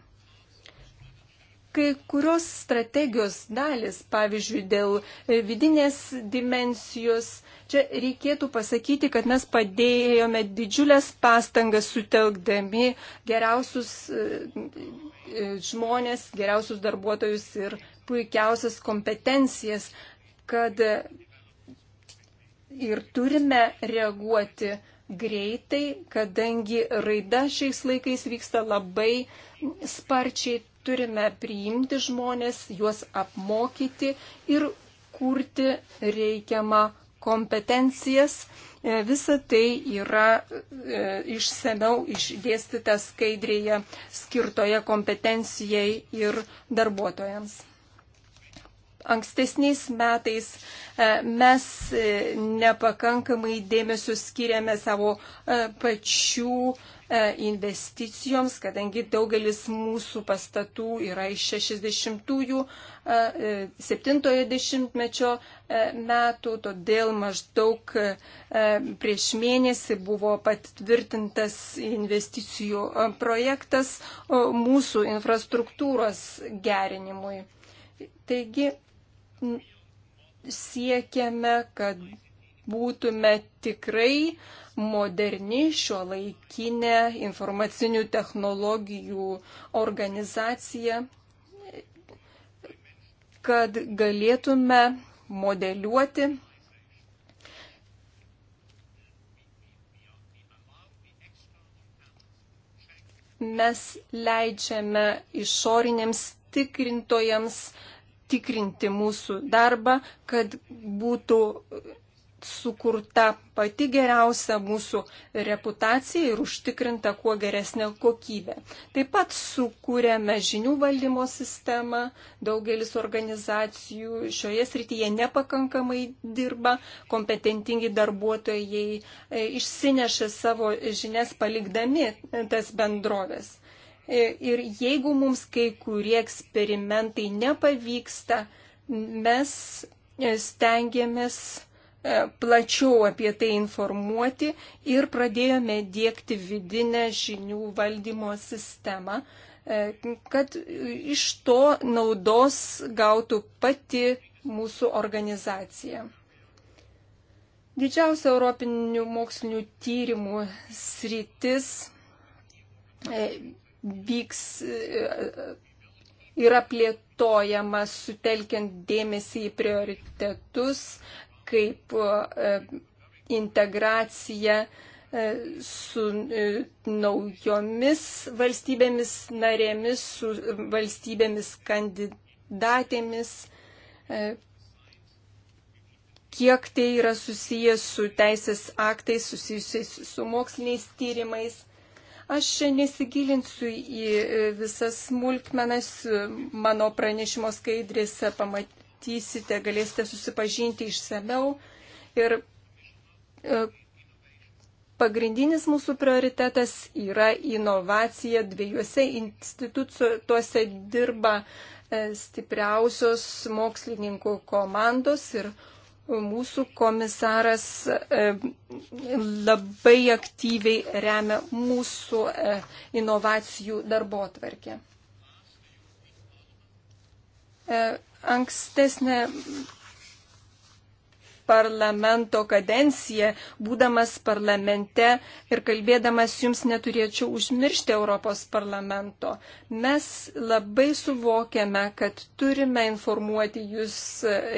kai kurios strategijos dalis, pavyzdžiui, dėl e, vidinės dimensijos, čia reikėtų pasakyti, kad mes padėjome didžiulės pastangas sutelkdami geriausius e, e, žmonės, geriausius darbuotojus ir puikiausias kompetencijas, kad ir turime reaguoti greitai, kadangi raida šiais laikais vyksta labai sparčiai, turime priimti žmonės, juos apmokyti ir kurti reikiamą kompetencijas. E, visa tai yra e, išsameu išdėstyta skaidrėje skirtoje kompetencijai ir darbuotojams. Ankstesniais metais e, mes nepakankamai dėmesio skiriame savo pačių E, investicijoms, kadangi daugelis mūsų pastatų yra iš 60-ųjų, 70-ojo e, e, dešimtmečio metų, todėl maždaug prieš mėnesį buvo patvirtintas investicijų projektas mūsų infrastruktūros gerinimui. Taigi siekiame, kad būtume tikrai moderni šio laikinė informacinių technologijų organizacija, kad galėtume modeliuoti mes leidžiame išoriniams tikrintojams tikrinti mūsų darbą, kad būtų sukurta pati geriausia mūsų reputacija ir užtikrinta kuo geresnė kokybė. Taip pat sukūrėme žinių valdymo sistemą, daugelis organizacijų šioje srityje nepakankamai dirba, kompetentingi darbuotojai e, išsineša savo žinias palikdami tas bendrovės. E, ir jeigu mums kai kurie eksperimentai nepavyksta, mes e, stengiamės E, plačiau apie tai informuoti ir pradėjome dėkti vidinę žinių valdymo sistemą, e, kad iš to naudos gautų pati mūsų organizacija. Didžiausia Europinių mokslinių tyrimų sritis e, vyks, yra plėtojama sutelkiant dėmesį į prioritetus, kaip e, integracija e, su e, naujomis valstybėmis narėmis, su valstybėmis kandidatėmis, kiek tai yra susijęs su teisės aktais, susijusiais su moksliniais tyrimais. Aš nesigilinsiu į visas smulkmenas, mano pranešimo skaidrėse pamat, matysite, galėsite susipažinti išsameu. Ir e, pagrindinis mūsų prioritetas yra inovacija. Dviejose institucijose dirba e, stipriausios mokslininkų komandos ir mūsų komisaras e, labai aktyviai remia mūsų inovacijų darbo atverkę ankstesnę parlamento kadenciją, būdamas parlamente ir kalbėdamas jums neturėčiau užmiršti Europos parlamento. Mes labai suvokiame, kad turime informuoti jūs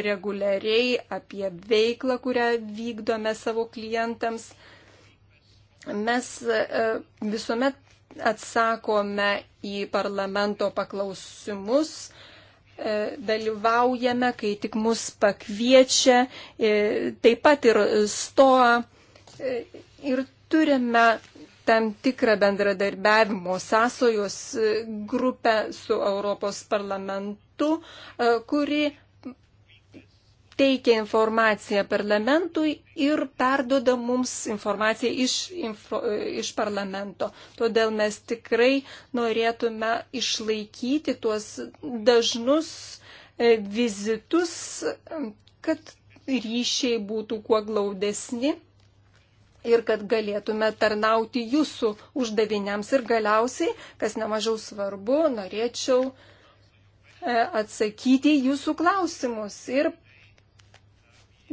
reguliariai apie veiklą, kurią vykdome savo klientams. Mes e, visuomet atsakome į parlamento paklausimus, E, dalyvaujame, kai tik mus pakviečia, e, taip pat ir stoa e, ir turime tam tikrą bendradarbiavimo sąsojos grupę su Europos parlamentu, kuri teikia informaciją parlamentui ir perdoda mums informaciją iš, info, iš parlamento. Todėl mes tikrai norėtume išlaikyti tuos dažnus e, vizitus, kad ryšiai būtų kuo glaudesni ir kad galėtume tarnauti jūsų uždaviniams. Ir galiausiai, kas nemažiau svarbu, norėčiau e, atsakyti jūsų klausimus ir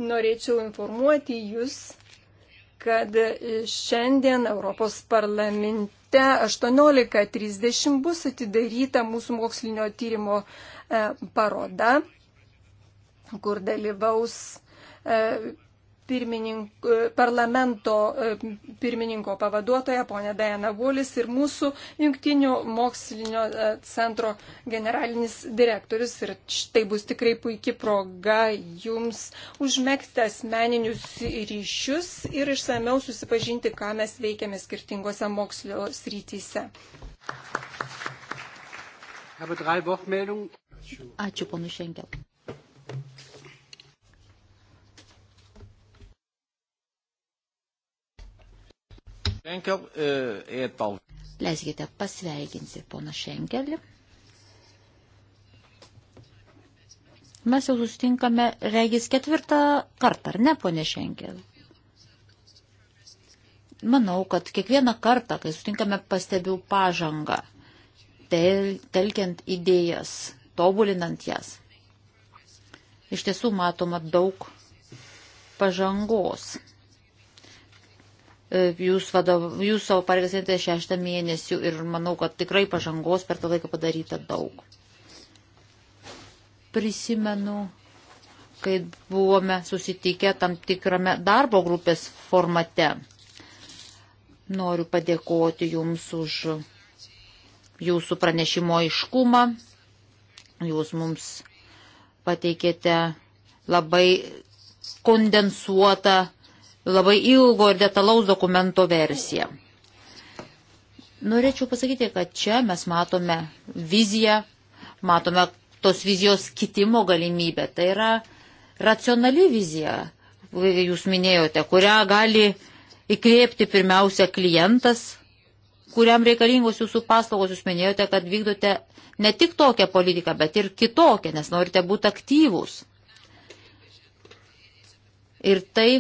norėčiau informuoti Jūs, kad šiandien Europos parlamente 18.30 bus atidaryta mūsų mokslinio tyrimo e, paroda, kur dalyvaus e, pirminink, e, parlamento e, pirmininko pavaduotoja ponė Diana Volis ir mūsų jungtinių mokslinio e, centro generalinis direktorius. Ir tai bus tikrai puikia proga jums užmėgti asmeninius ryšius ir išsameu susipažinti, ką mes veikiame skirtingose mokslo srityse. Ačiū, ponu Šenkel. E, e, Leiskite pasveikinti poną Šenkelį. Mes jau sustinkame, regis, ketvirtą kartą, ar ne, ponė Šenkelį? Manau, kad kiekvieną kartą, kai sustinkame, pastebiu pažangą, tel, telkiant idėjas, tobulinant jas. Iš tiesų matoma daug pažangos E, jūs, vadov, jūs savo pareigas einate šeštą mėnesį ir manau, kad tikrai pažangos per tą laiką padaryta daug. Prisimenu, kai buvome susitikę tam tikrame darbo grupės formate. Noriu padėkoti Jums už Jūsų pranešimo iškumą. Jūs mums pateikėte labai kondensuotą labai ilgo ir detalaus dokumento versiją. Norėčiau pasakyti, kad čia mes matome viziją, matome tos vizijos kitimo galimybę. Tai yra racionali vizija, jūs minėjote, kurią gali įkvėpti pirmiausia klientas, kuriam reikalingos jūsų paslaugos, jūs minėjote, kad vykdote ne tik tokią politiką, bet ir kitokią, nes norite būti aktyvūs. Ir tai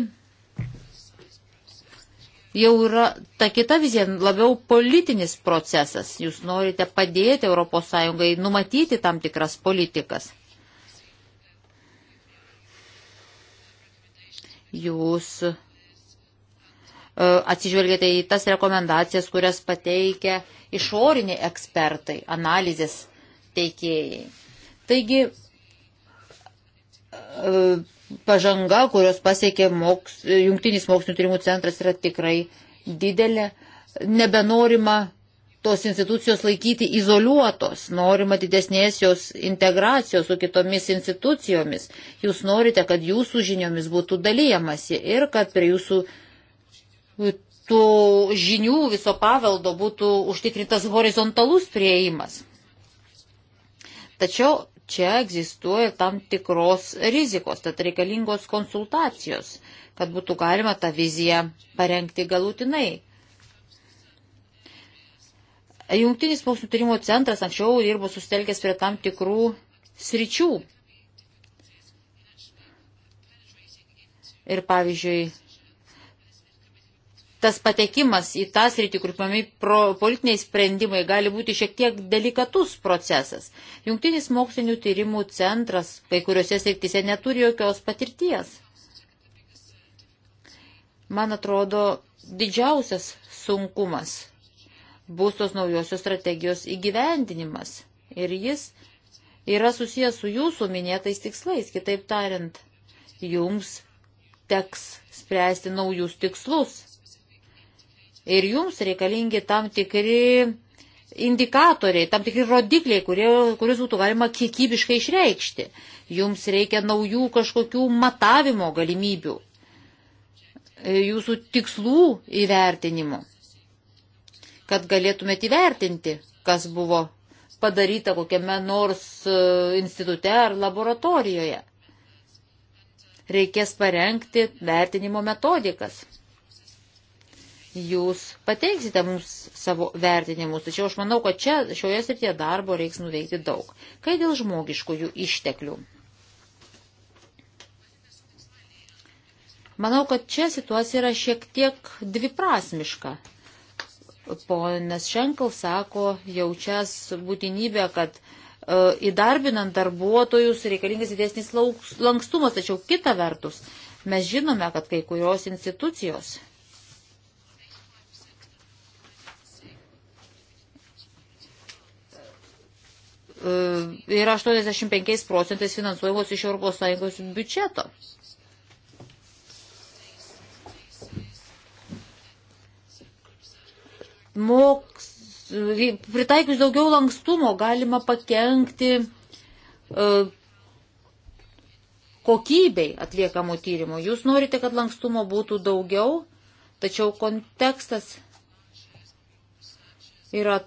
jau yra ta kita vizija, labiau politinis procesas. Jūs norite padėti ES numatyti tam tikras politikas. Jūs e, atsižvelgėte į tas rekomendacijas, kurias pateikia išoriniai ekspertai, analizės teikėjai. Taigi, e, pažanga, kurios pasiekė moks, jungtinis mokslinio tyrimų centras, yra tikrai didelė. Nebenorima tos institucijos laikyti izoliuotos, norima didesnės jos integracijos su kitomis institucijomis. Jūs norite, kad jūsų žiniomis būtų dalyjamasi ir kad prie jūsų tų žinių viso paveldo būtų užtikrintas horizontalus prieimas. Tačiau čia egzistuoja tam tikros rizikos, tad reikalingos konsultacijos, kad būtų galima tą viziją parengti galutinai. Jungtinis mokslo tyrimo centras anksčiau dirbo sustelkęs prie tam tikrų sričių. Ir pavyzdžiui, tas patekimas į tą sritį, kur pamai politiniai sprendimai gali būti šiek tiek delikatus procesas. Jungtinis mokslinių tyrimų centras kai kuriuose srityse neturi jokios patirties. Man atrodo, didžiausias sunkumas bus tos naujosios strategijos įgyvendinimas. Ir jis yra susijęs su jūsų minėtais tikslais. Kitaip tariant, jums teks spręsti naujus tikslus ir jums reikalingi tam tikri indikatoriai, tam tikri rodikliai, kuriuos būtų galima kiekybiškai išreikšti. Jums reikia naujų kažkokių matavimo galimybių, e, jūsų tikslų įvertinimo, kad galėtumėte įvertinti, kas buvo padaryta kokiame nors e, institute ar laboratorijoje. Reikės parengti vertinimo metodikas jūs pateiksite mums savo vertinimus, tačiau aš manau, kad čia šioje srityje darbo reiks nuveikti daug. Kai dėl žmogiškųjų išteklių? Manau, kad čia situacija yra šiek tiek dviprasmiška. Ponas Šenkel sako, jaučias būtinybę, kad e, įdarbinant darbuotojus reikalingas didesnis lauks, lankstumas, tačiau kita vertus, mes žinome, kad kai kurios institucijos E, yra 85 procentais finansuojamos iš ES biudžeto. Moks, e, pritaikius daugiau lankstumo galima pakengti e, kokybei atliekamų tyrimų. Jūs norite, kad lankstumo būtų daugiau, tačiau kontekstas yra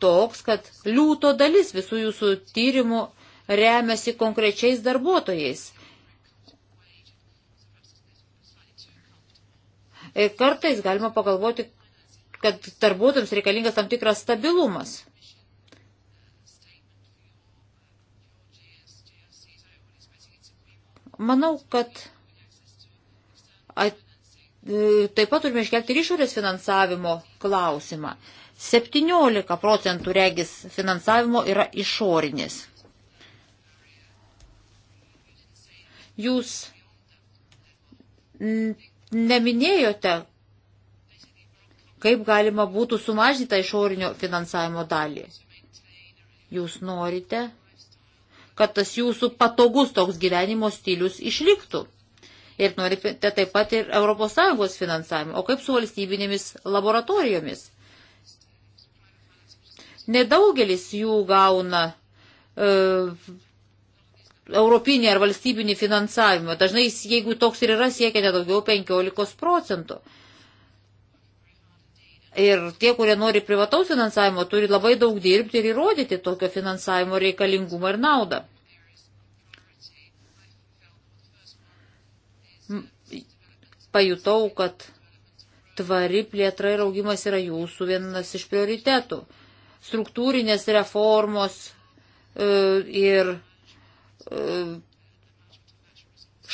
toks, kad liūto dalis visų jūsų tyrimų remiasi konkrečiais darbuotojais. E, kartais galima pagalvoti, kad darbuotojams reikalingas tam tikras stabilumas. Manau, kad at Taip pat turime iškelti ir išorės finansavimo klausimą. 17 procentų regis finansavimo yra išorinis. Jūs neminėjote, kaip galima būtų sumažinti tą išorinio finansavimo dalį. Jūs norite, kad tas jūsų patogus toks gyvenimo stilius išliktų ir norite taip pat ir ES finansavimą. O kaip su valstybinėmis laboratorijomis? Nedaugelis jų gauna e, europinį ar valstybinį finansavimą. Dažnai, jeigu toks ir yra, siekia nedaugiau 15 procentų. Ir tie, kurie nori privataus finansavimo, turi labai daug dirbti ir įrodyti tokio finansavimo reikalingumą ir naudą. pajutau, kad tvari plėtra ir augimas yra jūsų vienas iš prioritetų. Struktūrinės reformos e, ir e,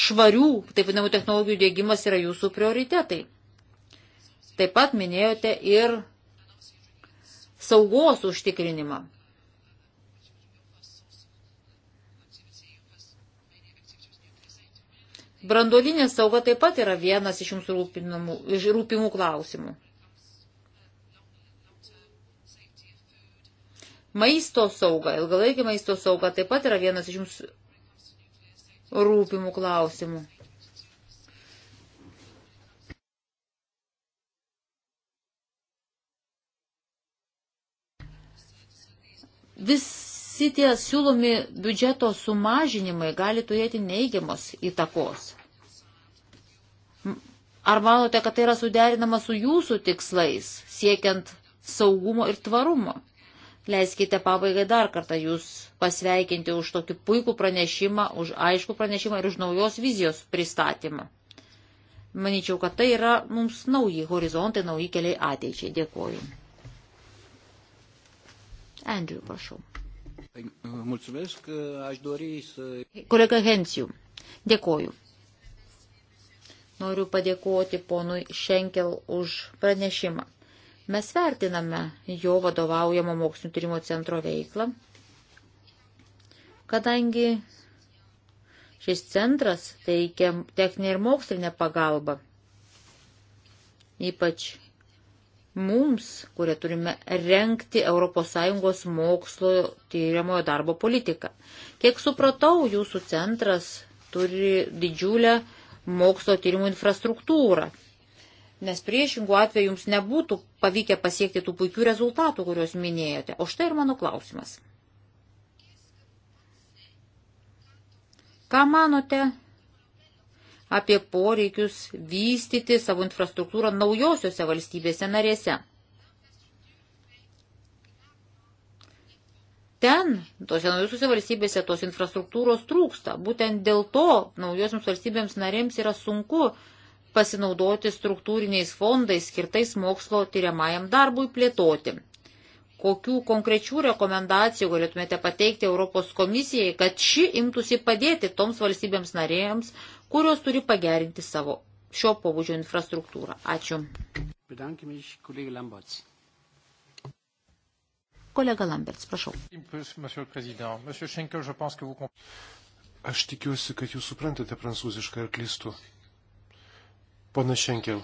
švarių, taip vadinamų, technologijų dėgymas yra jūsų prioritetai. Taip pat minėjote ir saugos užtikrinimą. Brandolinė sauga taip pat yra vienas iš jums rūpimų, iš rūpimų klausimų. Maisto sauga, ilgalaikį maisto sauga taip pat yra vienas iš jums rūpimų klausimų. Visi tie siūlomi biudžeto sumažinimai gali turėti neigiamos įtakos. Ar manote, kad tai yra suderinama su jūsų tikslais, siekiant saugumo ir tvarumo? Leiskite pabaigai dar kartą jūs pasveikinti už tokį puikų pranešimą, už aišku pranešimą ir už naujos vizijos pristatymą. Manyčiau, kad tai yra mums nauji horizontai, nauji keliai ateičiai. Dėkuoju. Andrew, prašau. Mulțumesc, aș dori să... Colegă Hensiu, dėkoju. Noriu padėkoti ponui Šenkel už pranešimą. Mes vertiname jo vadovaujamo mokslinio tyrimo centro veiklą, kadangi šis centras teikia techninę ir mokslinę pagalbą. Ypač mums, kurie turime renkti ES mokslo tyriamojo darbo politiką. Kiek supratau, jūsų centras turi didžiulę mokslo tyrimų infrastruktūrą. Nes priešingų atveju jums nebūtų pavykę pasiekti tų puikių rezultatų, kuriuos minėjote. O štai ir mano klausimas. Ką manote apie poreikius vystyti savo infrastruktūrą naujosiuose valstybėse narėse? ten, tose naujosiuose valstybėse, tos infrastruktūros trūksta. Būtent dėl to naujosiams valstybėms narėms yra sunku pasinaudoti struktūriniais fondais skirtais mokslo tyriamajam darbui plėtoti. Kokių konkrečių rekomendacijų galėtumėte pateikti Europos komisijai, kad ši imtųsi padėti toms valstybėms narėjams, kurios turi pagerinti savo šio pobūdžio infrastruktūrą? Ačiū. Bedanke mich, kollege Lamberts. Kolega Lamberts, prašau. Aš tikiuosi, kad jūs suprantate prancūziškai ir klystu. Pana Šenkel,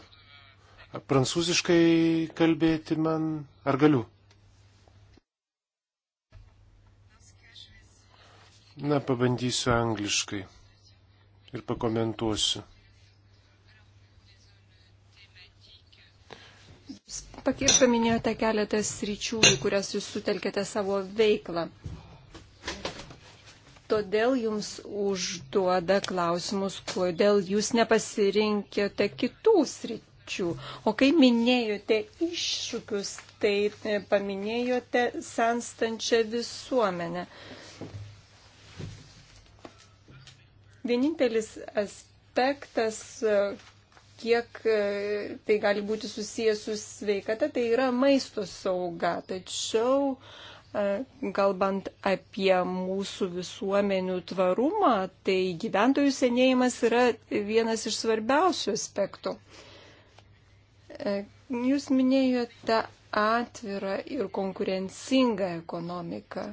prancūziškai kalbėti man ar galiu? Na, pabandysiu angliškai ir pakomentuosiu. Ir paminėjote keletą sričių, į kurias jūs sutelkėte savo veiklą. Todėl jums užduoda klausimus, kodėl jūs nepasirinkėte kitų sričių. O kai minėjote iššūkius, tai e, paminėjote senstančią visuomenę. Vienintelis aspektas, kiek e, tai gali būti susijęs su sveikata, tai yra maisto sauga. Tačiau, e, kalbant apie mūsų visuomenių tvarumą, tai gyventojų senėjimas yra vienas iš svarbiausių aspektų. E, jūs minėjote atvirą ir konkurencingą ekonomiką.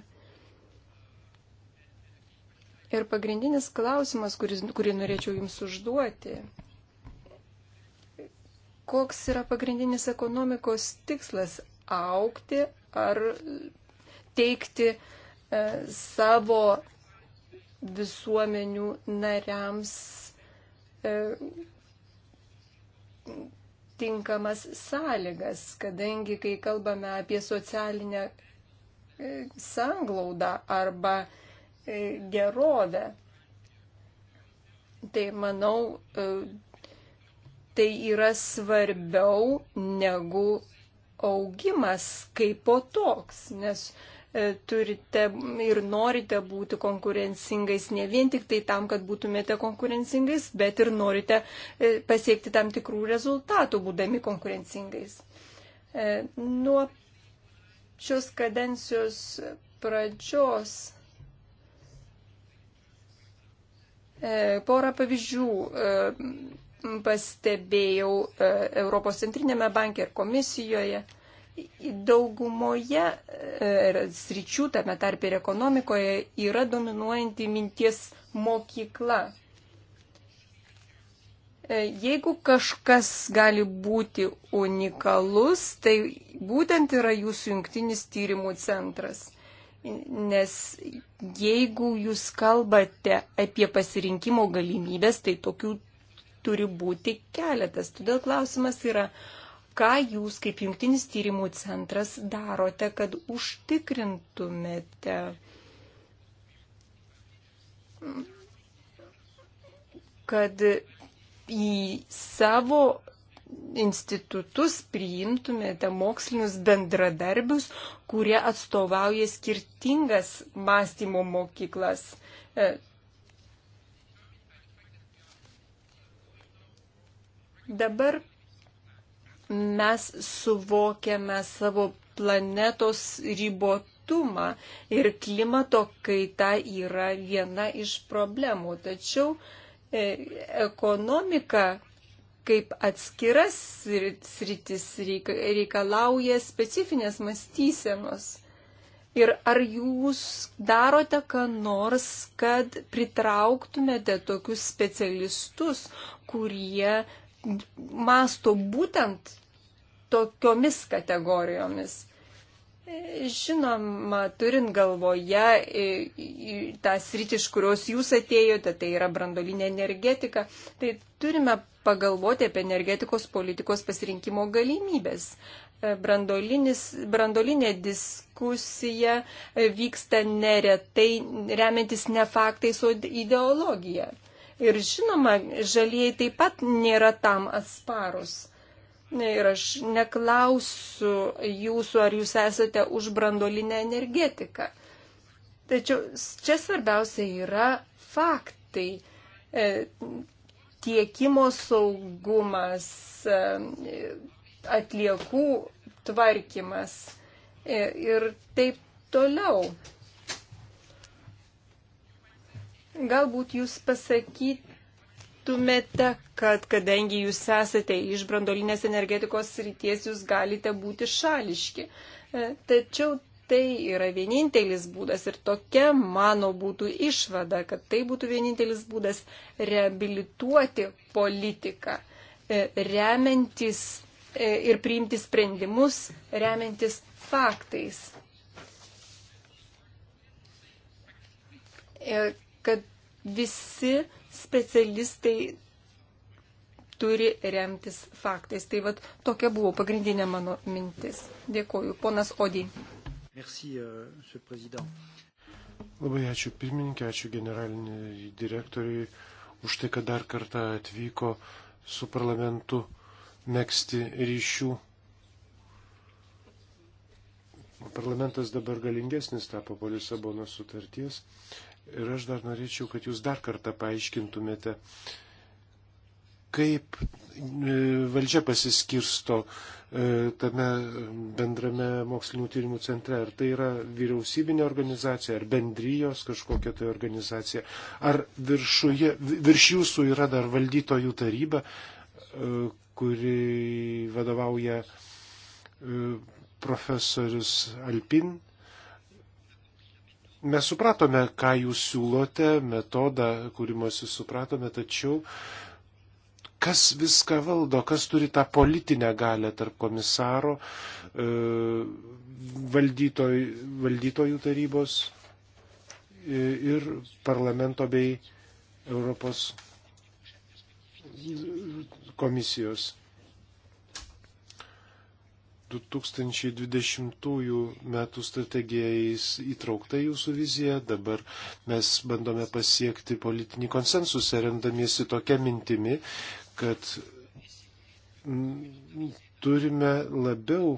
Ir pagrindinis klausimas, kuris, kurį norėčiau Jums užduoti, koks yra pagrindinis ekonomikos tikslas - aukti ar teikti e, savo visuomenių nariams e, tinkamas sąlygas, kadangi kai kalbame apie socialinę e, sanglaudą arba e, gerovę, tai manau, e, tai yra svarbiau negu augimas kaip po toks, nes e, turite ir norite būti konkurencingais ne vien tik tai tam, kad būtumėte konkurencingais, bet ir norite e, pasiekti tam tikrų rezultatų būdami konkurencingais. E, nuo šios kadencijos pradžios porą pavyzdžių pastebėjau e, Europos centrinėme banke ir komisijoje. Daugumoje e, sričių, tame tarp ir ekonomikoje, yra dominuojanti minties mokykla. E, jeigu kažkas gali būti unikalus, tai būtent yra jūsų jungtinis tyrimų centras. Nes jeigu jūs kalbate apie pasirinkimo galimybės, tai tokių turi būti keletas. Todėl klausimas yra, ką jūs kaip jungtinis tyrimų centras darote, kad užtikrintumėte, kad į savo institutus priimtumėte mokslinius bendradarbius, kurie atstovauja skirtingas mąstymo mokyklas. E, Dabar mes suvokiame savo planetos ribotumą ir klimato kaita yra viena iš problemų. Tačiau e, ekonomika kaip atskiras sritis reikalauja specifinės mąstysenos. Ir ar jūs darote ką nors, kad pritrauktumėte tokius specialistus, kurie masto būtent tokiomis kategorijomis. Žinoma, turint galvoje tas rytis, iš kurios jūs atėjote, tai yra brandolinė energetika, tai turime pagalvoti apie energetikos politikos pasirinkimo galimybės. Brandolinė diskusija vyksta neretai remiantis ne faktais, o ideologija. Ir žinoma, žalieji taip pat nėra tam atsparus. Ir aš neklausiu jūsų, ar jūs esate už brandolinę energetiką. Tačiau čia svarbiausia yra faktai. E, tiekimo saugumas, e, atliekų tvarkymas e, ir taip toliau. Galbūt jūs pasakytumėte, kad kadangi jūs esate iš brandolinės energetikos ryties, jūs galite būti šališki. E, tačiau tai yra vienintelis būdas ir tokia mano būtų išvada, kad tai būtų vienintelis būdas reabilituoti politiką, e, remiantis e, ir priimti sprendimus, remiantis faktais. Ir kad visi specialistai turi remtis faktais. Tai vat tokia buvo pagrindinė mano mintis. Dėkuoju. Ponas Odį. Merci, uh, Labai ačiū pirmininkė, ačiū generaliniai direktoriai už tai, kad dar kartą atvyko su parlamentu mėgsti ryšių. Parlamentas dabar galingesnis tapo po Lisabonos sutarties. Uh, Ir aš dar norėčiau, kad jūs dar kartą paaiškintumėte, kaip e, valdžia pasiskirsto e, tame bendrame mokslinių tyrimų centre. Ar tai yra vyriausybinė organizacija, ar bendrijos kažkokia tai organizacija, ar viršuje, virš jūsų yra dar valdytojų taryba, e, kuri vadovauja profesorius Alpin, Mes supratome, ką jūs siūlote, metodą kūrimosi supratome, tačiau kas viską valdo, kas turi tą politinę galę tarp komisaro, e, valdytoj, valdytojų tarybos e, ir parlamento bei Europos komisijos. 2020 metų strategija įtraukta jūsų vizija, dabar mes bandome pasiekti politinį konsensusą, remdamiesi tokia mintimi, kad turime labiau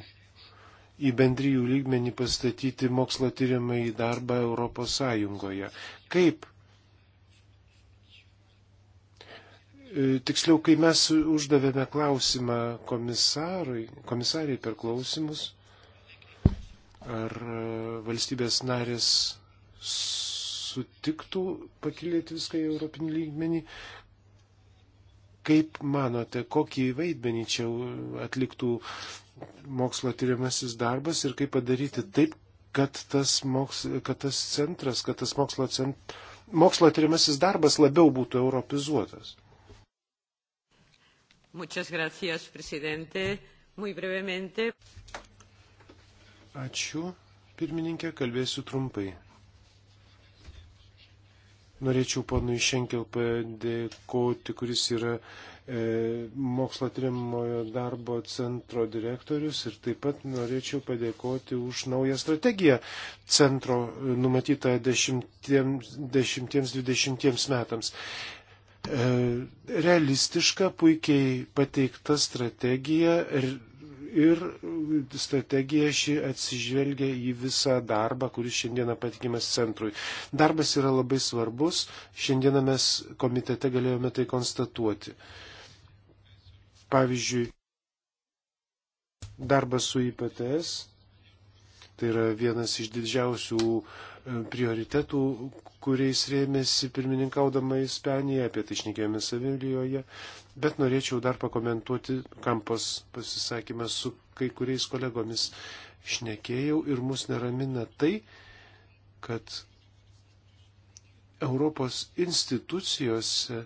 į bendryjų lygmenį pastatyti mokslo tyrimai į darbą Europos Sąjungoje. Kaip E, tiksliau, kai mes uždavėme klausimą komisarui, komisariai per klausimus, ar e, valstybės narės sutiktų pakilėti viską į Europinį lygmenį, kaip manote, kokį vaidmenį čia atliktų mokslo tyriamasis darbas ir kaip padaryti taip, kad tas, moks, kad tas centras, kad tas mokslo, cent, mokslo tyriamasis darbas labiau būtų europizuotas? Muchas gracias, presidente. Muy brevemente. Ačiū. Pirmininkė, kalbėsiu trumpai. Norėčiau panui Šenkel padėkoti, kuris yra e, mokslo tyrimojo darbo centro direktorius ir taip pat norėčiau padėkoti už naują strategiją centro numatytą 10-20 metams. E, realistiška, puikiai pateikta strategija ir strategija ši atsižvelgia į visą darbą, kuris šiandieną patikimas centrui. Darbas yra labai svarbus, šiandieną mes komitete galėjome tai konstatuoti. Pavyzdžiui, darbas su IPTS, tai yra vienas iš didžiausių e, prioritetų, kuriais rėmėsi pirmininkaudama Ispanija, apie tai išnekėjome Savilijoje, bet norėčiau dar pakomentuoti kampos pasisakymą su kai kuriais kolegomis. Šnekėjau ir mus neramina tai, kad Europos institucijose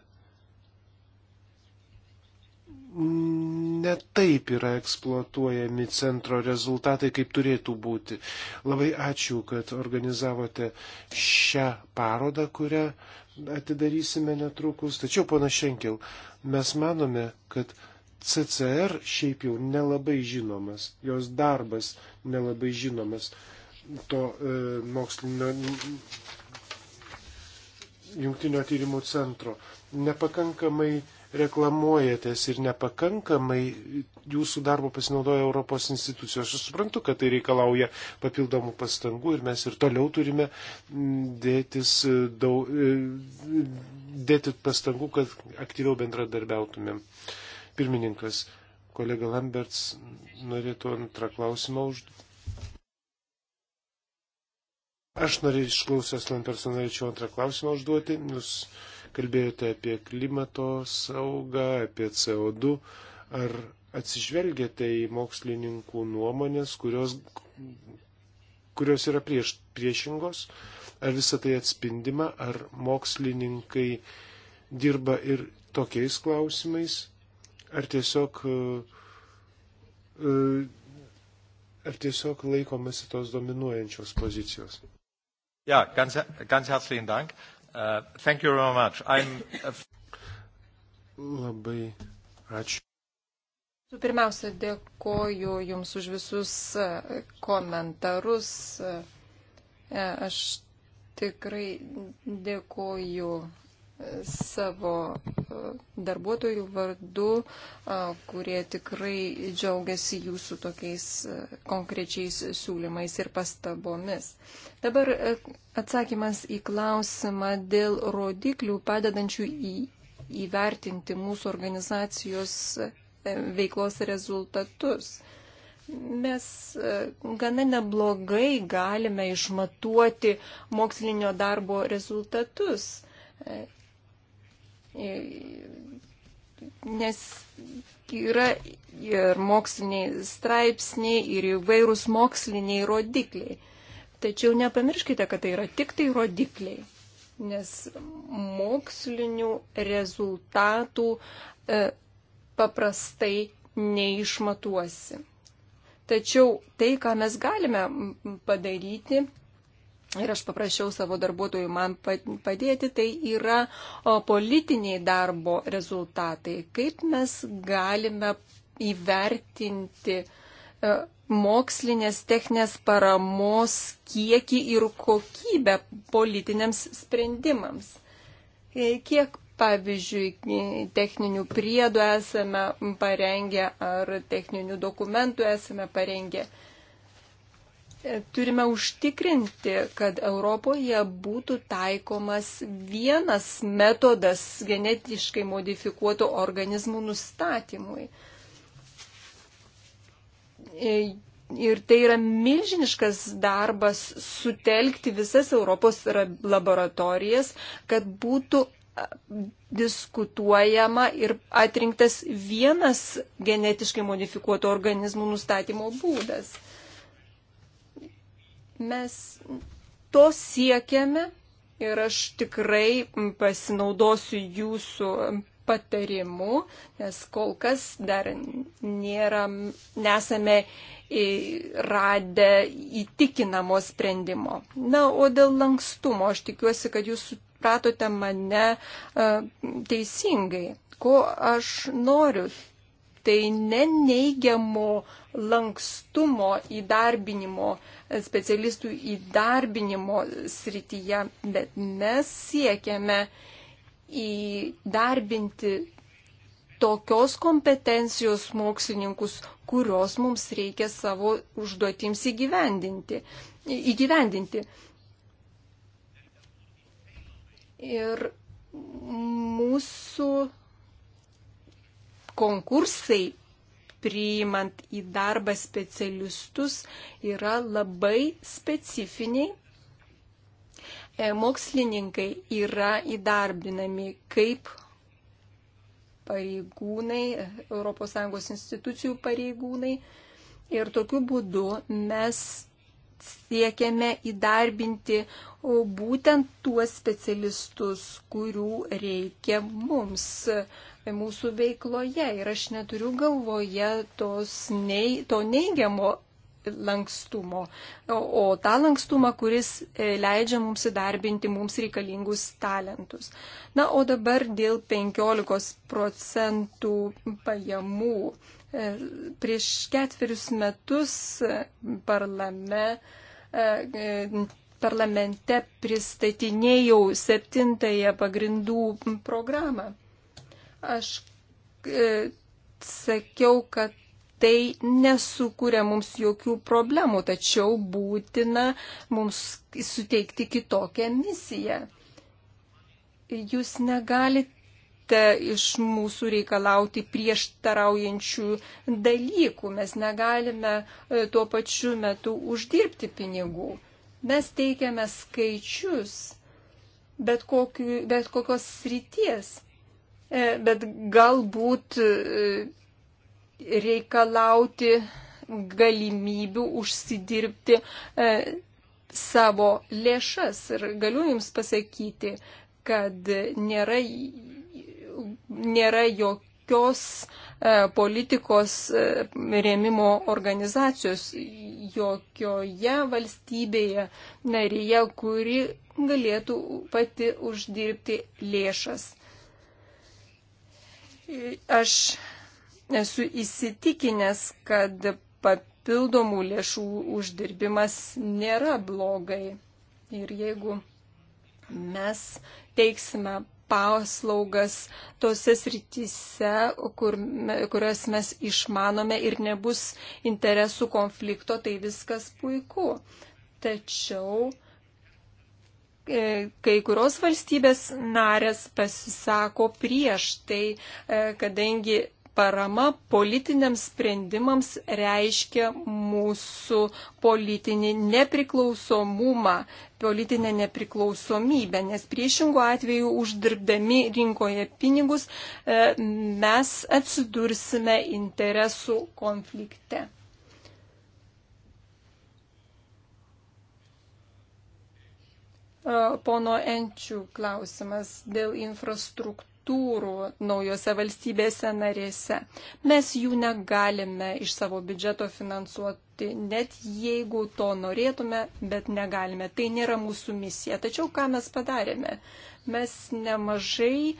netaip yra eksploatuojami centro rezultatai, kaip turėtų būti. Labai ačiū, kad organizavote šią parodą, kurią atidarysime netrukus. Tačiau, pana Šenkel, mes manome, kad CCR šiaip jau nelabai žinomas, jos darbas nelabai žinomas to e, mokslinio jungtinio tyrimų centro. Nepakankamai reklamuojatės ir nepakankamai jūsų darbo pasinaudoja Europos institucijos. Aš suprantu, kad tai reikalauja papildomų pastangų ir mes ir toliau turime mm, dėtis e, daug, e, dėti pastangų, kad aktyviau bendradarbiautumėm. Pirmininkas, kolega Lamberts, norėtų antrą klausimą užduoti. Aš norėčiau, išklausęs Lambertsą, norėčiau antrą klausimą užduoti. Jūs kalbėjote apie klimato saugą, apie CO2. Ar atsižvelgiate į mokslininkų nuomonės, kurios, kurios yra prieš, priešingos? Ar visa tai atspindima? Ar mokslininkai dirba ir tokiais klausimais? Ar tiesiog. E, e, ar tiesiog laikomasi tos dominuojančios pozicijos? Ja, ganz, ganz herzlichen Dank. Uh, thank you very much. I'm... Labai ačiū. Pirmiausia, dėkoju Jums už visus uh, komentarus. Uh, aš tikrai dėkoju savo e, darbuotojų vardu, e, kurie tikrai džiaugiasi jūsų tokiais e, konkrečiais siūlymais ir pastabomis. Dabar atsakymas į klausimą dėl rodiklių padedančių į, įvertinti mūsų organizacijos veiklos rezultatus. Mes gana neblogai galime išmatuoti mokslinio darbo rezultatus nes yra ir moksliniai straipsniai, ir įvairūs moksliniai rodikliai. Tačiau nepamirškite, kad tai yra tik tai rodikliai, nes mokslinių rezultatų e, paprastai neišmatuosi. Tačiau tai, ką mes galime padaryti, Ir aš paprašiau savo darbuotojų man padėti, tai yra politiniai darbo rezultatai. Kaip mes galime įvertinti e, mokslinės techninės paramos kiekį ir kokybę politiniams sprendimams. E, kiek, pavyzdžiui, techninių priedų esame parengę ar techninių dokumentų esame parengę turime užtikrinti, kad Europoje būtų taikomas vienas metodas genetiškai modifikuotų organizmų nustatymui. E, ir tai yra milžiniškas darbas sutelkti visas Europos laboratorijas, kad būtų diskutuojama ir atrinktas vienas genetiškai modifikuotų organizmų nustatymo būdas. Mes to siekiame ir aš tikrai pasinaudosiu jūsų patarimu, nes kol kas dar nėra, nesame radę įtikinamo sprendimo. Na, o dėl lankstumo aš tikiuosi, kad jūs supratote mane e, teisingai. Ko aš noriu, tai neneigiamo lankstumo įdarbinimo, specialistų įdarbinimo srityje, bet mes siekiame įdarbinti tokios kompetencijos mokslininkus, kurios mums reikia savo užduotims įgyvendinti. įgyvendinti. Ir mūsų konkursai priimant į darbą specialistus yra labai specifiniai. E, mokslininkai yra įdarbinami kaip pareigūnai, ES institucijų pareigūnai. Ir tokiu būdu mes siekiame įdarbinti būtent tuos specialistus, kurių reikia mums mūsų veikloje. Ir aš neturiu galvoje tos nei, to neigiamo lankstumo, o, o tą lankstumą, kuris e, leidžia mums įdarbinti mums reikalingus talentus. Na, o dabar dėl 15 procentų pajamų. E, prieš ketverius metus parlame e, parlamente pristatinėjau septintąją pagrindų programą. Aš e, sakiau, kad tai nesukūrė mums jokių problemų, tačiau būtina mums suteikti kitokią misiją. Jūs negalite iš mūsų reikalauti prieštaraujančių dalykų, mes negalime e, tuo pačiu metu uždirbti pinigų. Mes teikiame skaičius bet, kokiu, bet kokios srities E, bet galbūt e, reikalauti galimybių užsidirbti e, savo lėšas. Ir galiu Jums pasakyti, kad nėra, nėra jokios politikos rėmimo organizacijos jokioje valstybėje narėje, kuri galėtų pati uždirbti lėšas. Aš esu įsitikinęs, kad papildomų lėšų uždirbimas nėra blogai. Ir jeigu mes teiksime paslaugas tose srityse, kur, kurias mes išmanome ir nebus interesų konflikto, tai viskas puiku. Tačiau E, kai kurios valstybės narės pasisako prieš tai, e, kadangi parama politiniams sprendimams reiškia mūsų politinį nepriklausomumą, politinę nepriklausomybę, nes priešingų atveju uždirbdami rinkoje pinigus e, mes atsidursime interesų konflikte. pono Enčių klausimas dėl infrastruktūrų naujose valstybėse narėse. Mes jų negalime iš savo biudžeto finansuoti, net jeigu to norėtume, bet negalime. Tai nėra mūsų misija. Tačiau ką mes padarėme? Mes nemažai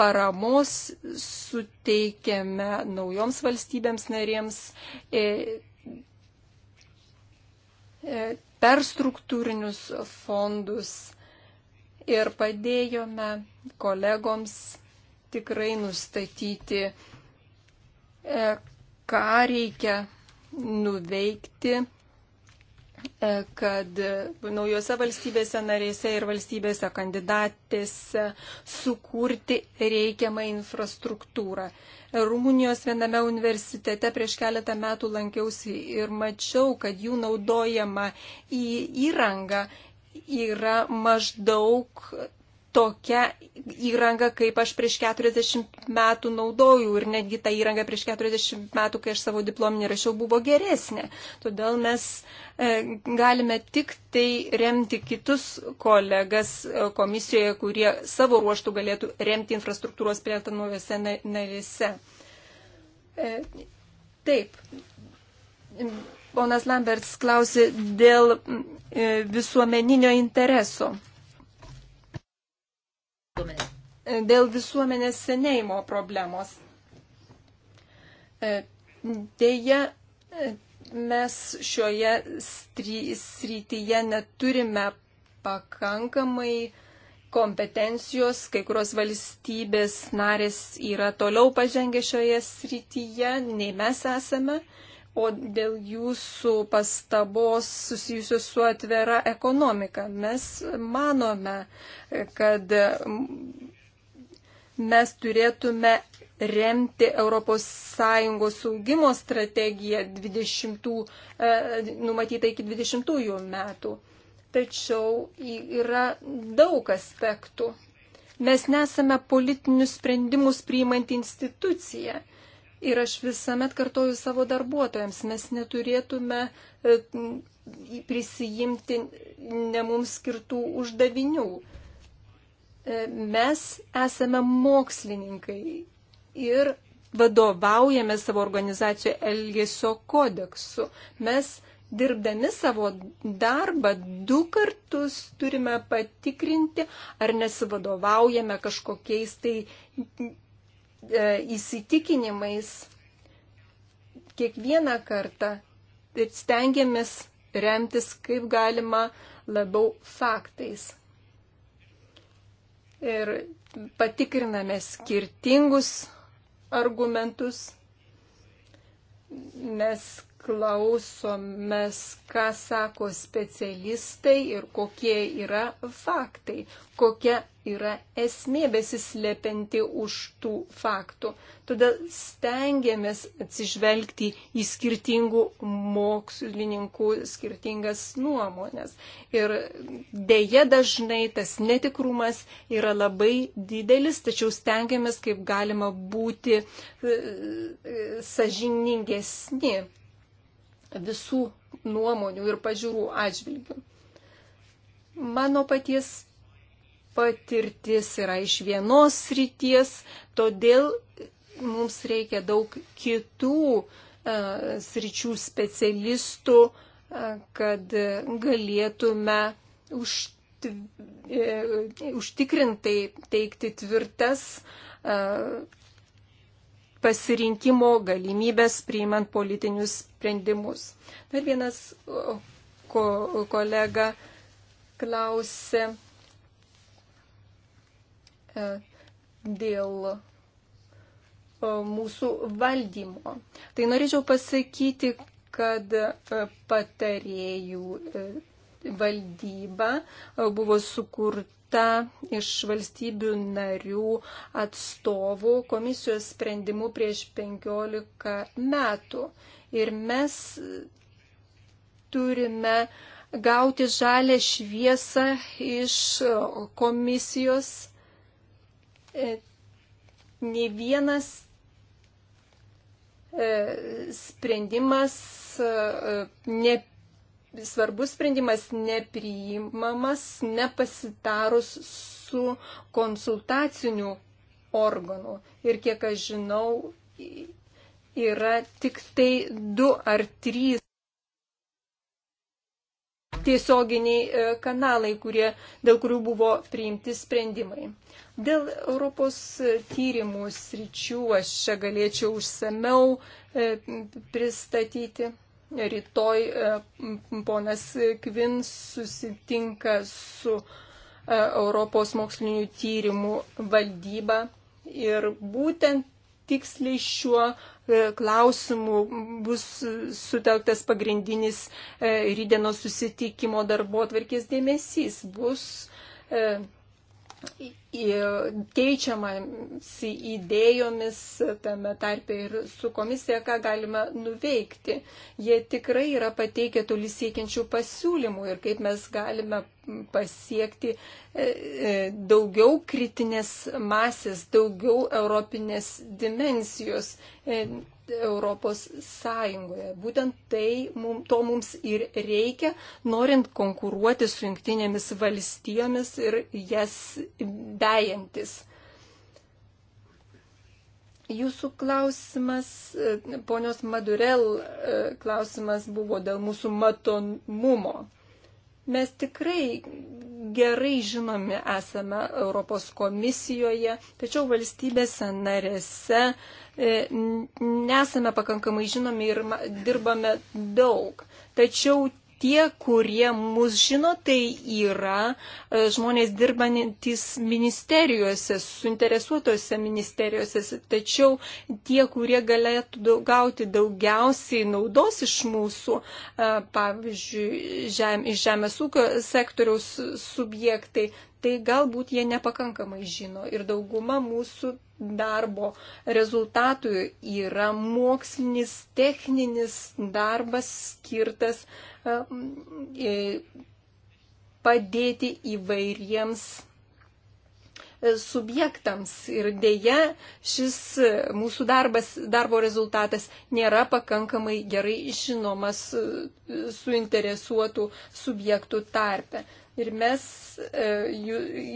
paramos suteikėme naujoms valstybėms narėms e, per struktūrinius fondus ir padėjome kolegoms tikrai nustatyti, e, ką reikia nuveikti E, kad naujose valstybėse narėse ir valstybėse kandidatėse sukurti reikiamą infrastruktūrą. Rumunijos viename universitete prieš keletą metų lankiausi ir mačiau, kad jų naudojama į įrangą yra maždaug tokia įranga, kaip aš prieš 40 metų naudojau ir netgi ta įranga prieš 40 metų, kai aš savo diplominį rašiau, buvo geresnė. Todėl mes e, galime tik tai remti kitus kolegas e, komisijoje, kurie savo ruoštų galėtų remti infrastruktūros plėtą naujose narėse. E, taip. Ponas Lamberts klausė dėl e, visuomeninio intereso dėl visuomenės senėjimo problemos. E, Deja, e, mes šioje srityje neturime pakankamai kompetencijos, kai kurios valstybės narės yra toliau pažengę šioje srityje, nei mes esame. O dėl jūsų pastabos susijusios su atvira ekonomika, mes manome, kad mes turėtume remti ES saugimo strategiją 20, e, numatytą iki 20 metų. Tačiau yra daug aspektų. Mes nesame politinius sprendimus priimanti institucija. Ir aš visuomet kartoju savo darbuotojams, mes neturėtume e, prisijimti ne mums skirtų uždavinių mes esame mokslininkai ir vadovaujame savo organizacijoje Elgesio kodeksu. Mes dirbdami savo darbą du kartus turime patikrinti, ar nesivadovaujame kažkokiais tai e, įsitikinimais. Kiekvieną kartą stengiamės remtis kaip galima labiau faktais ir patikriname skirtingus argumentus. Mes klausomės, ką sako specialistai ir kokie yra faktai, kokia yra esmė besislėpinti už tų faktų. Todėl stengiamės atsižvelgti į skirtingų mokslininkų skirtingas nuomonės. Ir dėje dažnai tas netikrumas yra labai didelis, tačiau stengiamės kaip galima būti e, e, sažiningesni visų nuomonių ir pažiūrų atžvilgių. Mano paties patirtis yra iš vienos srities, todėl mums reikia daug kitų uh, sričių specialistų, uh, kad galėtume už, uh, e, užtikrintai teikti tvirtas pasirinkimo galimybės priimant politinius sprendimus. Dar vienas ko, kolega klausė dėl e, mūsų valdymo. Tai norėčiau pasakyti, kad e, patarėjų e, valdyba buvo sukurta iš valstybių narių atstovų komisijos sprendimų prieš 15 metų. Ir mes turime gauti žalę šviesą iš komisijos E, ne vienas e, sprendimas, e, ne, svarbus sprendimas nepriimamas nepasitarus su konsultaciniu organu. Ir kiek aš žinau, yra tik tai du ar trys tiesioginiai e, kanalai, kurie, dėl kurių buvo priimti sprendimai. Dėl Europos tyrimų sričių aš čia galėčiau užsameu e, pristatyti. Rytoj e, ponas Kvin susitinka su Europos mokslinių tyrimų valdyba ir būtent tiksliai šiuo e, klausimu bus sutelktas pagrindinis e, rydienos susitikimo darbo atvarkės dėmesys. Bus e, keičiamasi idėjomis, tame tarpe ir su komisija, ką galima nuveikti. Jie tikrai yra pateikę toli siekiančių pasiūlymų ir kaip mes galime pasiekti e, e, daugiau kritinės masės, daugiau europinės dimensijos. E, Europos Sąjungoje. Būtent tai, mum, to mums ir reikia, norint konkuruoti su jungtinėmis valstijomis ir jas bejantis. Jūsų klausimas, e, ponios Madurel e, klausimas buvo dėl mūsų matomumo. Mes tikrai gerai žinomi esame Europos komisijoje, tačiau valstybėse narėse e, nesame pakankamai žinomi ir dirbame daug. Tačiau tie, kurie mus žino, tai yra e, žmonės dirbantis ministerijose, suinteresuotose ministerijose, tačiau tie, kurie galėtų gauti daugiausiai naudos iš mūsų, e, pavyzdžiui, žem, iš žemės ūkio sektoriaus subjektai, tai galbūt jie nepakankamai žino. Ir dauguma mūsų darbo rezultatų yra mokslinis, techninis darbas skirtas e, e, padėti įvairiems e, subjektams. Ir dėja, šis mūsų darbas, darbo rezultatas nėra pakankamai gerai žinomas suinteresuotų subjektų tarpe. Ir mes, e,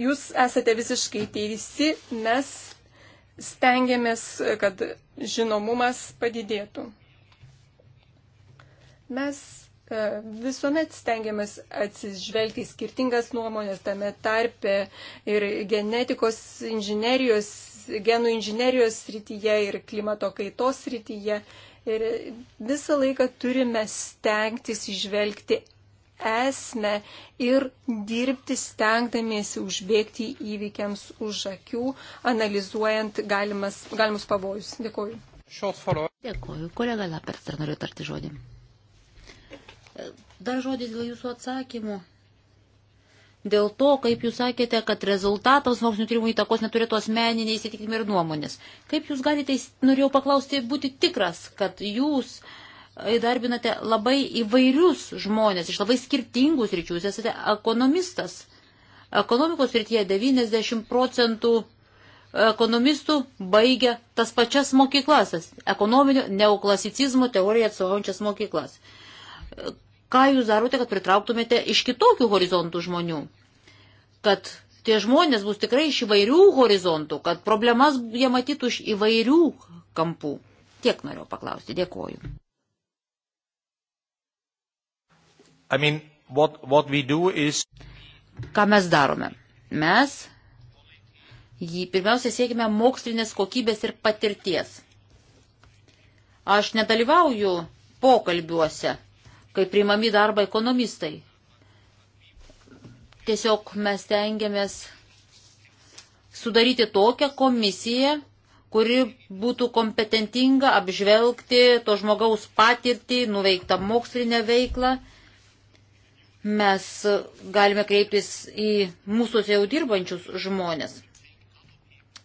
jūs esate visiškai teisi, mes stengiamės, kad žinomumas padidėtų. Mes e, visuomet stengiamės atsižvelgti skirtingas nuomonės tame tarpe ir genetikos inžinerijos, genų inžinerijos srityje ir klimato kaitos srityje. Ir visą laiką turime stengtis išvelgti esmę ir dirbti stengdamiesi užbėgti įvykiams už akių, analizuojant galimas, galimus pavojus. Dėkuoju. Dėkuoju. Kolega Lapert, ar noriu tarti žodį? E, dar žodis dėl jūsų atsakymų. Dėl to, kaip jūs sakėte, kad rezultatams mokslinio tyrimų įtakos neturėtų asmeniniai įsitikinimai ir nuomonės. Kaip jūs galite, norėjau paklausti, būti tikras, kad jūs uh, įdarbinate labai įvairius žmonės iš labai skirtingų sričių. Jūs esate ekonomistas. Ekonomikos srityje 90 procentų ekonomistų baigia tas pačias mokyklas, tas ekonominio neoklasicizmo teoriją atstovaujančias mokyklas. Ką jūs darote, kad pritrauktumėte iš kitokių horizontų žmonių? Kad tie žmonės bus tikrai iš įvairių horizontų, kad problemas jie matytų iš įvairių kampų. Tiek noriu paklausti. Dėkoju. I mean, what, what is... Ką mes darome? Mes jį pirmiausia siekime mokslinės kokybės ir patirties. Aš nedalyvauju pokalbiuose, kai priimami darbą ekonomistai. Tiesiog mes tengiamės sudaryti tokią komisiją, kuri būtų kompetentinga apžvelgti to žmogaus patirtį, nuveiktą mokslinę veiklą mes galime kreiptis į mūsų jau dirbančius žmonės.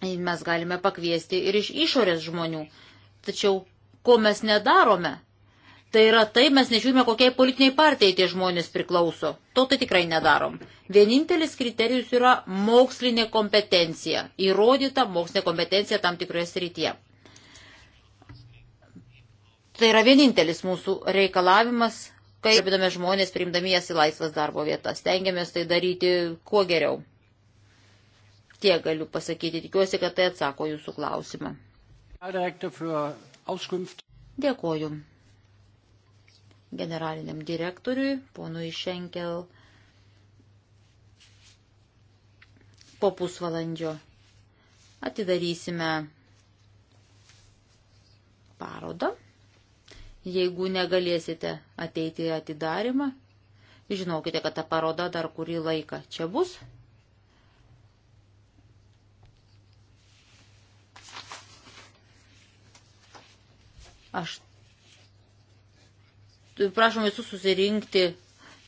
Mes galime pakviesti ir iš išorės žmonių. Tačiau, ko mes nedarome, tai yra tai, mes nežiūrime, kokiai politiniai partijai tie žmonės priklauso. To tai tikrai nedarom. Vienintelis kriterijus yra mokslinė kompetencija. Įrodyta mokslinė kompetencija tam tikroje srityje. Tai yra vienintelis mūsų reikalavimas Taip, apidome žmonės, priimdami jas į laisvas darbo vietas. Tengiamės tai daryti kuo geriau. Tiek galiu pasakyti. Tikiuosi, kad tai atsako jūsų klausimą. Dėkoju generaliniam direktoriui, ponui Šenkel, po pusvalandžio atidarysime parodą. Jeigu negalėsite ateiti į atidarimą, žinokite, kad ta paroda dar kurį laiką čia bus. Aš prašom visus susirinkti